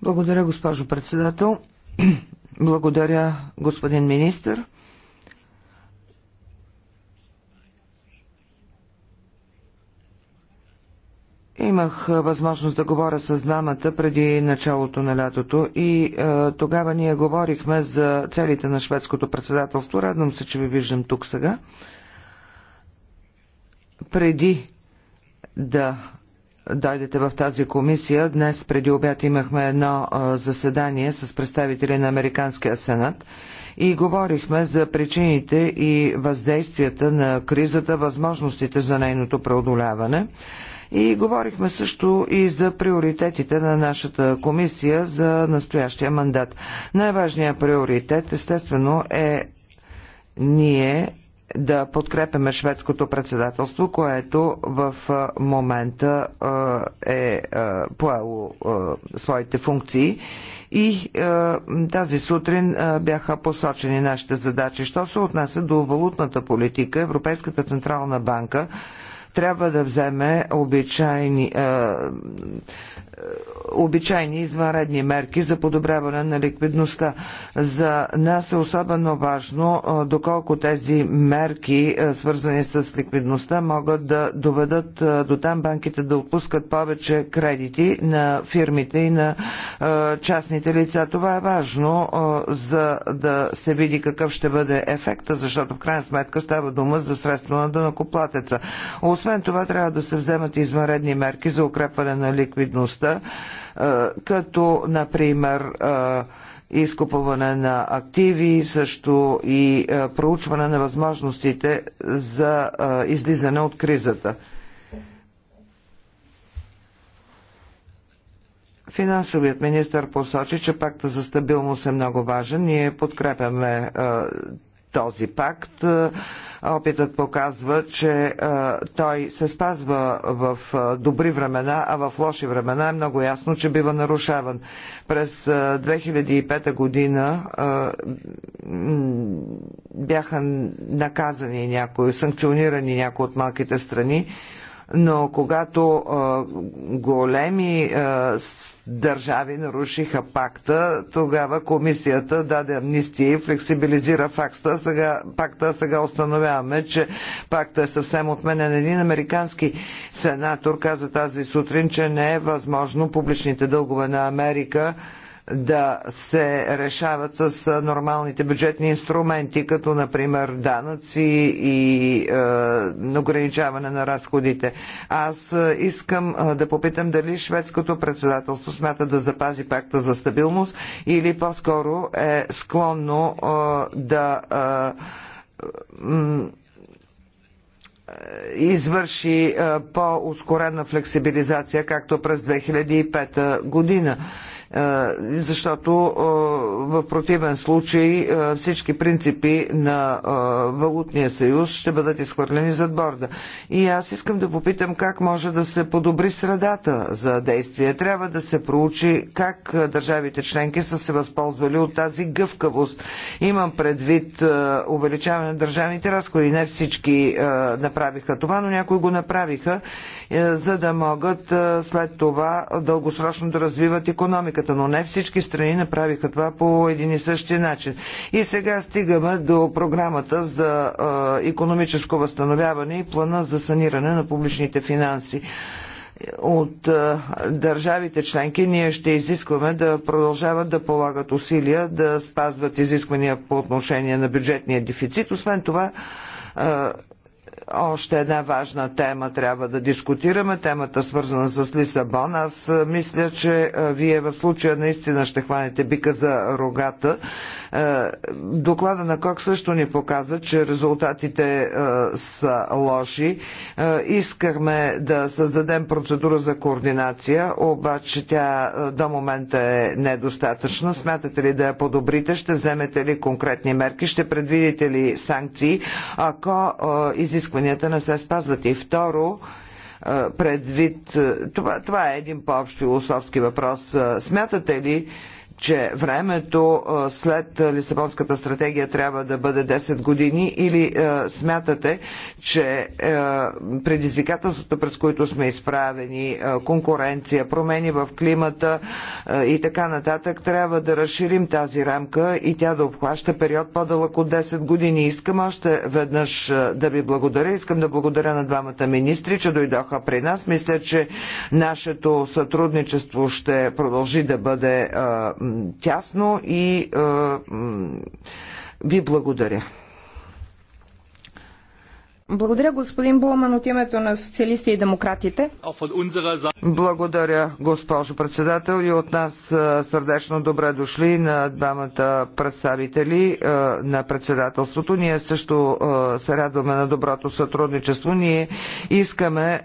B: Благодаря, госпожо председател. Благодаря, господин министр. Имах възможност да говоря с двамата преди началото на лятото и е, тогава ние говорихме за целите на шведското председателство. Радвам се, че ви виждам тук сега. Преди да дойдете в тази комисия. Днес преди обяд имахме едно заседание с представители на Американския сенат и говорихме за причините и въздействията на кризата, възможностите за нейното преодоляване. И говорихме също и за приоритетите на нашата комисия за настоящия мандат. Най-важният приоритет, естествено, е ние да подкрепяме шведското председателство, което в момента е поело своите функции. И тази сутрин бяха посочени нашите задачи. Що се отнася до валутната политика, Европейската централна банка трябва да вземе обичайни обичайни извънредни мерки за подобряване на ликвидността. За нас е особено важно доколко тези мерки, свързани с ликвидността, могат да доведат до там банките да отпускат повече кредити на фирмите и на частните лица. Това е важно за да се види какъв ще бъде ефекта, защото в крайна сметка става дума за средство на дънакоплатеца. Освен това трябва да се вземат извънредни мерки за укрепване на ликвидността като, например, изкупуване на активи, също и проучване на възможностите за излизане от кризата. Финансовият министр посочи, че пакта за стабилност е много важен. Ние подкрепяме този пакт. Опитът показва, че е, той се спазва в е, добри времена, а в лоши времена е много ясно, че бива нарушаван. През 2005 е, година бяха наказани някои, санкционирани някои от малките страни, но когато големи държави нарушиха пакта, тогава комисията даде амнистия и флексибилизира факта. Сега, пакта сега установяваме, че пакта е съвсем отменен. Един американски сенатор каза тази сутрин, че не е възможно публичните дългове на Америка да се решават с нормалните бюджетни инструменти, като например данъци и е, ограничаване на разходите. Аз искам да попитам дали шведското председателство смята да запази пакта за стабилност или по-скоро е склонно е, да. Е, извърши по-ускорена флексибилизация, както през 2005 година. Е, защото е, в противен случай е, всички принципи на валутния съюз ще бъдат изхвърлени зад борда. И аз искам да попитам как може да се подобри средата за действие. Трябва да се проучи как държавите членки са се възползвали от тази гъвкавост. Имам предвид увеличаване на държавните разходи. Не всички направиха това, но някои го направиха, за да могат след това дългосрочно да развиват економиката енергетиката, но не всички страни направиха това по един и същи начин. И сега стигаме до програмата за економическо възстановяване и плана за саниране на публичните финанси от държавите членки ние ще изискваме да продължават да полагат усилия да спазват изисквания по отношение на бюджетния дефицит. Освен това, още една важна тема трябва да дискутираме, темата свързана с Лисабон. Аз мисля, че вие в случая наистина ще хванете бика за рогата. Доклада на КОК също ни показа, че резултатите са лоши. Е, искахме да създадем процедура за координация, обаче тя е, до момента е недостатъчна. Смятате ли да я подобрите? Ще вземете ли конкретни мерки? Ще предвидите ли санкции, ако е, изискванията не се спазват? И второ, предвид, това, това е един по-общ философски въпрос. Смятате ли, че времето след Лисабонската стратегия трябва да бъде 10 години или смятате, че предизвикателствата, през които сме изправени, конкуренция, промени в климата и така нататък, трябва да разширим тази рамка и тя да обхваща период по-дълъг от 10 години. Искам още веднъж да ви благодаря. Искам да благодаря на двамата министри, че дойдоха при нас. Мисля, че нашето сътрудничество ще продължи да бъде тясно и ви благодаря.
A: Благодаря, господин Булман, от името на социалисти и демократите.
B: Благодаря, госпожо председател, и от нас сърдечно добре дошли на двамата представители на председателството. Ние също се радваме на доброто сътрудничество. Ние искаме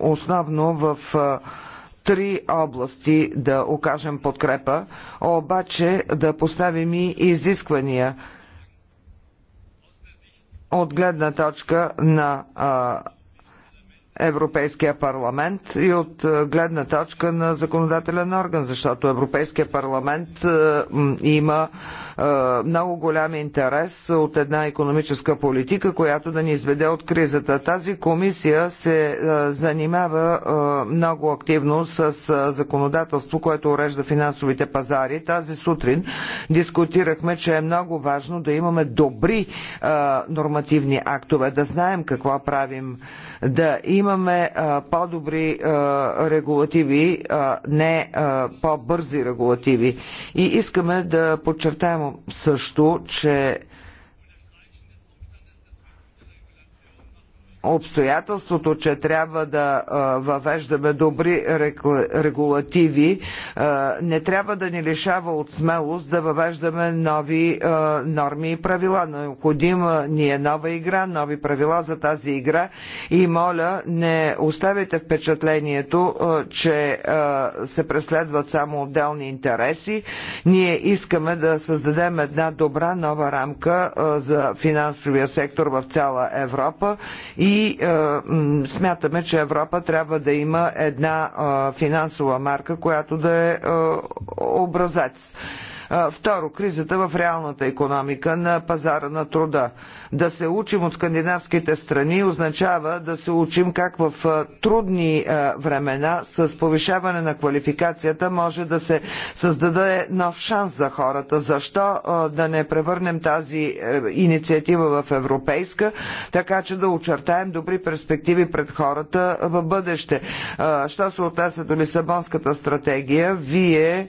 B: основно в три области да окажем подкрепа, обаче да поставим и изисквания от гледна точка на а, Европейския парламент и от гледна точка на законодателен орган, защото Европейския парламент има е, много голям интерес от една економическа политика, която да ни изведе от кризата. Тази комисия се е, занимава е, много активно с законодателство, което урежда финансовите пазари. Тази сутрин дискутирахме, че е много важно да имаме добри нормативни актове, да знаем какво правим, да имаме по-добри регулативи, не по-бързи регулативи. И искаме да подчертаем също, че обстоятелството, че трябва да въвеждаме добри регулативи, не трябва да ни лишава от смелост да въвеждаме нови норми и правила. Необходима ни е нова игра, нови правила за тази игра и моля, не оставяйте впечатлението, че се преследват само отделни интереси. Ние искаме да създадем една добра нова рамка за финансовия сектор в цяла Европа и и е, смятаме, че Европа трябва да има една е, финансова марка, която да е, е образец. Второ, кризата в реалната економика на пазара на труда. Да се учим от скандинавските страни означава да се учим как в трудни времена с повишаване на квалификацията може да се създаде нов шанс за хората. Защо да не превърнем тази е, инициатива в европейска, така че да очертаем добри перспективи пред хората в бъдеще. Що се отнася до Лисабонската стратегия, вие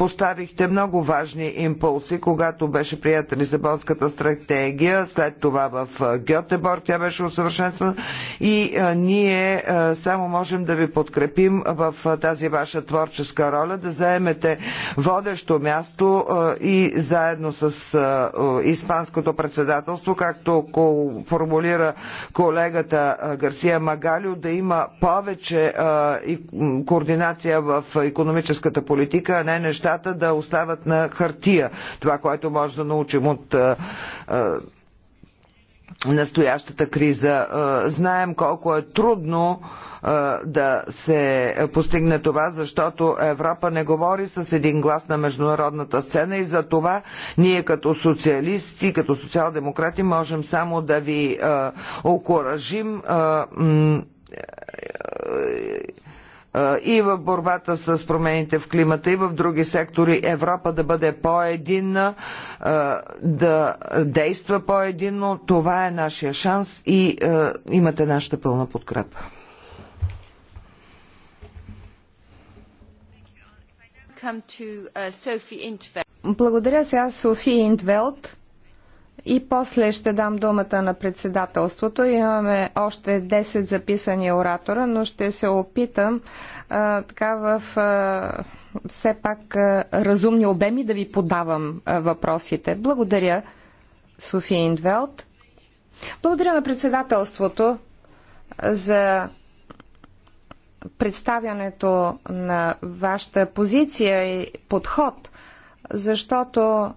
B: поставихте много важни импулси, когато беше прията Лисабонската стратегия, след това в Гьотеборг тя беше усъвършенствана и ние само можем да ви подкрепим в тази ваша творческа роля, да заемете водещо място и заедно с Испанското председателство, както формулира колегата Гарсия Магалю, да има повече координация в економическата политика, а не неща нещата да остават на хартия. Това, което може да научим от настоящата криза. Знаем колко е трудно да се постигне това, защото Европа не говори с един глас на международната сцена и за това ние като социалисти, като социал-демократи можем само да ви окоръжим и в борбата с промените в климата и в други сектори Европа да бъде по-единна, да действа по-единно. Това е нашия шанс и имате нашата пълна подкрепа.
A: Благодаря сега Софи Интвелт. И после ще дам думата на председателството. Имаме още 10 записани оратора, но ще се опитам а, така в а, все пак а, разумни обеми да ви подавам а, въпросите. Благодаря, София Индвелт. Благодаря на председателството за представянето на вашата позиция и подход, защото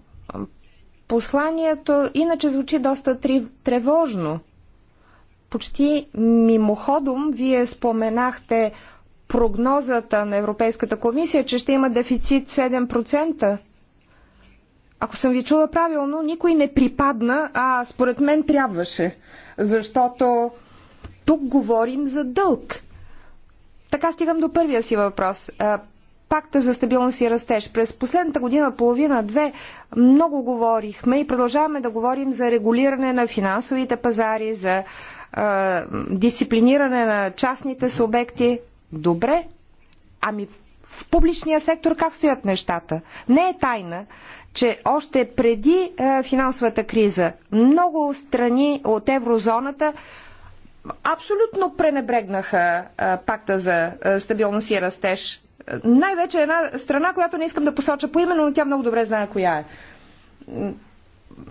A: Посланието иначе звучи доста тревожно. Почти мимоходом вие споменахте прогнозата на Европейската комисия, че ще има дефицит 7%. Ако съм ви чула правилно, никой не припадна, а според мен трябваше, защото тук говорим за дълг. Така стигам до първия си въпрос пакта за стабилност и растеж. През последната година, половина-две, много говорихме и продължаваме да говорим за регулиране на финансовите пазари, за а, дисциплиниране на частните субекти. Добре, ами в публичния сектор как стоят нещата? Не е тайна, че още преди а, финансовата криза много страни от еврозоната абсолютно пренебрегнаха а, пакта за а, стабилност и растеж най-вече е една страна, която не искам да посоча по име, но тя много добре знае коя е.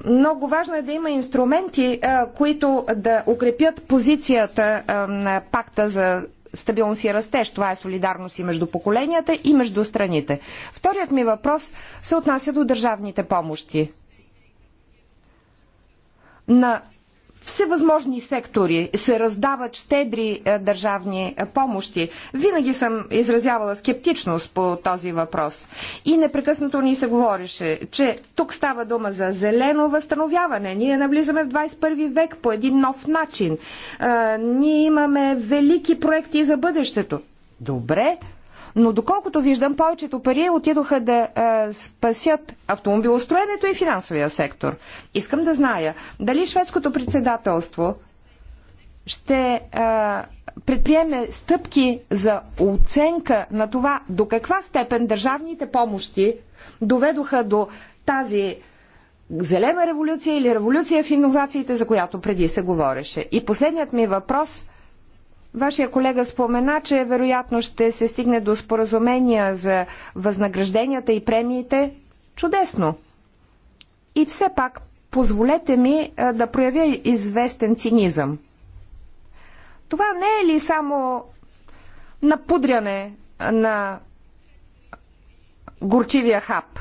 A: Много важно е да има инструменти, които да укрепят позицията на пакта за стабилност и растеж. Това е солидарност и между поколенията, и между страните. Вторият ми въпрос се отнася до държавните помощи. На всевъзможни сектори се раздават щедри е, държавни е, помощи. Винаги съм изразявала скептичност по този въпрос. И непрекъснато ни се говореше, че тук става дума за зелено възстановяване. Ние навлизаме в 21 век по един нов начин. Е, ние имаме велики проекти за бъдещето. Добре, но доколкото виждам, повечето пари отидоха да а, спасят автомобилостроенето и финансовия сектор. Искам да зная дали шведското председателство ще а, предприеме стъпки за оценка на това до каква степен държавните помощи доведоха до тази зелена революция или революция в иновациите, за която преди се говореше. И последният ми въпрос Вашия колега спомена, че вероятно ще се стигне до споразумения за възнагражденията и премиите. Чудесно! И все пак, позволете ми да проявя известен цинизъм. Това не е ли само напудряне на горчивия хап?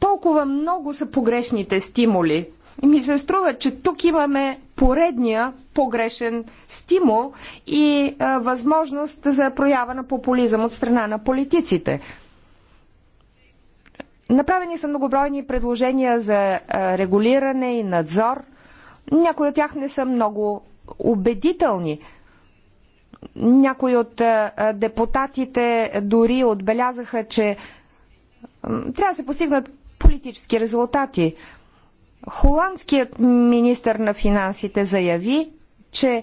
A: Толкова много са погрешните стимули. И ми се струва, че тук имаме поредния погрешен стимул и а, възможност за проява на популизъм от страна на политиците. Направени са многобройни предложения за регулиране и надзор. Някои от тях не са много убедителни. Някои от депутатите дори отбелязаха, че трябва да се постигнат политически резултати. Холандският министр на финансите заяви, че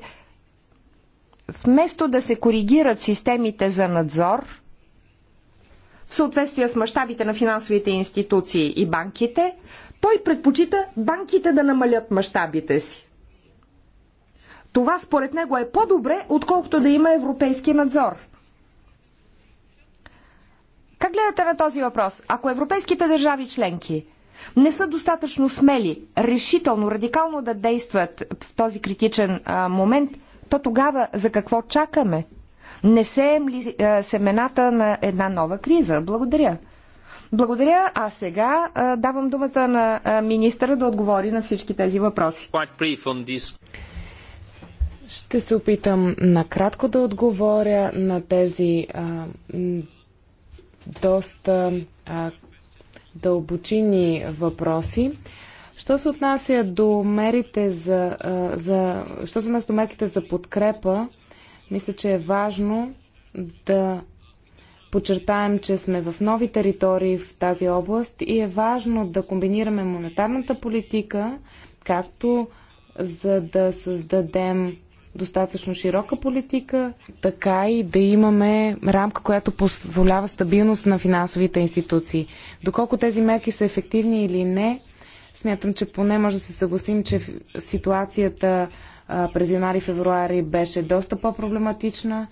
A: вместо да се коригират системите за надзор, в съответствие с мащабите на финансовите институции и банките, той предпочита банките да намалят мащабите си. Това според него е по-добре, отколкото да има европейски надзор. Как гледате на този въпрос? Ако европейските държави членки – не са достатъчно смели, решително, радикално да действат в този критичен а, момент, то тогава за какво чакаме? Не сеем ли а, семената на една нова криза? Благодаря. Благодаря, а сега а, давам думата на а, министра да отговори на всички тези въпроси.
C: Ще се опитам накратко да отговоря на тези а, доста а, дълбочини въпроси. Що се отнася до мерите за, за, що се отнася до мерките за подкрепа, мисля, че е важно да подчертаем, че сме в нови територии в тази област и е важно да комбинираме монетарната политика, както за да създадем достатъчно широка политика, така и да имаме рамка, която позволява стабилност на финансовите институции. Доколко тези мерки са ефективни или не, смятам, че поне може да се съгласим, че ситуацията през януари февруари беше доста по-проблематична.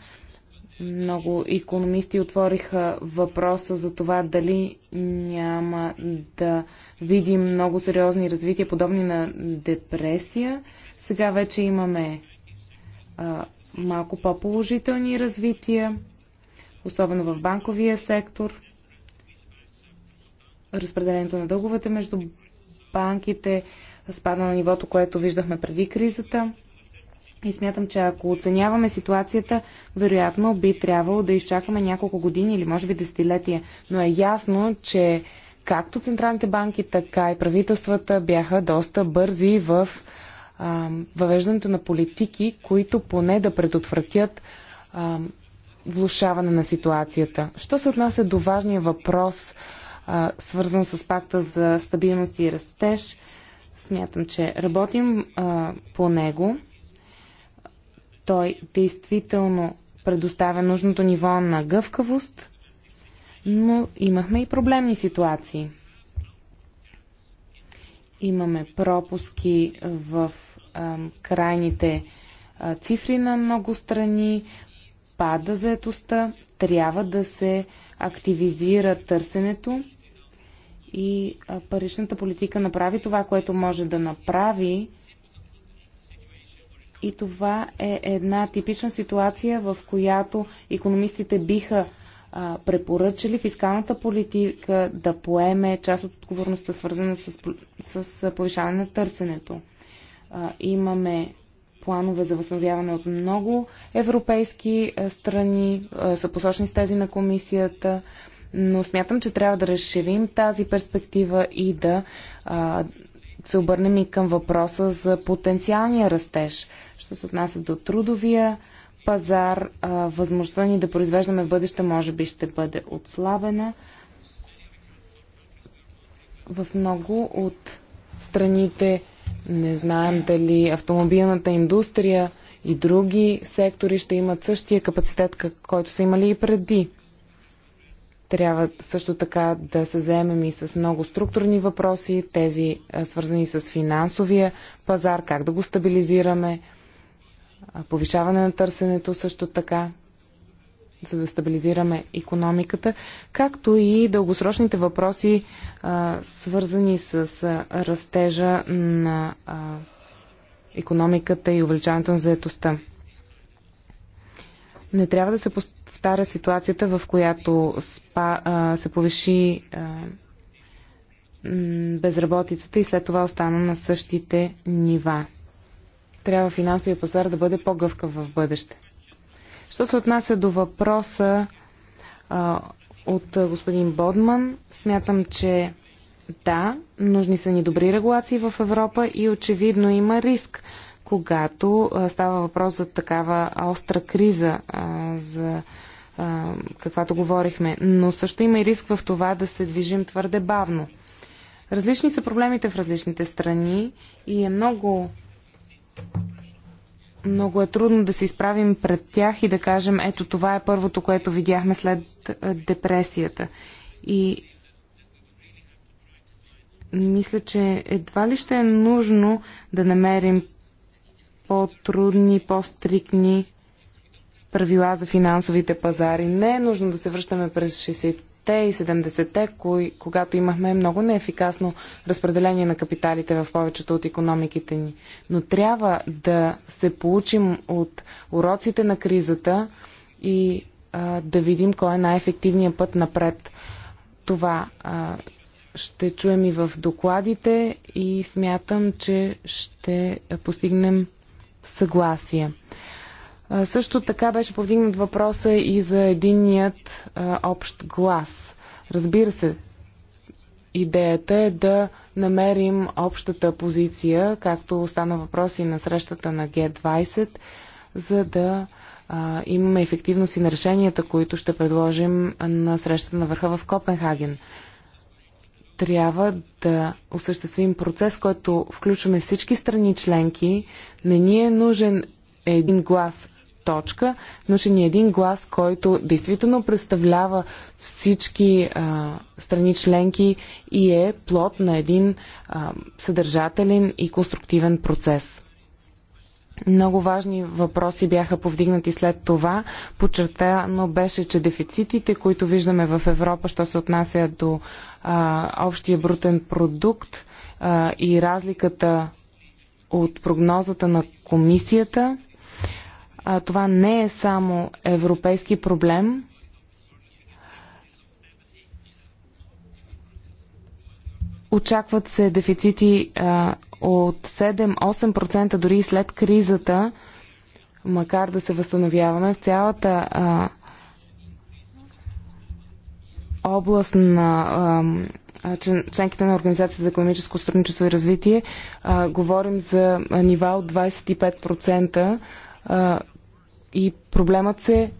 C: Много економисти отвориха въпроса за това дали няма да видим много сериозни развития, подобни на депресия. Сега вече имаме малко по-положителни развития, особено в банковия сектор. Разпределението на дълговете между банките спада на нивото, което виждахме преди кризата. И смятам, че ако оценяваме ситуацията, вероятно би трябвало да изчакаме няколко години или може би десетилетия. Но е ясно, че както централните банки, така и правителствата бяха доста бързи в а, въвеждането на политики, които поне да предотвратят а, влушаване на ситуацията. Що се отнася до важния въпрос, а, свързан с пакта за стабилност и растеж, смятам, че работим а, по него. Той действително предоставя нужното ниво на гъвкавост, но имахме и проблемни ситуации – Имаме пропуски в а, крайните а, цифри на много страни, пада заетостта, трябва да се активизира търсенето и а, паричната политика направи това, което може да направи. И това е една типична ситуация, в която економистите биха а, препоръчали фискалната политика да поеме част от отговорността, свързана с, с повишаване на търсенето. А, имаме планове за възстановяване от много европейски страни, а, са посочни с тези на комисията, но смятам, че трябва да разширим тази перспектива и да а, се обърнем и към въпроса за потенциалния растеж. Що се отнася до трудовия пазар, а, възможността ни да произвеждаме в бъдеще може би ще бъде отслабена. В много от страните не знаем дали автомобилната индустрия и други сектори ще имат същия капацитет, който са имали и преди. Трябва също така да се заемем и с много структурни въпроси, тези свързани с финансовия пазар, как да го стабилизираме, повишаване на търсенето също така, за да стабилизираме економиката, както и дългосрочните въпроси, свързани с растежа на економиката и увеличаването на заетостта. Не трябва да се повтаря ситуацията, в която спа, а, се повиши а, безработицата и след това остана на същите нива трябва финансовия пазар да бъде по-гъвкав в бъдеще. Що се отнася до въпроса а, от господин Бодман, смятам, че да, нужни са ни добри регулации в Европа и очевидно има риск, когато а, става въпрос за такава остра криза, а, за а, каквато говорихме. Но също има и риск в това да се движим твърде бавно. Различни са проблемите в различните страни и е много много е трудно да се изправим пред тях и да кажем, ето това е първото, което видяхме след депресията. И мисля, че едва ли ще е нужно да намерим по-трудни, по-стрикни правила за финансовите пазари. Не е нужно да се връщаме през 60 60-те и 70-те, когато имахме много неефикасно разпределение на капиталите в повечето от економиките ни. Но трябва да се получим от уроците на кризата и а, да видим кой е най-ефективният път напред. Това а, ще чуем и в докладите и смятам, че ще постигнем съгласие. Също така беше повдигнат въпроса и за единният а, общ глас. Разбира се, идеята е да намерим общата позиция, както стана въпрос и на срещата на Г20, за да а, имаме ефективност и на решенията, които ще предложим на срещата на върха в Копенхаген. Трябва да осъществим процес, който включваме всички страни членки. Не ни е нужен един глас, точка, но ще ни е един глас, който действително представлява всички а, страни членки и е плод на един а, съдържателен и конструктивен процес. Много важни въпроси бяха повдигнати след това. Почертано беше, че дефицитите, които виждаме в Европа, що се отнася до а, общия брутен продукт а, и разликата от прогнозата на комисията, а, това не е само европейски проблем. Очакват се дефицити а, от 7-8% дори след кризата, макар да се възстановяваме в цялата а, област на. А, членките на Организацията за економическо сътрудничество и развитие, а, говорим за нива от 25%, а, и проблемът се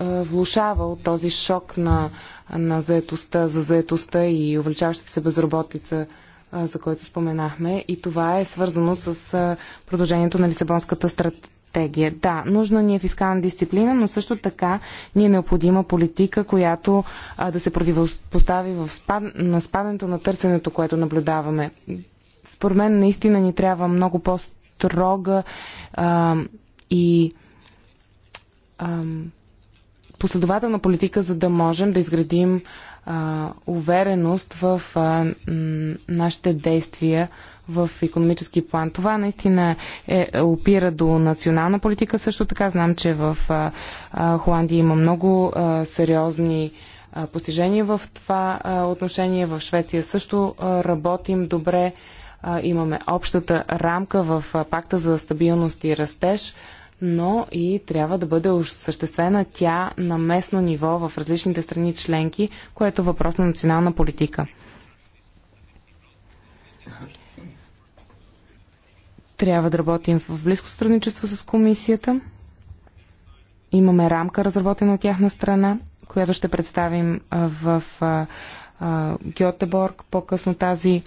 C: влушава от този шок на, на заетостта, за заетостта и увеличаващата се безработица, за който споменахме. И това е свързано с продължението на Лисабонската стратегия. Да, нужна ни е фискална дисциплина, но също така ни е необходима политика, която а, да се противопостави в спад, на спадането на търсенето, което наблюдаваме. Според мен наистина ни трябва много по-строга и ам, последователна политика, за да можем да изградим а, увереност в а, нашите действия в економически план. Това наистина е, е, опира до национална политика. Също така знам, че в а, а, Холандия има много а, сериозни а, постижения в това а, отношение. В Швеция също а, работим добре. А, имаме общата рамка в а, пакта за стабилност и растеж. А, но и трябва да бъде осъществена тя на местно ниво в различните страни членки, което е въпрос на национална политика. Трябва да работим в близко сътрудничество с комисията. Имаме рамка, разработена от тяхна страна, която ще представим в Гьотеборг по-късно тази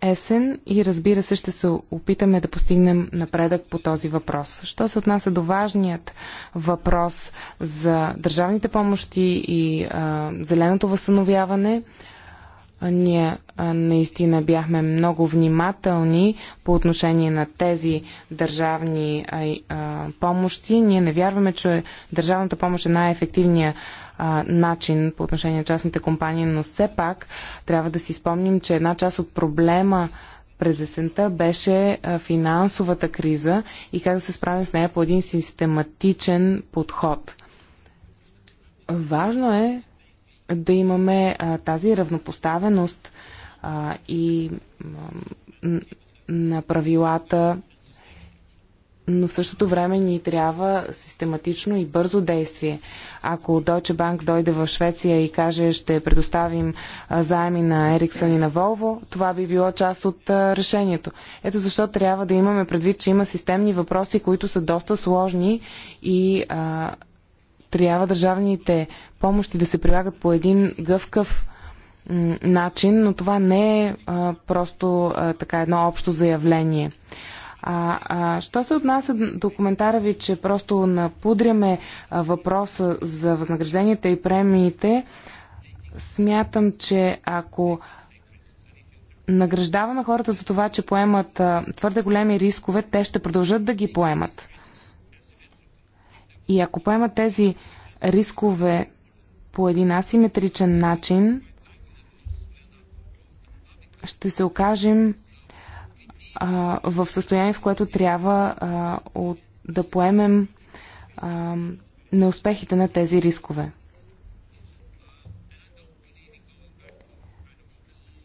C: есен и разбира се ще се опитаме да постигнем напредък по този въпрос. Що се отнася до важният въпрос за държавните помощи и а, зеленото възстановяване, ние а, наистина бяхме много внимателни по отношение на тези държавни а, а, помощи. Ние не вярваме, че държавната помощ е най-ефективният а, начин по отношение на частните компании, но все пак трябва да си спомним, че една част от проблема през есента беше финансовата криза и как да се справим с нея по един систематичен подход. Важно е да имаме а, тази равнопоставеност а, и а, на правилата но в същото време ни трябва систематично и бързо действие. Ако Deutsche Bank дойде в Швеция и каже ще предоставим заеми на Ериксън и на Волво, това би било част от решението. Ето защо трябва да имаме предвид, че има системни въпроси, които са доста сложни и а, трябва държавните помощи да се прилагат по един гъвкав начин, но това не е а, просто а, така едно общо заявление. А, а що се отнася до коментара ви, че просто напудряме въпроса за възнагражденията и премиите, смятам, че ако награждаваме хората за това, че поемат а, твърде големи рискове, те ще продължат да ги поемат. И ако поемат тези рискове по един асиметричен начин, ще се окажем а, в състояние, в което трябва а, от, да поемем а, неуспехите на тези рискове.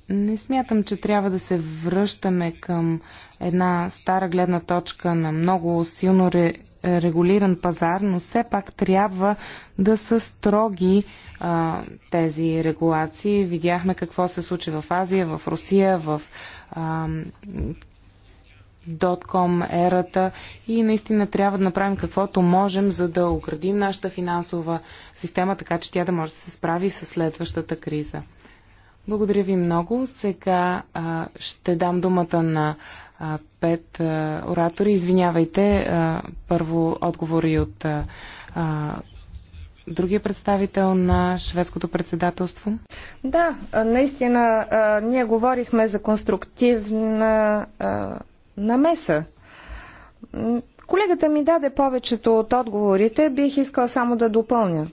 C: Не смятам, че трябва да се връщаме към една стара гледна точка на много силно ре, регулиран пазар, но все пак трябва да са строги а, тези регулации. Видяхме какво се случи в Азия, в Русия, в а, дотком ерата и наистина трябва да направим каквото можем, за да оградим нашата финансова система, така че тя да може да се справи с следващата криза. Благодаря ви много. Сега а, ще дам думата на а, пет а, оратори. Извинявайте, а, първо отговори от а, другия представител на шведското председателство?
A: Да, наистина ние говорихме за конструктивна намеса. Колегата ми даде повечето от отговорите, бих искала само да допълня.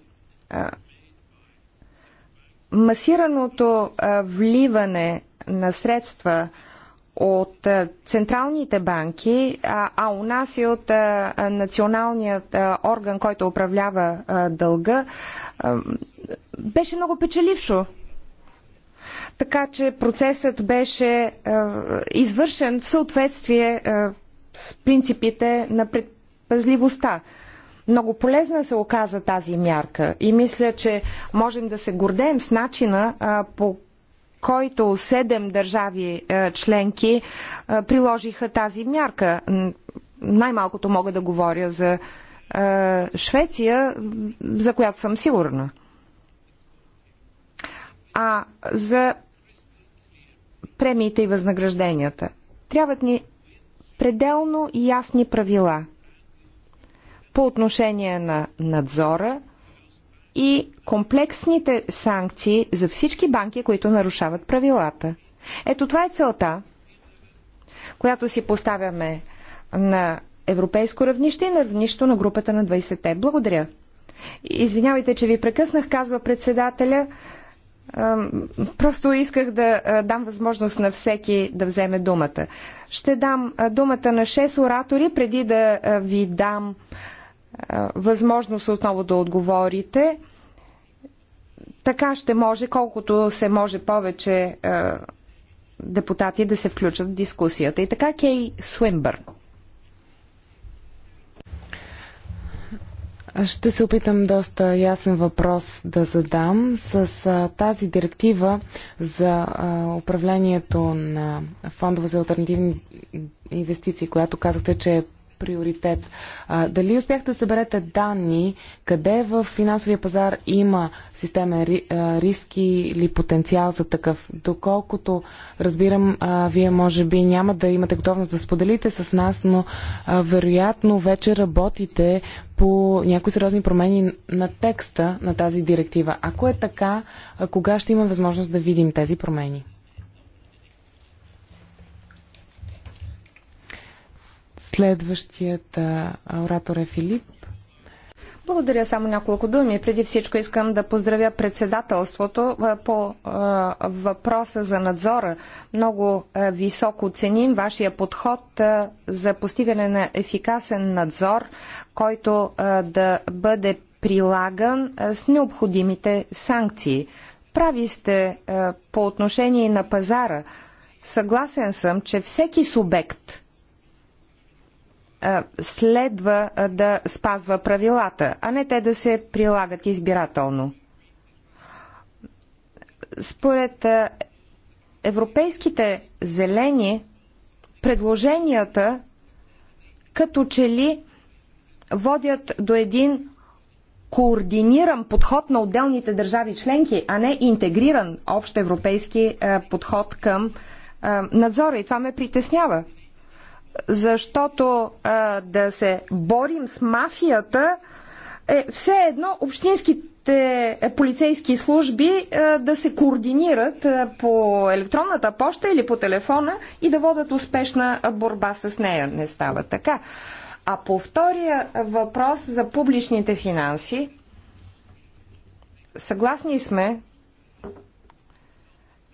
A: Масираното вливане на средства от централните банки, а, у нас и от националният орган, който управлява дълга, беше много печелившо така че процесът беше е, извършен в съответствие е, с принципите на предпазливостта. Много полезна се оказа тази мярка и мисля, че можем да се гордеем с начина е, по който седем държави е, членки е, приложиха тази мярка. Най-малкото мога да говоря за е, Швеция, за която съм сигурна. А за премиите и възнагражденията. Трябват ни пределно ясни правила по отношение на надзора и комплексните санкции за всички банки, които нарушават правилата. Ето това е целта, която си поставяме на европейско равнище и на равнището на групата на 20-те. Благодаря. Извинявайте, че ви прекъснах, казва председателя. Просто исках да дам възможност на всеки да вземе думата. Ще дам думата на 6 оратори, преди да ви дам възможност отново да отговорите. Така ще може, колкото се може повече депутати да се включат в дискусията. И така Кей Суинбърн.
C: Ще се опитам доста ясен въпрос да задам. С а, тази директива за а, управлението на фондове за альтернативни инвестиции, която казахте, че е приоритет. А, дали успяхте да съберете данни, къде в финансовия пазар има системен ри, а, риски или потенциал за такъв? Доколкото разбирам, а, вие може би няма да имате готовност да споделите с нас, но а, вероятно вече работите по някои сериозни промени на текста на тази директива. Ако е така, кога ще има възможност да видим тези промени? Следващият оратор е Филип.
A: Благодаря само няколко думи. Преди всичко искам да поздравя председателството по въпроса за надзора. Много високо ценим вашия подход за постигане на ефикасен надзор, който да бъде прилаган с необходимите санкции. Прави сте по отношение на пазара. Съгласен съм, че всеки субект – следва да спазва правилата, а не те да се прилагат избирателно. Според европейските зелени, предложенията като че ли водят до един координиран подход на отделните държави членки, а не интегриран общ европейски подход към надзора. И това ме притеснява защото а, да се борим с мафията е все едно общинските полицейски служби а, да се координират а, по електронната поща или по телефона и да водат успешна борба с нея. Не става така. А по втория въпрос за публичните финанси, съгласни сме,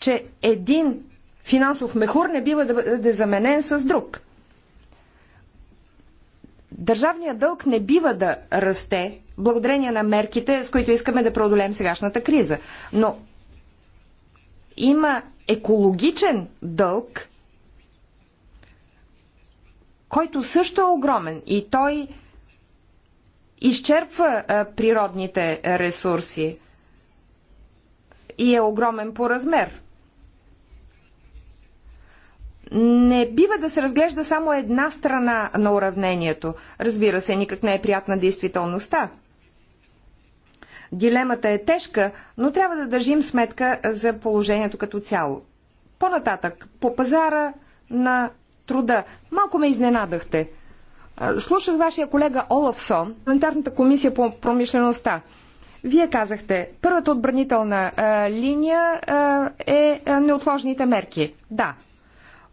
A: че един финансов мехур не бива да бъде заменен с друг – Държавният дълг не бива да расте благодарение на мерките, с които искаме да преодолеем сегашната криза. Но има екологичен дълг, който също е огромен и той изчерпва природните ресурси и е огромен по размер не бива да се разглежда само една страна на уравнението. Разбира се, никак не е приятна действителността. Дилемата е тежка, но трябва да държим сметка за положението като цяло. По-нататък, по пазара на труда. Малко ме изненадахте. Слушах вашия колега Олафсон, парламентарната комисия по промишлеността. Вие казахте, първата отбранителна а, линия а, е а, неотложните мерки. Да,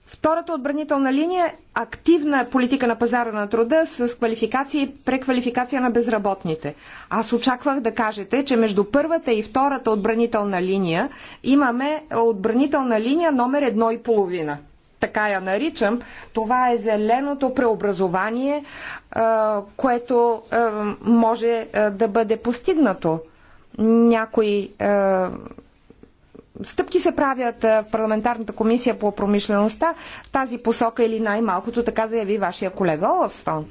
A: Втората отбранителна линия е активна политика на пазара на труда с квалификация и преквалификация на безработните. Аз очаквах да кажете, че между първата и втората отбранителна линия имаме отбранителна линия номер едно и половина. Така я наричам. Това е зеленото преобразование, което може да бъде постигнато. Някои стъпки се правят в парламентарната комисия по промишлеността в тази посока или най-малкото, така заяви вашия колега Олафстон.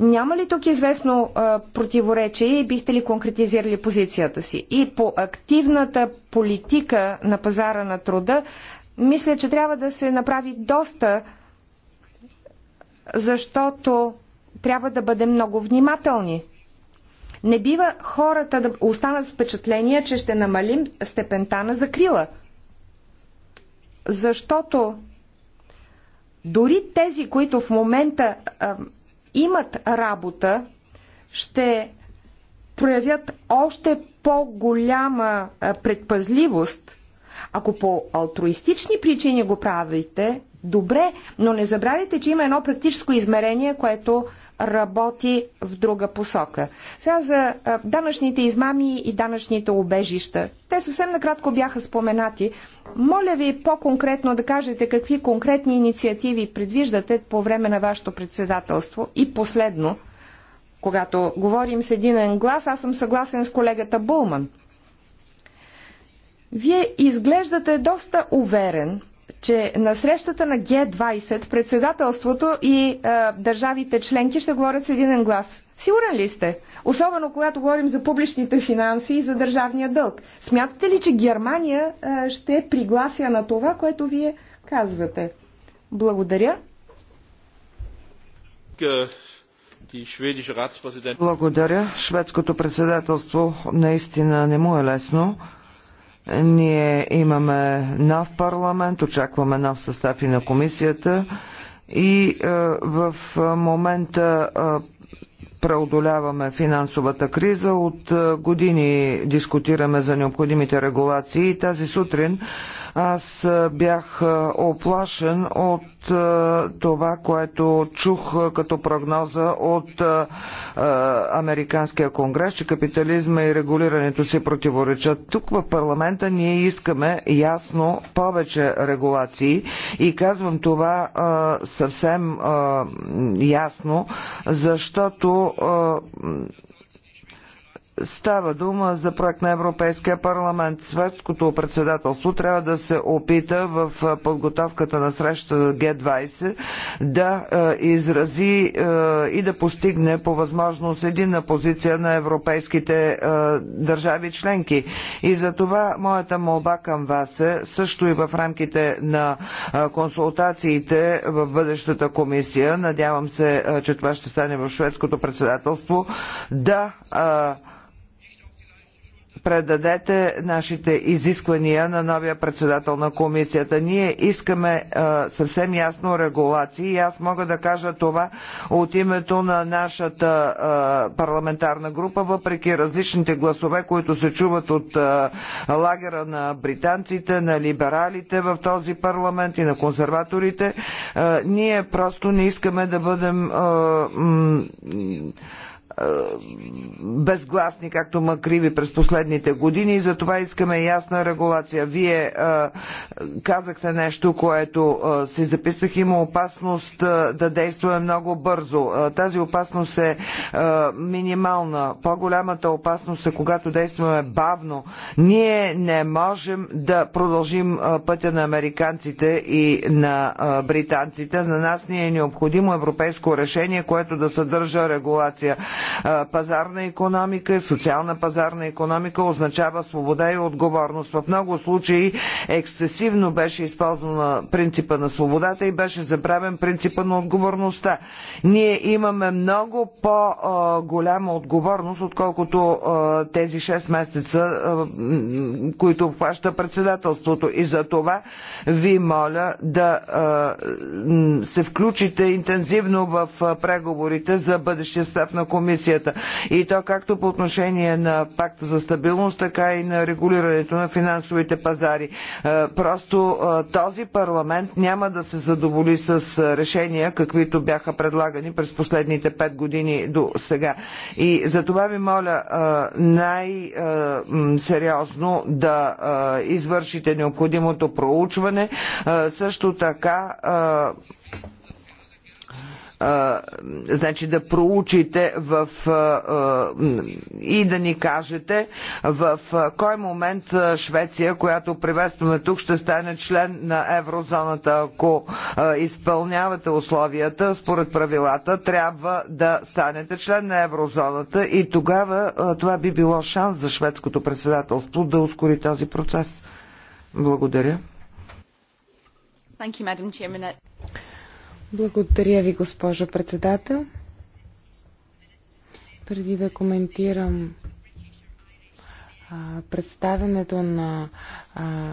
A: Няма ли тук известно а, противоречие и бихте ли конкретизирали позицията си? И по активната политика на пазара на труда, мисля, че трябва да се направи доста, защото трябва да бъдем много внимателни. Не бива хората да останат с впечатление, че ще намалим степента на закрила. Защото дори тези, които в момента а, имат работа, ще проявят още по-голяма предпазливост. Ако по алтруистични причини го правите, добре, но не забравяйте, че има едно практическо измерение, което работи в друга посока. Сега за данъчните измами и данъчните обежища. Те съвсем накратко бяха споменати. Моля ви по-конкретно да кажете какви конкретни инициативи предвиждате по време на вашето председателство. И последно, когато говорим с един глас, аз съм съгласен с колегата Булман. Вие изглеждате доста уверен, че на срещата на Г20 председателството и а, е, държавите членки ще говорят с един глас. Сигурен ли сте? Особено когато говорим за публичните финанси и за държавния дълг. Смятате ли, че Германия а, е, ще приглася на това, което
B: вие казвате? Благодаря. Благодаря. Шведското председателство наистина не му е лесно. Ние имаме нов парламент, очакваме нов състав и на комисията и е, в момента е, преодоляваме финансовата криза. От е, години дискутираме за необходимите регулации и тази сутрин аз бях оплашен от това, което чух като прогноза от Американския конгрес, че капитализма и регулирането се противоречат. Тук в парламента ние искаме ясно повече регулации и казвам това съвсем ясно, защото Става дума за проект на Европейския парламент. Светското председателство трябва да се опита в подготовката на среща Г20 да изрази и да постигне по възможност единна позиция на европейските държави членки. И за това моята молба към вас е също и в рамките на консултациите в бъдещата комисия, надявам се, че това ще стане в шведското председателство, да предадете нашите изисквания на новия председател на комисията. Ние искаме а, съвсем ясно регулации и аз мога да кажа това от името на нашата а, парламентарна група, въпреки различните гласове, които се чуват от а, лагера на британците, на либералите в този парламент и на консерваторите. ние просто не искаме да бъдем е, безгласни, както макриви през последните години и затова искаме ясна регулация. Вие а, е, казахте нещо, което а, е, си записах. Има опасност а, да действаме много бързо. тази опасност е минимална. По-голямата опасност е когато действаме бавно. Ние не можем да продължим пътя на американците и на британците. На нас ни е необходимо европейско решение, което да съдържа регулация. Пазарна економика, социална пазарна економика означава свобода и отговорност. В много случаи ексцесивно беше използвана принципа на свободата и беше забравен принципа на отговорността. Ние имаме много по-голяма отговорност, отколкото тези 6 месеца, които обхваща председателството. И за това ви моля да се включите интензивно в преговорите за бъдещия став на комисията комисията. И то както по отношение на пакта за стабилност, така и на регулирането на финансовите пазари. Е, просто е, този парламент няма да се задоволи с е, решения, каквито бяха предлагани през последните пет години до сега. И за това ви моля най-сериозно да извършите необходимото проучване. Също така значи да проучите в, а, и да ни кажете в а, кой момент а, Швеция, която приветстваме тук, ще стане член на еврозоната, ако а, изпълнявате условията според правилата, трябва да станете член на еврозоната и тогава а, това би било шанс за шведското председателство да ускори този процес. Благодаря.
C: Thank you, Madam Chairman. Благодаря ви, госпожо председател. Преди да коментирам представенето на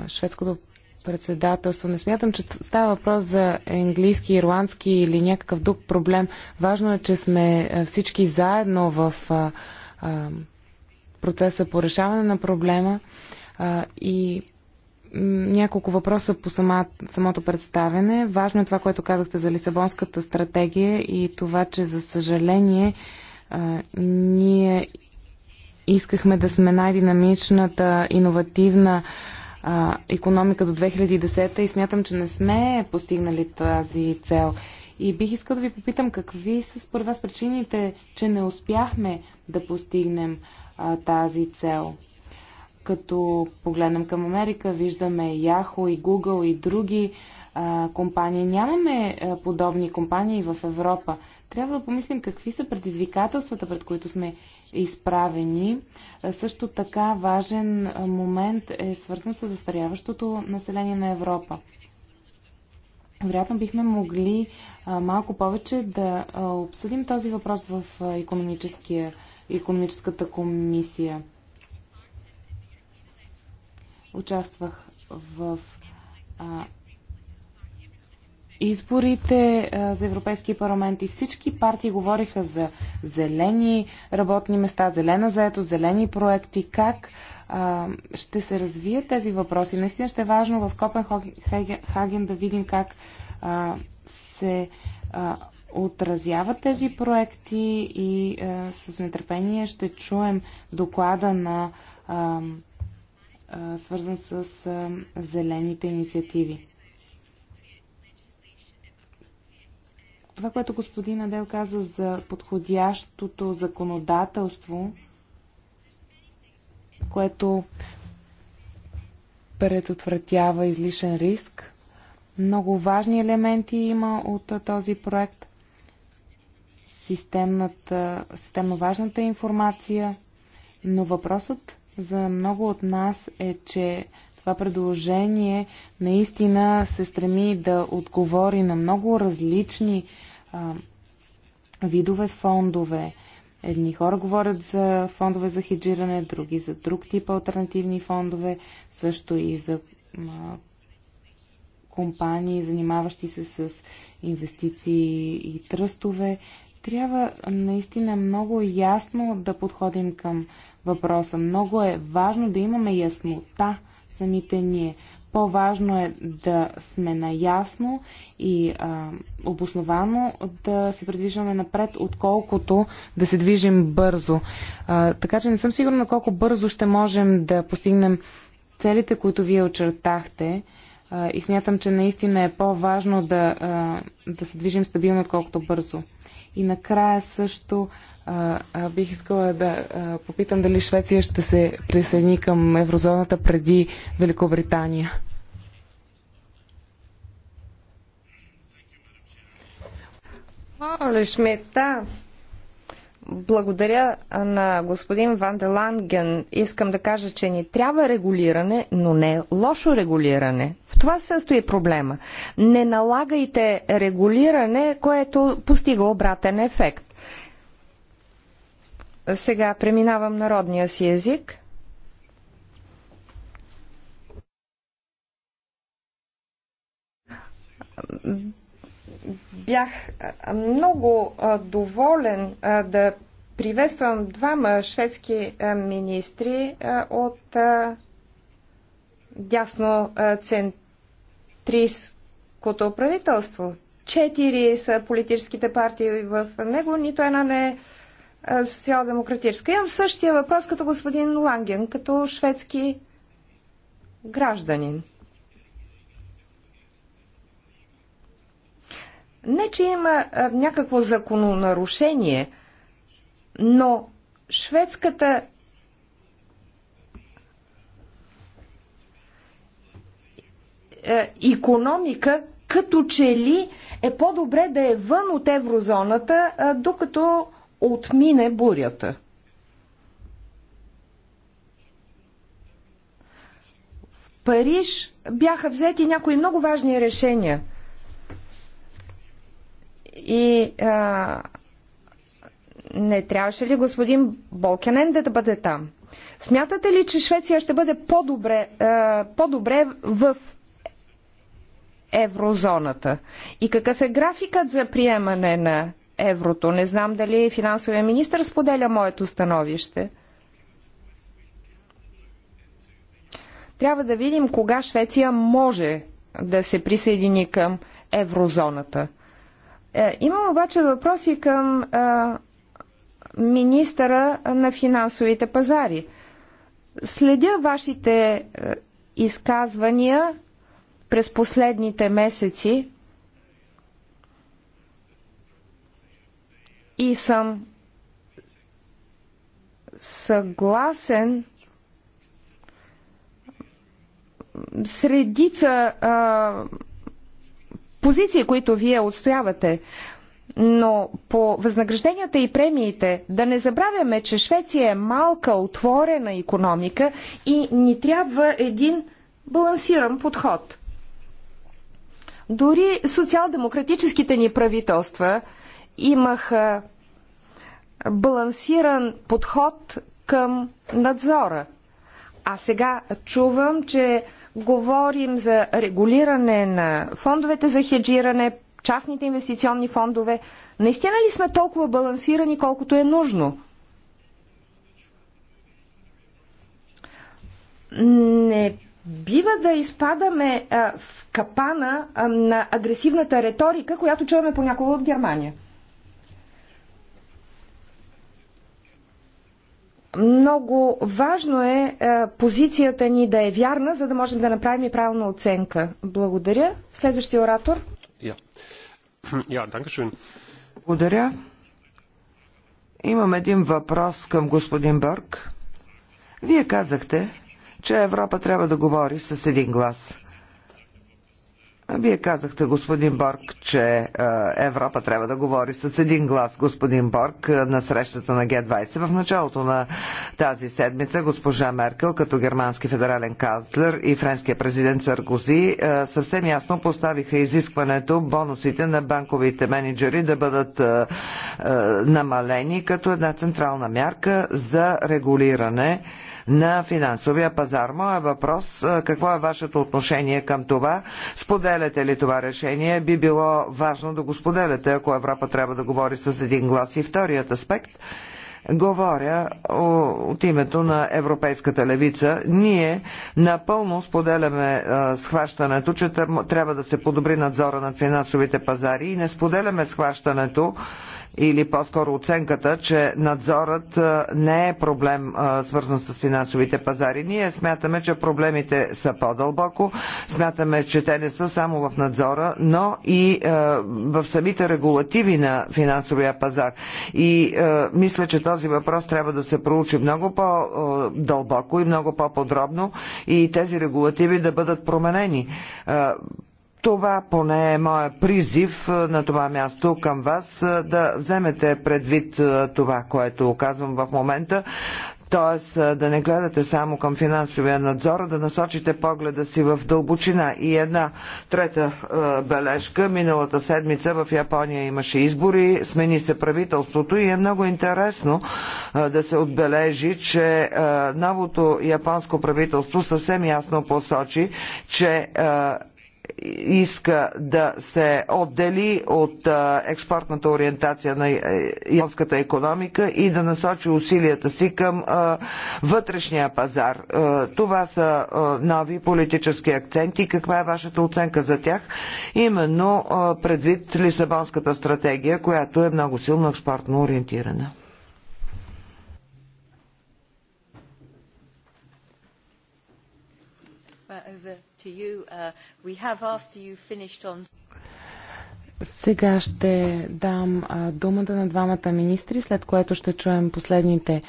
C: шведското председателство. Не смятам, че става въпрос за английски, ирландски или някакъв друг проблем. Важно е, че сме всички заедно в процеса по решаване на проблема и няколко въпроса по сама, самото представене. Важно е това, което казахте за Лисабонската стратегия и това, че за съжаление а, ние искахме да сме най-динамичната, иновативна а, економика до 2010 и смятам, че не сме постигнали тази цел. И бих искал да ви попитам какви са според вас причините, че не успяхме да постигнем а, тази цел. Като погледнем към Америка, виждаме Yahoo и Google и други а, компании. Нямаме а, подобни компании в Европа. Трябва да помислим какви са предизвикателствата, пред които сме изправени. А, също така важен момент е свързан с застаряващото население на Европа. Вероятно бихме могли а, малко повече да а, обсъдим този въпрос в а, економическия, економическата комисия. Участвах в а, изборите а, за Европейски парламент и всички партии говориха за зелени работни места, зелена заето, зелени проекти, как а, ще се развият тези въпроси. Наистина ще е важно в Копенхаген да видим как а, се а, отразяват тези проекти и а, с нетърпение ще чуем доклада на а, свързан с зелените инициативи. Това, което господин Адел каза за подходящото законодателство, което предотвратява излишен риск. Много важни елементи има от този проект. системно важната информация, но въпросът за много от нас е, че това предложение наистина се стреми да отговори на много различни а, видове фондове. Едни хора говорят за фондове за хеджиране, други за друг тип альтернативни фондове, също и за а, компании, занимаващи се с инвестиции и тръстове. Трябва наистина много ясно да подходим към въпроса. Много е важно да имаме яснота самите ние. По-важно е да сме наясно и а, обосновано да се придвижваме напред, отколкото да се движим бързо. А, така че не съм сигурна колко бързо ще можем да постигнем целите, които вие очертахте. А, и смятам, че наистина е по-важно да, а, да се движим стабилно, отколкото бързо. И накрая също а, а, бих искала да а, попитам дали Швеция ще се присъедини към еврозоната преди Великобритания.
A: Оле Шмета, Благодаря на господин Ван де Ланген. Искам да кажа, че ни трябва регулиране, но не лошо регулиране. В това се състои проблема. Не налагайте регулиране, което постига обратен ефект. Сега преминавам народния си език. Бях много доволен да приветствам двама шведски министри от дясно центристското правителство. Четири са политическите партии в него, нито една не е социал-демократическа. Имам същия въпрос като господин Ланген, като шведски гражданин. Не, че има а, някакво закононарушение, но шведската економика като че ли е по-добре да е вън от еврозоната, а, докато отмине бурята. В Париж бяха взети някои много важни решения. И а, не трябваше ли господин Болкенен да бъде там? Смятате ли, че Швеция ще бъде по-добре, по-добре в еврозоната? И какъв е графикът за приемане на еврото. Не знам дали финансовия министр споделя моето становище. Трябва да видим кога Швеция може да се присъедини към еврозоната. Е, имам обаче въпроси към е, министъра на финансовите пазари. Следя вашите е, изказвания през последните месеци и съм съгласен с редица а, позиции, които вие отстоявате. Но по възнагражденията и премиите да не забравяме, че Швеция е малка, отворена економика и ни трябва един балансиран подход. Дори социал-демократическите ни правителства – имаха балансиран подход към надзора. А сега чувам, че говорим за регулиране на фондовете за хеджиране, частните инвестиционни фондове. Наистина ли сме толкова балансирани, колкото е нужно? Не бива да изпадаме а, в капана а, на агресивната риторика, която чуваме понякога от Германия. Много важно е, е позицията ни да е вярна, за да можем да направим и правилна оценка. Благодаря. Следващия оратор.
B: *clears throat* Благодаря. Имам един въпрос към господин Бърг. Вие казахте, че Европа трябва да говори с един глас. Вие казахте, господин Борг, че Европа трябва да говори с един глас, господин Борг, на срещата на Г-20. В началото на тази седмица госпожа Меркел, като германски федерален канцлер и френския президент Саргози, съвсем ясно поставиха изискването бонусите на банковите менеджери да бъдат намалени като една централна мярка за регулиране на финансовия пазар. Моя въпрос, какво е вашето отношение към това? Споделяте ли това решение? Би било важно да го споделяте, ако Европа трябва да говори с един глас. И вторият аспект говоря от името на Европейската левица. Ние напълно споделяме схващането, че трябва да се подобри надзора над финансовите пазари и не споделяме схващането, или по-скоро оценката, че надзорът не е проблем свързан с финансовите пазари. Ние смятаме, че проблемите са по-дълбоко, смятаме, че те не са само в надзора, но и в самите регулативи на финансовия пазар. И мисля, че този въпрос трябва да се проучи много по-дълбоко и много по-подробно и тези регулативи да бъдат променени това поне е моя призив на това място към вас да вземете предвид това, което казвам в момента. Т.е. да не гледате само към финансовия надзор, а да насочите погледа си в дълбочина. И една трета е, бележка. Миналата седмица в Япония имаше избори, смени се правителството и е много интересно е, да се отбележи, че е, новото японско правителство съвсем ясно посочи, че е, иска да се отдели от експортната ориентация на японската економика и да насочи усилията си към вътрешния пазар. Това са нови политически акценти. Каква е вашата оценка за тях? Именно предвид Лисабонската стратегия, която е много силно експортно ориентирана.
A: to you. Uh, we have, after you finished
B: on...
C: Сега ще дам а, думата на двамата министри, след което ще чуем последните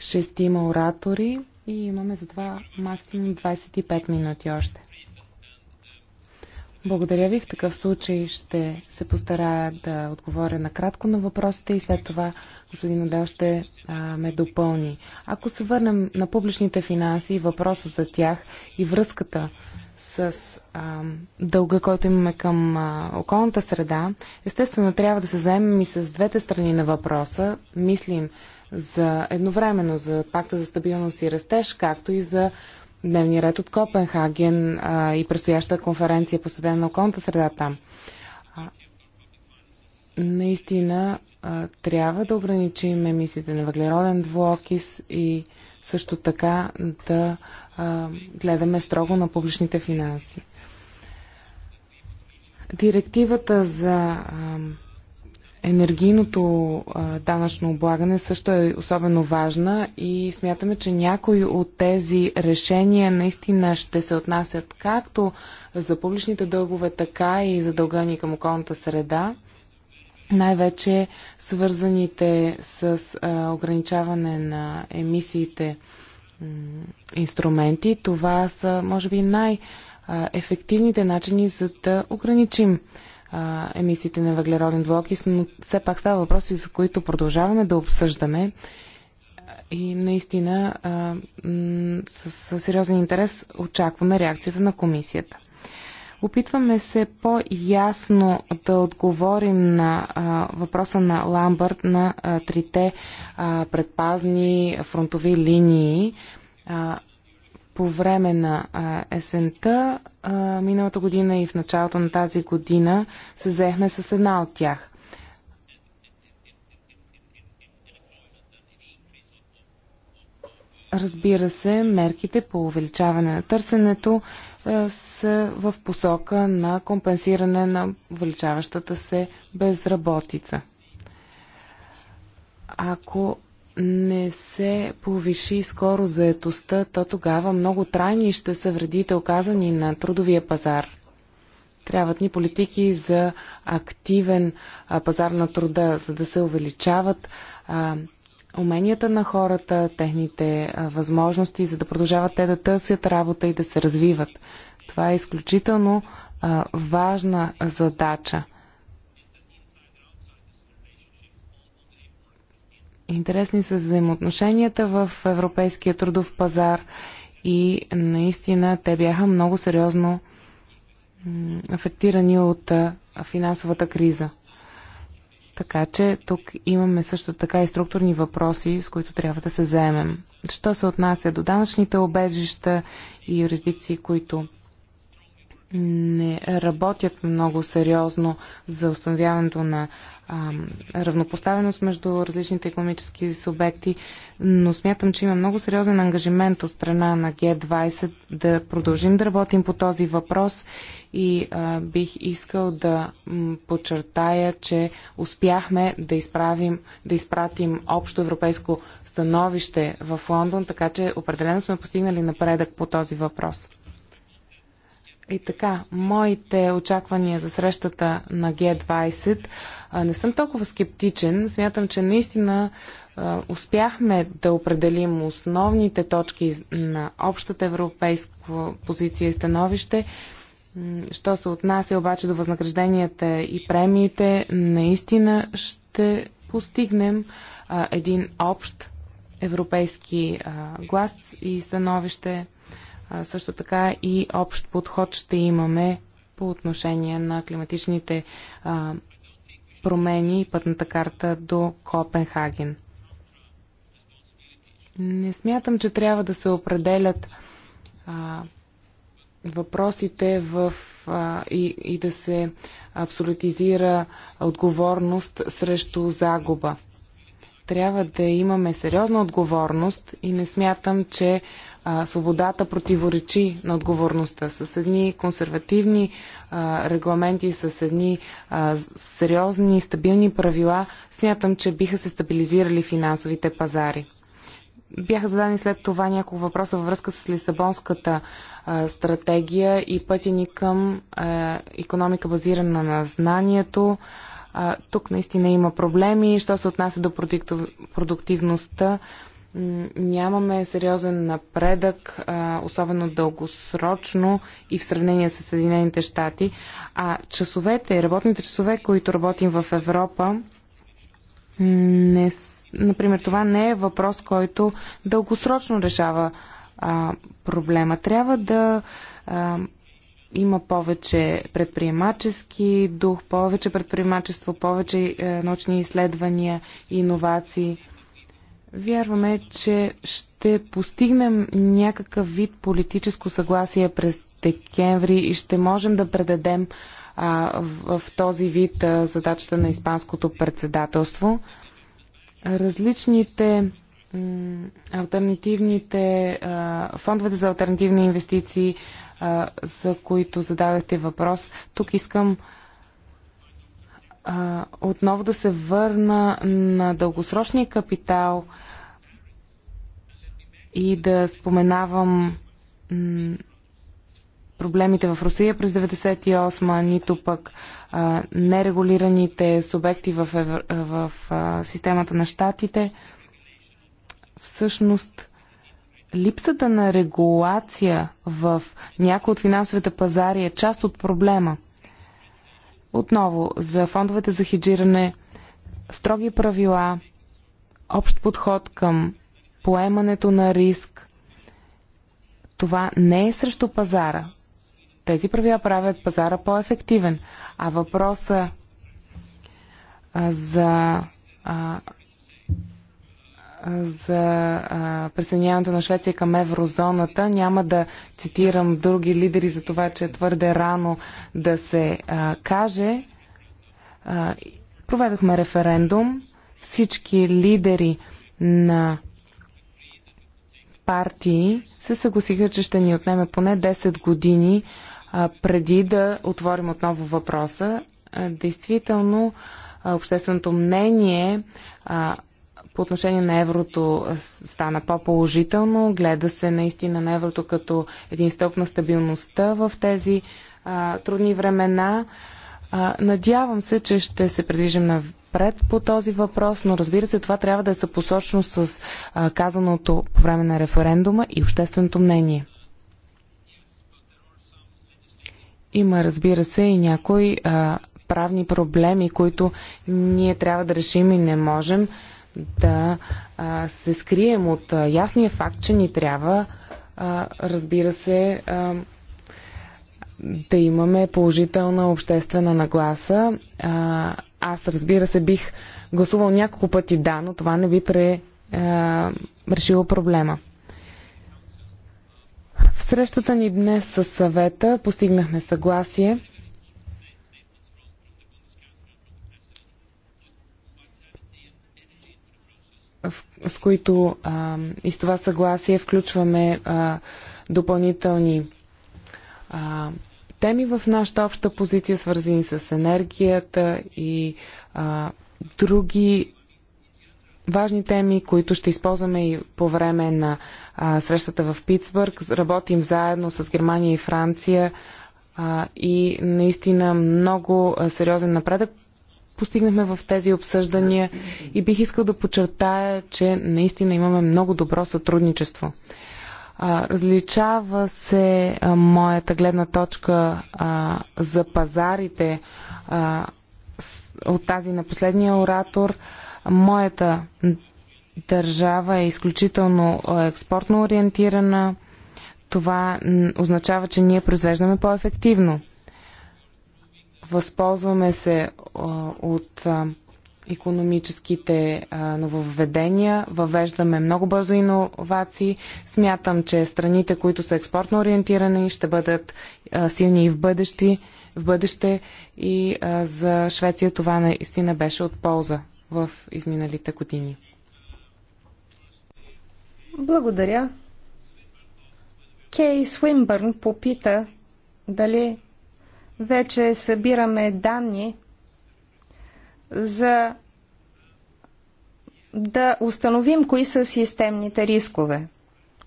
C: шестима оратори и имаме за това максимум 25 минути още. Благодаря ви. В такъв случай ще се постарая да отговоря накратко на въпросите и след това господин Одел ще а, ме допълни. Ако се върнем на публичните финанси и въпроса за тях и връзката с а, дълга, който имаме към а, околната среда, естествено трябва да се заемем и с двете страни на въпроса. Мислим за едновременно за пакта за стабилност и растеж, както и за дневния ред от Копенхаген а, и предстояща конференция посветена на околната среда там. А, наистина а, трябва да ограничим емисиите на въглероден двуокис и също така да а, гледаме строго на публичните финанси. Директивата за а, енергийното а, данъчно облагане също е особено важна и смятаме, че някои от тези решения наистина ще се отнасят както за публичните дългове, така и за дълга ни към околната среда най-вече свързаните с а, ограничаване на емисиите инструменти. Това са, може би, най-ефективните начини за да ограничим емисиите на въглероден двуокис, но все пак става въпроси, за които продължаваме да обсъждаме и наистина с сериозен интерес очакваме реакцията на комисията. Опитваме се по-ясно да отговорим на а, въпроса на Ламбърт на а, трите а, предпазни фронтови линии. А, по време на а, есента а, миналата година и в началото на тази година се взехме с една от тях. Разбира се, мерките по увеличаване на търсенето са в посока на компенсиране на увеличаващата се безработица. Ако не се повиши скоро заетостта, то тогава много трайни ще са вредите оказани на трудовия пазар. Трябват ни политики за активен пазар на труда, за да се увеличават а, уменията на хората, техните възможности, за да продължават те да търсят работа и да се развиват. Това е изключително важна задача. Интересни са взаимоотношенията в европейския трудов пазар и наистина те бяха много сериозно афектирани от финансовата криза. Така че тук имаме също така и структурни въпроси, с които трябва да се заемем. Що се отнася до данъчните обежища и юрисдикции, които не работят много сериозно за установяването на равнопоставеност между различните економически субекти, но смятам, че има много сериозен ангажимент от страна на Г20 да продължим да работим по този въпрос и а, бих искал да подчертая, че успяхме да, изправим, да изпратим общо европейско становище в Лондон, така че определено сме постигнали напредък по този въпрос. И така, моите очаквания за срещата на Г20 не съм толкова скептичен. Смятам, че наистина успяхме да определим основните точки на общата европейска позиция и становище. Що се отнася обаче до възнагражденията и премиите, наистина ще постигнем един общ европейски глас и становище също така и общ подход ще имаме по отношение на климатичните промени и пътната карта до Копенхаген. Не смятам, че трябва да се определят а, въпросите в, а, и, и да се абсолютизира отговорност срещу загуба. Трябва да имаме сериозна отговорност и не смятам, че а, свободата противоречи на отговорността с едни консервативни а, регламенти, с едни а, сериозни, стабилни правила, смятам, че биха се стабилизирали финансовите пазари. Бяха зададени след това няколко въпроса във връзка с Лисабонската а, стратегия и пътя ни към а, економика базирана на знанието. А, тук наистина има проблеми, що се отнася до продуктивността нямаме сериозен напредък, особено дългосрочно и в сравнение с Съединените щати. А часовете, работните часове, които работим в Европа, не, например, това не е въпрос, който дългосрочно решава а, проблема. Трябва да а, има повече предприемачески дух, повече предприемачество, повече а, е, научни изследвания и иновации. Вярваме, че ще постигнем някакъв вид политическо съгласие през декември и ще можем да предадем а, в, в този вид а, задачата на Испанското председателство. Различните альтернативните а, фондовете за альтернативни инвестиции, а, за които зададахте въпрос, тук искам а, отново да се върна на дългосрочния капитал и да споменавам проблемите в Русия през 98 нито пък а, нерегулираните субекти в, евро, в а, системата на щатите. Всъщност, липсата на регулация в някои от финансовите пазари е част от проблема – отново, за фондовете за хеджиране, строги правила, общ подход към поемането на риск. Това не е срещу пазара. Тези правила правят пазара по-ефективен. А въпроса за а, за а, присъединяването на Швеция към еврозоната. Няма да цитирам други лидери за това, че е твърде рано да се а, каже. А, проведохме референдум. Всички лидери на партии се съгласиха, че ще ни отнеме поне 10 години а, преди да отворим отново въпроса. А, действително, а, общественото мнение а, по отношение на еврото стана по-положително. Гледа се наистина на еврото като един стълб на стабилността в тези а, трудни времена. А, надявам се, че ще се предвижим напред по този въпрос, но разбира се, това трябва да е съпосочно с а, казаното по време на референдума и общественото мнение. Има, разбира се, и някои а, правни проблеми, които ние трябва да решим и не можем да а, се скрием от а, ясния факт, че ни трябва, а, разбира се, а, да имаме положителна обществена нагласа. А, аз, разбира се, бих гласувал няколко пъти да, но това не би пре, а, решило проблема. В срещата ни днес с съвета постигнахме съгласие с които а, и с това съгласие включваме а, допълнителни а, теми в нашата обща позиция, свързани с енергията и а, други важни теми, които ще използваме и по време на а, срещата в Питсбърг. Работим заедно с Германия и Франция а, и наистина много сериозен напредък постигнахме в тези обсъждания и бих искал да подчертая, че наистина имаме много добро сътрудничество. Различава се моята гледна точка за пазарите от тази на последния оратор. Моята държава е изключително експортно ориентирана. Това означава, че ние произвеждаме по-ефективно. Възползваме се от економическите нововведения, въвеждаме много бързо иновации. Смятам, че страните, които са експортно ориентирани, ще бъдат силни и в бъдеще. в бъдеще и за Швеция това наистина беше от полза в изминалите години.
A: Благодаря. Кей Свинбърн попита дали вече събираме данни за да установим кои са системните рискове.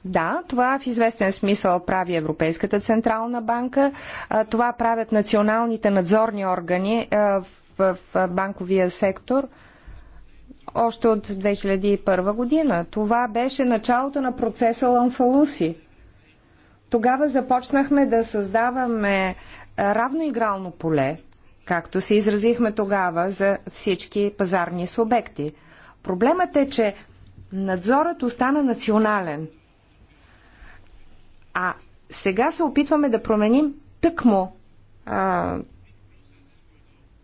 A: Да, това в известен смисъл прави Европейската централна банка, това правят националните надзорни органи в банковия сектор още от 2001 година. Това беше началото на процеса Ланфалуси. Тогава започнахме да създаваме равно игрално поле, както се изразихме тогава за всички пазарни субекти. Проблемът е, че надзорът остана национален, а сега се опитваме да променим тъкмо а,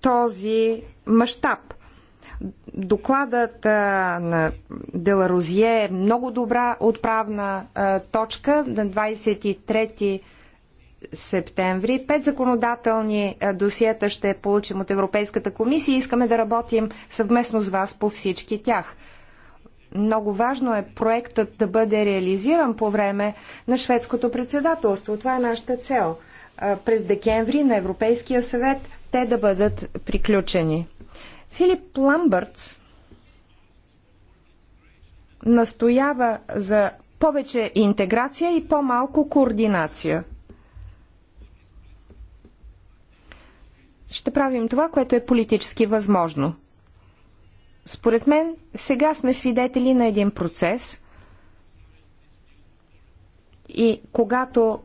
A: този мащаб. Докладът а, на Деларозие е много добра отправна а, точка. На 23 септември. Пет законодателни досиета ще получим от Европейската комисия и искаме да работим съвместно с вас по всички тях. Много важно е проектът да бъде реализиран по време на шведското председателство. Това е нашата цел. През декември на Европейския съвет те да бъдат приключени. Филип Ламбъртс настоява за повече интеграция и по-малко координация. ще правим това, което е политически възможно. Според мен, сега сме свидетели на един процес и когато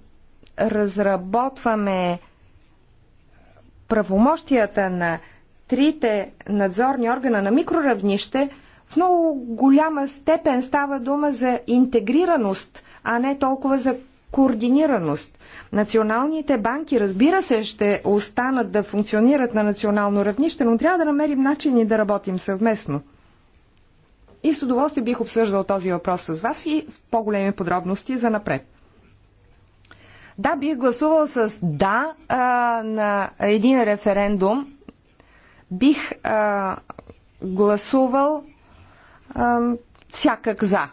A: разработваме правомощията на трите надзорни органа на микроравнище, в много голяма степен става дума за интегрираност, а не толкова за координираност. Националните банки, разбира се, ще останат да функционират на национално равнище, но трябва да намерим начини да работим съвместно. И с удоволствие бих обсъждал този въпрос с вас и в по-големи подробности за напред. Да, бих гласувал с да а, на един референдум. Бих а, гласувал а, всякак за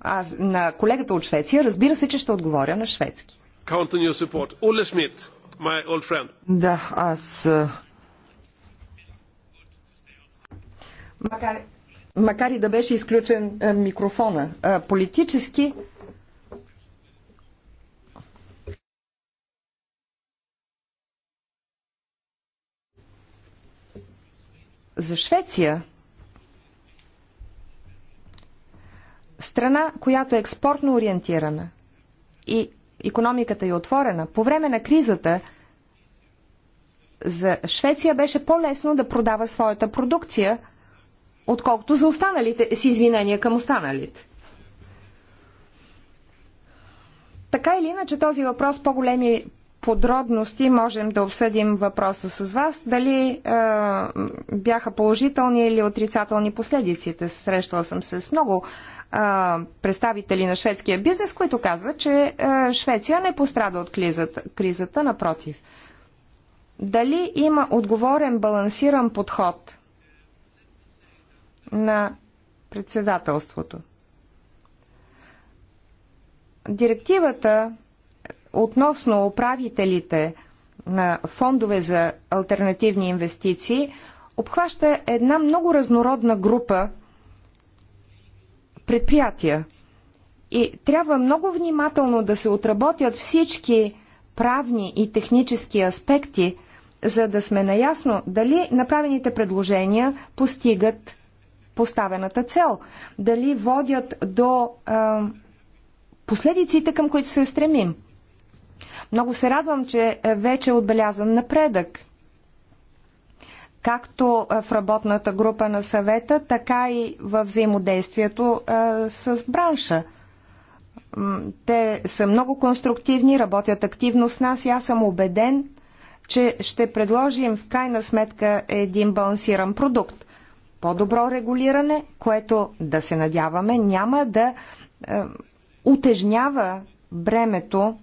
A: аз, на колегата от Швеция, разбира се, че ще отговоря на
B: шведски. Да, аз... Макар, макар и да беше
A: изключен а, микрофона, а, политически за Швеция страна, която е експортно ориентирана и економиката е отворена, по време на кризата за Швеция беше по-лесно да продава своята продукция, отколкото за останалите, с извинения към останалите. Така или иначе този въпрос по-големи подробности можем да обсъдим въпроса с вас. Дали е, бяха положителни или отрицателни последиците. Срещала съм се с много представители на шведския бизнес, които казват, че Швеция не пострада от кризата, кризата, напротив. Дали има отговорен, балансиран подход на председателството? Директивата относно управителите на фондове за альтернативни инвестиции обхваща една много разнородна група предприятия. И трябва много внимателно да се отработят всички правни и технически аспекти, за да сме наясно дали направените предложения постигат поставената цел, дали водят до а, последиците, към които се стремим. Много се радвам, че е вече е отбелязан напредък както в работната група на съвета, така и в взаимодействието с бранша. Те са много конструктивни, работят активно с нас и аз съм убеден, че ще предложим в крайна сметка един балансиран продукт. По-добро регулиране, което да се надяваме няма да е, утежнява бремето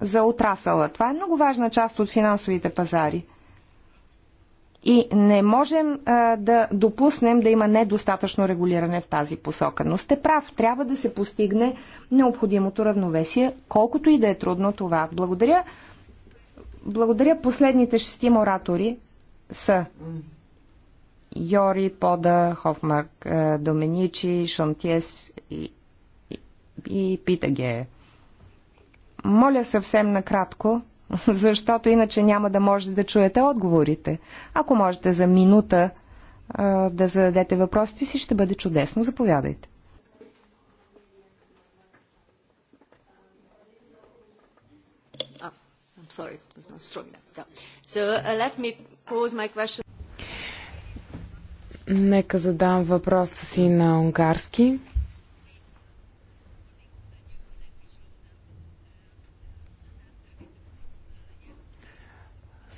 A: за отрасъла. Това е много важна част от финансовите пазари. И не можем а, да допуснем да има недостатъчно регулиране в тази посока. Но сте прав, трябва да се постигне необходимото равновесие, колкото и да е трудно това. Благодаря. Благодаря последните шести оратори са Йори, Пода, Хофмарк, Доменичи, Шонтиес и, и, и Питаге. Моля съвсем накратко *laughs* защото иначе няма да можете да чуете отговорите. Ако можете за минута а, да зададете въпросите си, ще бъде чудесно. Заповядайте. Uh,
C: Нека задам въпроса си на унгарски.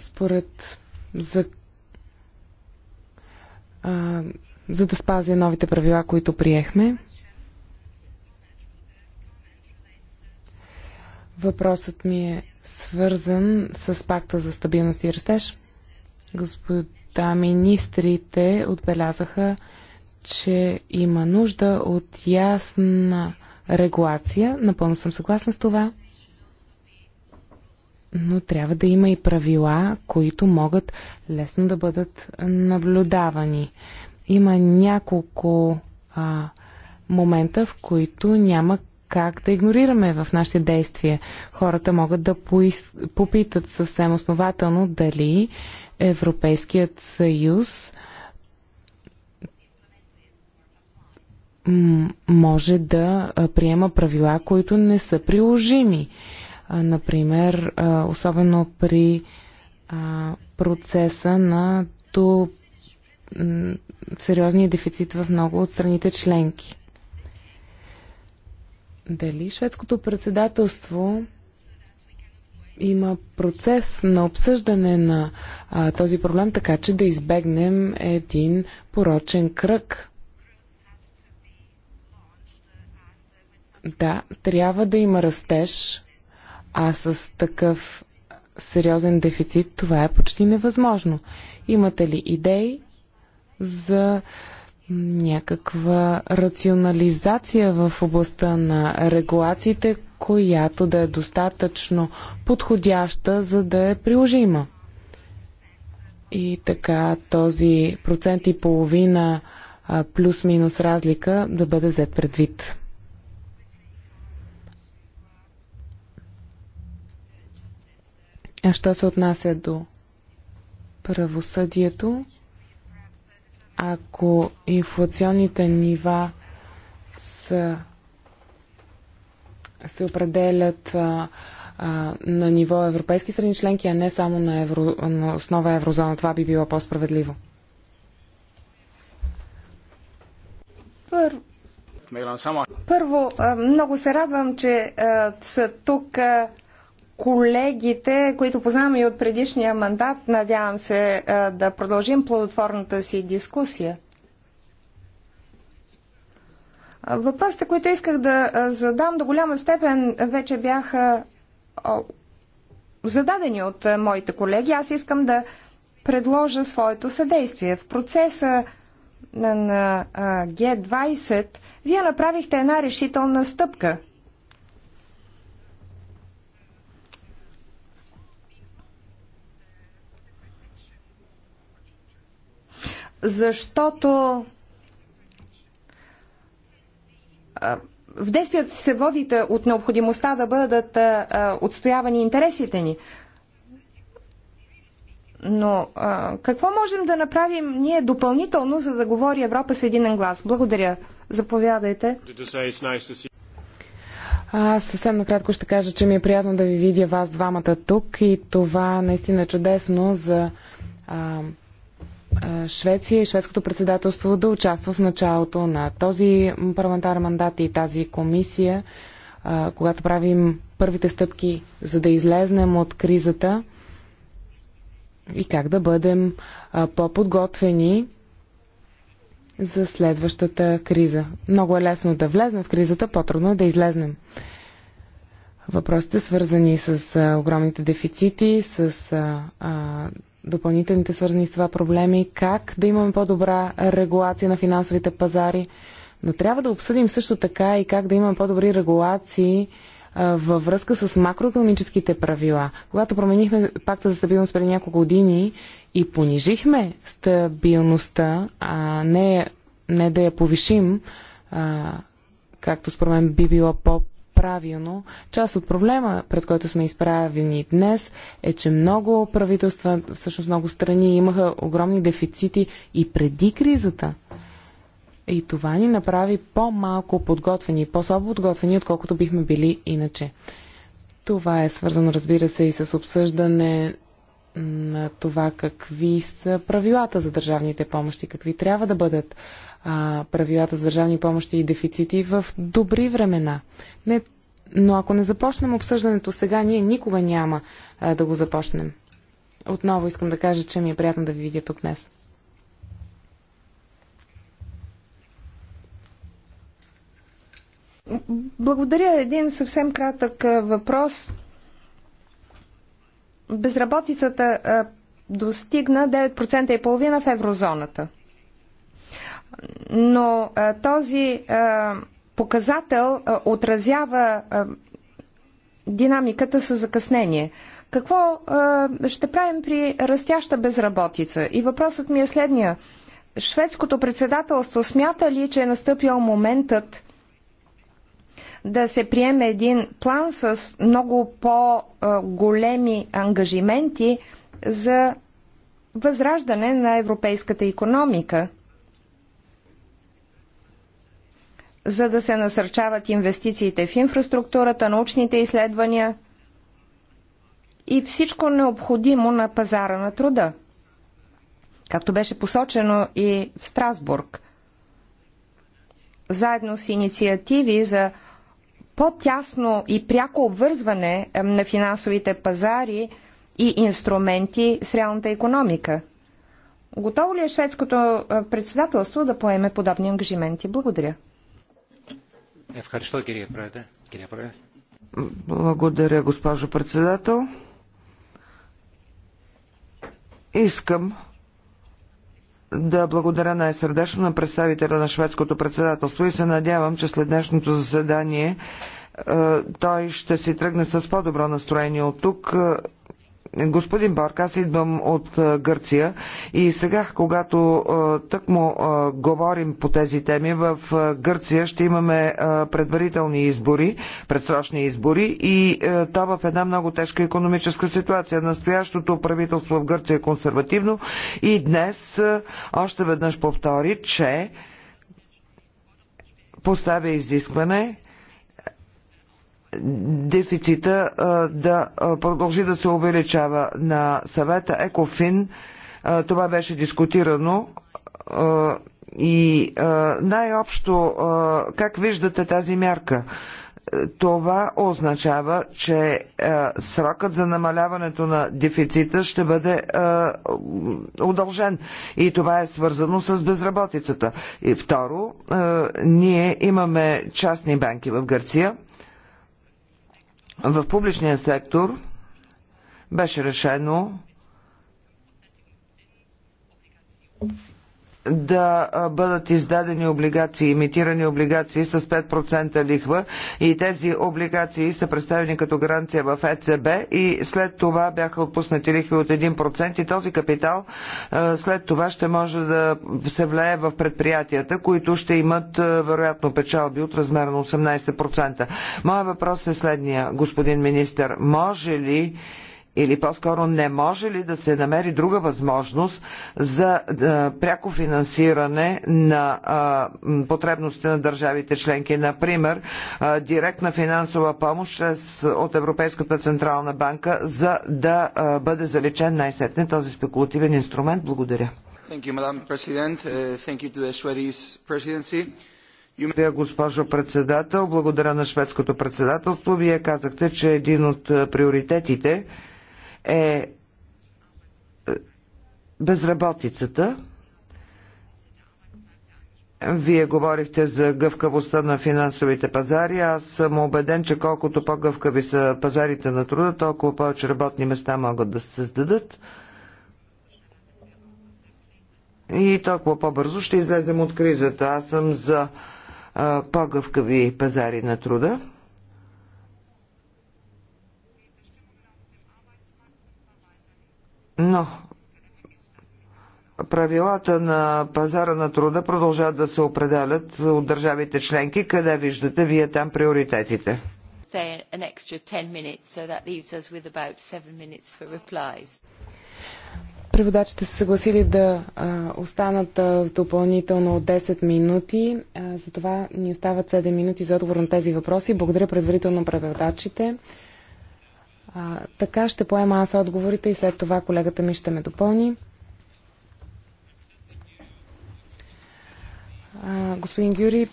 C: Според за, а, за да спазя новите правила, които приехме, въпросът ми е свързан с пакта за стабилност и растеж. Господа министрите отбелязаха, че има нужда от ясна регулация. Напълно съм съгласна с това но трябва да има и правила, които могат лесно да бъдат наблюдавани. Има няколко а, момента, в които няма как да игнорираме в нашите действия. Хората могат да поис... попитат съвсем основателно дали Европейският съюз може да приема правила, които не са приложими например, особено при процеса на то сериозния дефицит в много от страните членки. Дали шведското председателство има процес на обсъждане на а, този проблем, така че да избегнем един порочен кръг. Да, трябва да има растеж, а с такъв сериозен дефицит това е почти невъзможно. Имате ли идеи за някаква рационализация в областта на регулациите, която да е достатъчно подходяща, за да е приложима? И така този процент и половина плюс-минус разлика да бъде взет предвид. А що се отнася до правосъдието, ако инфлационните нива са, се определят а, а, на ниво европейски страни членки, а не само на, евро, на основа еврозона, това би било по-справедливо.
A: Първо, първо, много се радвам, че са тук колегите, които познавам и от предишния мандат. Надявам се е, да продължим плодотворната си дискусия. Въпросите, които исках да е, задам до голяма степен, вече бяха зададени от е, моите колеги. Аз искам да предложа своето съдействие. В процеса на, на Г20 вие направихте една решителна стъпка – защото в действията се водите от необходимостта да бъдат отстоявани интересите ни. Но а, какво можем да направим ние допълнително, за да говори Европа с един глас? Благодаря. Заповядайте.
C: Аз съвсем накратко ще кажа, че ми е приятно да ви видя вас двамата тук и това наистина е чудесно за а, Швеция и шведското председателство да участва в началото на този парламентарен мандат и тази комисия, когато правим първите стъпки, за да излезнем от кризата и как да бъдем по-подготвени за следващата криза. Много е лесно да влезнем в кризата, по-трудно е да излезнем. Въпросите свързани с огромните дефицити, с допълнителните свързани с това проблеми, как да имаме по-добра регулация на финансовите пазари, но трябва да обсъдим също така и как да имаме по-добри регулации във връзка с макроекономическите правила. Когато променихме пакта за стабилност преди няколко години и понижихме стабилността, а не, не да я повишим, а, както според мен би било по правилно. Част от проблема, пред който сме изправени днес, е, че много правителства, всъщност много страни имаха огромни дефицити и преди кризата. И това ни направи по-малко подготвени, по-слабо подготвени, отколкото бихме били иначе. Това е свързано, разбира се, и с обсъждане на това какви са правилата за държавните помощи, какви трябва да бъдат а, правилата за държавни помощи и дефицити в добри времена. Не, но ако не започнем обсъждането сега, ние никога няма а, да го започнем. Отново искам да кажа, че ми е приятно да ви видя тук днес.
A: Благодаря. Един съвсем кратък въпрос. Безработицата достигна 9% и половина в еврозоната но този показател отразява динамиката с закъснение. Какво ще правим при растяща безработица? И въпросът ми е следния. Шведското председателство смята ли, че е настъпил моментът да се приеме един план с много по-големи ангажименти за възраждане на европейската економика? за да се насърчават инвестициите в инфраструктурата, научните изследвания и всичко необходимо на пазара на труда, както беше посочено и в Страсбург. Заедно с инициативи за по-тясно и пряко обвързване на финансовите пазари и инструменти с реалната економика. Готово ли е шведското председателство да поеме подобни ангажименти? Благодаря.
B: Ευχαριστώ, κύριε Πρόεδρε. Κύριε Πρόεδρε. Благодаря, госпожо председател. Искам да благодаря най-сърдечно на представителя на шведското председателство и се надявам, че след днешното заседание е, той ще си тръгне с по-добро настроение от тук е, Господин Борк, аз идвам от Гърция и сега, когато тъкмо говорим по тези теми, в Гърция ще имаме предварителни избори, предсрочни избори и то в една много тежка економическа ситуация. Настоящото правителство в Гърция е консервативно и днес още веднъж повтори, че поставя изискване дефицита да продължи да се увеличава на съвета Екофин. Това беше дискутирано и най-общо как виждате тази мярка? Това означава, че срокът за намаляването на дефицита ще бъде удължен. И това е свързано с безработицата. И второ, ние имаме частни банки в Гърция, в публичния сектор беше решено да бъдат издадени облигации, имитирани облигации с 5% лихва и тези облигации са представени като гаранция в ЕЦБ и след това бяха отпуснати лихви от 1% и този капитал след това ще може да се влее в предприятията, които ще имат вероятно печалби от размер на 18%. Моя въпрос е следния, господин министър. Може ли или по-скоро не може ли да се намери друга възможност за пряко финансиране на потребностите на държавите членки, например директна финансова помощ от Европейската централна банка, за да бъде заличен най-сетне този спекулативен инструмент? Благодаря. Uh, Благодаря, госпожо председател. Благодаря на шведското председателство. Вие казахте, че един от приоритетите е, е безработицата. Вие говорихте за гъвкавостта на финансовите пазари. Аз съм убеден, че колкото по-гъвкави са пазарите на труда, толкова повече работни места могат да се създадат. И толкова по-бързо ще излезем от кризата. Аз съм за по-гъвкави пазари на труда. Но правилата на пазара на труда продължават да се определят от държавите членки. Къде виждате вие там приоритетите?
C: Преводачите са съгласили да а, останат а, допълнително 10 минути. А, затова ни остават 7 минути за отговор на тези въпроси. Благодаря предварително преводачите. А, така ще поема аз отговорите и след това колегата ми ще ме допълни. А, господин Гюри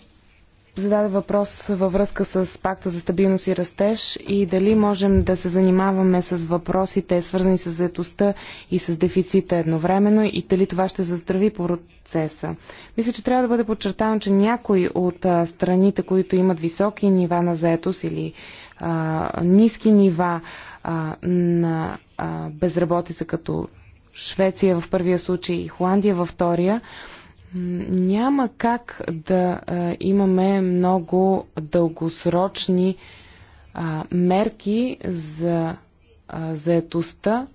C: зададе въпрос във връзка с пакта за стабилност и растеж и дали можем да се занимаваме с въпросите, свързани с заетостта и с дефицита едновременно и дали това ще заздрави процеса. Мисля, че трябва да бъде подчертано, че някои от а, страните, които имат високи нива на заетост или а, ниски нива а, на а, безработица като Швеция в първия случай и Холандия във втория, няма как да а, имаме много дългосрочни а, мерки за а, заетостта,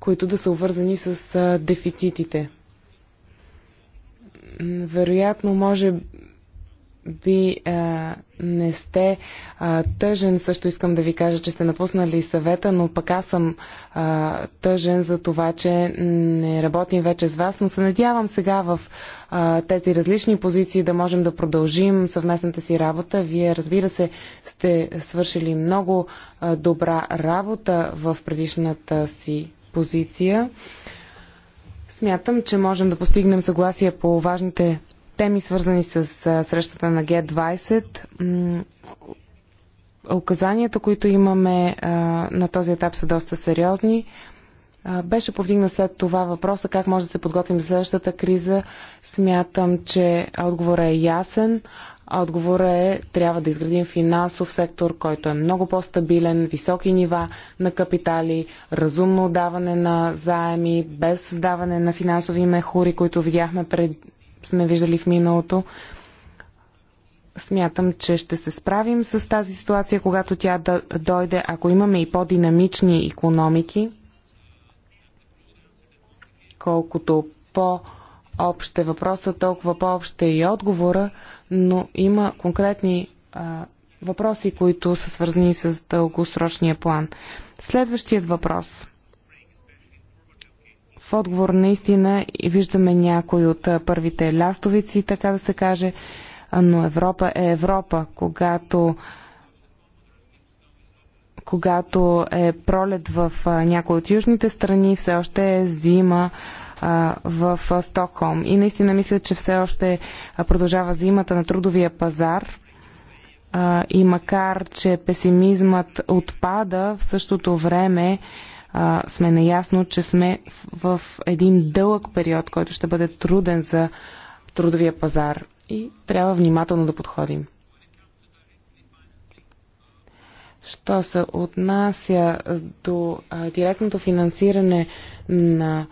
C: които да са увързани с а, дефицитите. Вероятно, може би а, не сте а, тъжен, също искам да ви кажа, че сте напуснали съвета, но пък аз съм а, тъжен за това, че не работим вече с вас, но се надявам сега в а, тези различни позиции да можем да продължим съвместната си работа. Вие, разбира се, сте свършили много а, добра работа в предишната си позиция. Смятам, че можем да постигнем съгласие по важните теми, свързани с срещата на Г20. Оказанията, които имаме на този етап са доста сериозни. Беше повдигна след това въпроса как може да се подготвим за следващата криза. Смятам, че отговорът е ясен. Отговорът е трябва да изградим финансов сектор, който е много по-стабилен, високи нива на капитали, разумно отдаване на заеми, без създаване на финансови мехури, които видяхме пред, сме виждали в миналото. Смятам, че ще се справим с тази ситуация, когато тя дойде, ако имаме и по-динамични економики, колкото по- общ е въпроса, толкова по-общ е и отговора, но има конкретни а, въпроси, които са свързани с дългосрочния план. Следващият въпрос в отговор наистина виждаме някои от първите лястовици, така да се каже, но Европа е Европа. Когато когато е пролет в някои от южните страни, все още е зима в Стокхолм. И наистина мисля, че все още продължава зимата на трудовия пазар. и макар, че песимизмът отпада, в същото време а, сме наясно, че сме в, в един дълъг период, който ще бъде труден за трудовия пазар и трябва внимателно да подходим. Що се отнася до а, директното финансиране на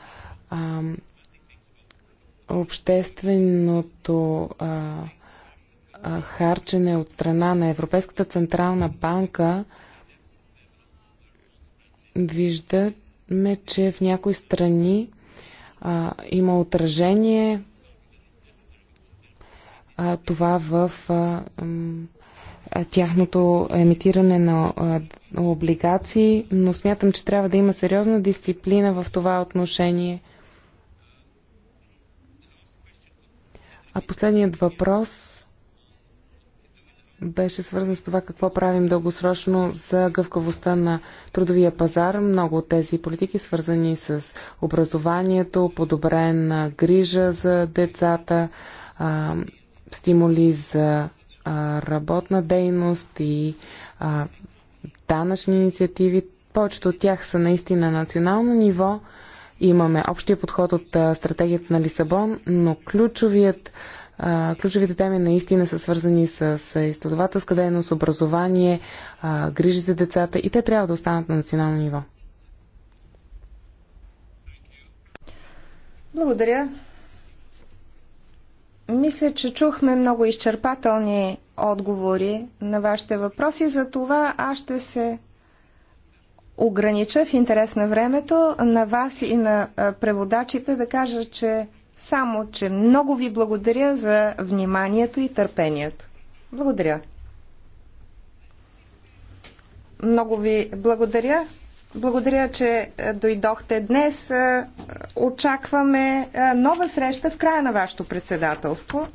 C: а, общественото а, а, харчене от страна на Европейската централна банка, а, виждаме, че в някои страни а, има отражение а, това в а, а, тяхното емитиране на а, облигации, но смятам, че трябва да има сериозна дисциплина в това отношение. А последният въпрос беше свързан с това какво правим дългосрочно за гъвкавостта на трудовия пазар. Много от тези политики свързани с образованието, подобрена грижа за децата, а, стимули за а, работна дейност и а, данъчни инициативи. Повечето от тях са наистина национално ниво. Имаме общия подход от стратегията на Лисабон, но ключовият ключовите теми наистина са свързани с, изследователска дейност, образование, грижи за децата и те трябва да останат на национално ниво.
A: Благодаря. Мисля, че чухме много изчерпателни отговори на вашите въпроси, за това аз ще се огранича в интерес на времето на вас и на преводачите да кажа, че само, че много ви благодаря за вниманието и търпението. Благодаря. Много ви благодаря. Благодаря, че е, дойдохте днес. Е, очакваме е, нова среща в края на вашето председателство.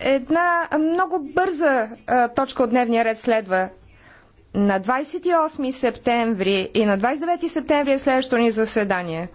A: Една много бърза точка от дневния ред следва на 28 септември и на 29 септември е следващото ни заседание.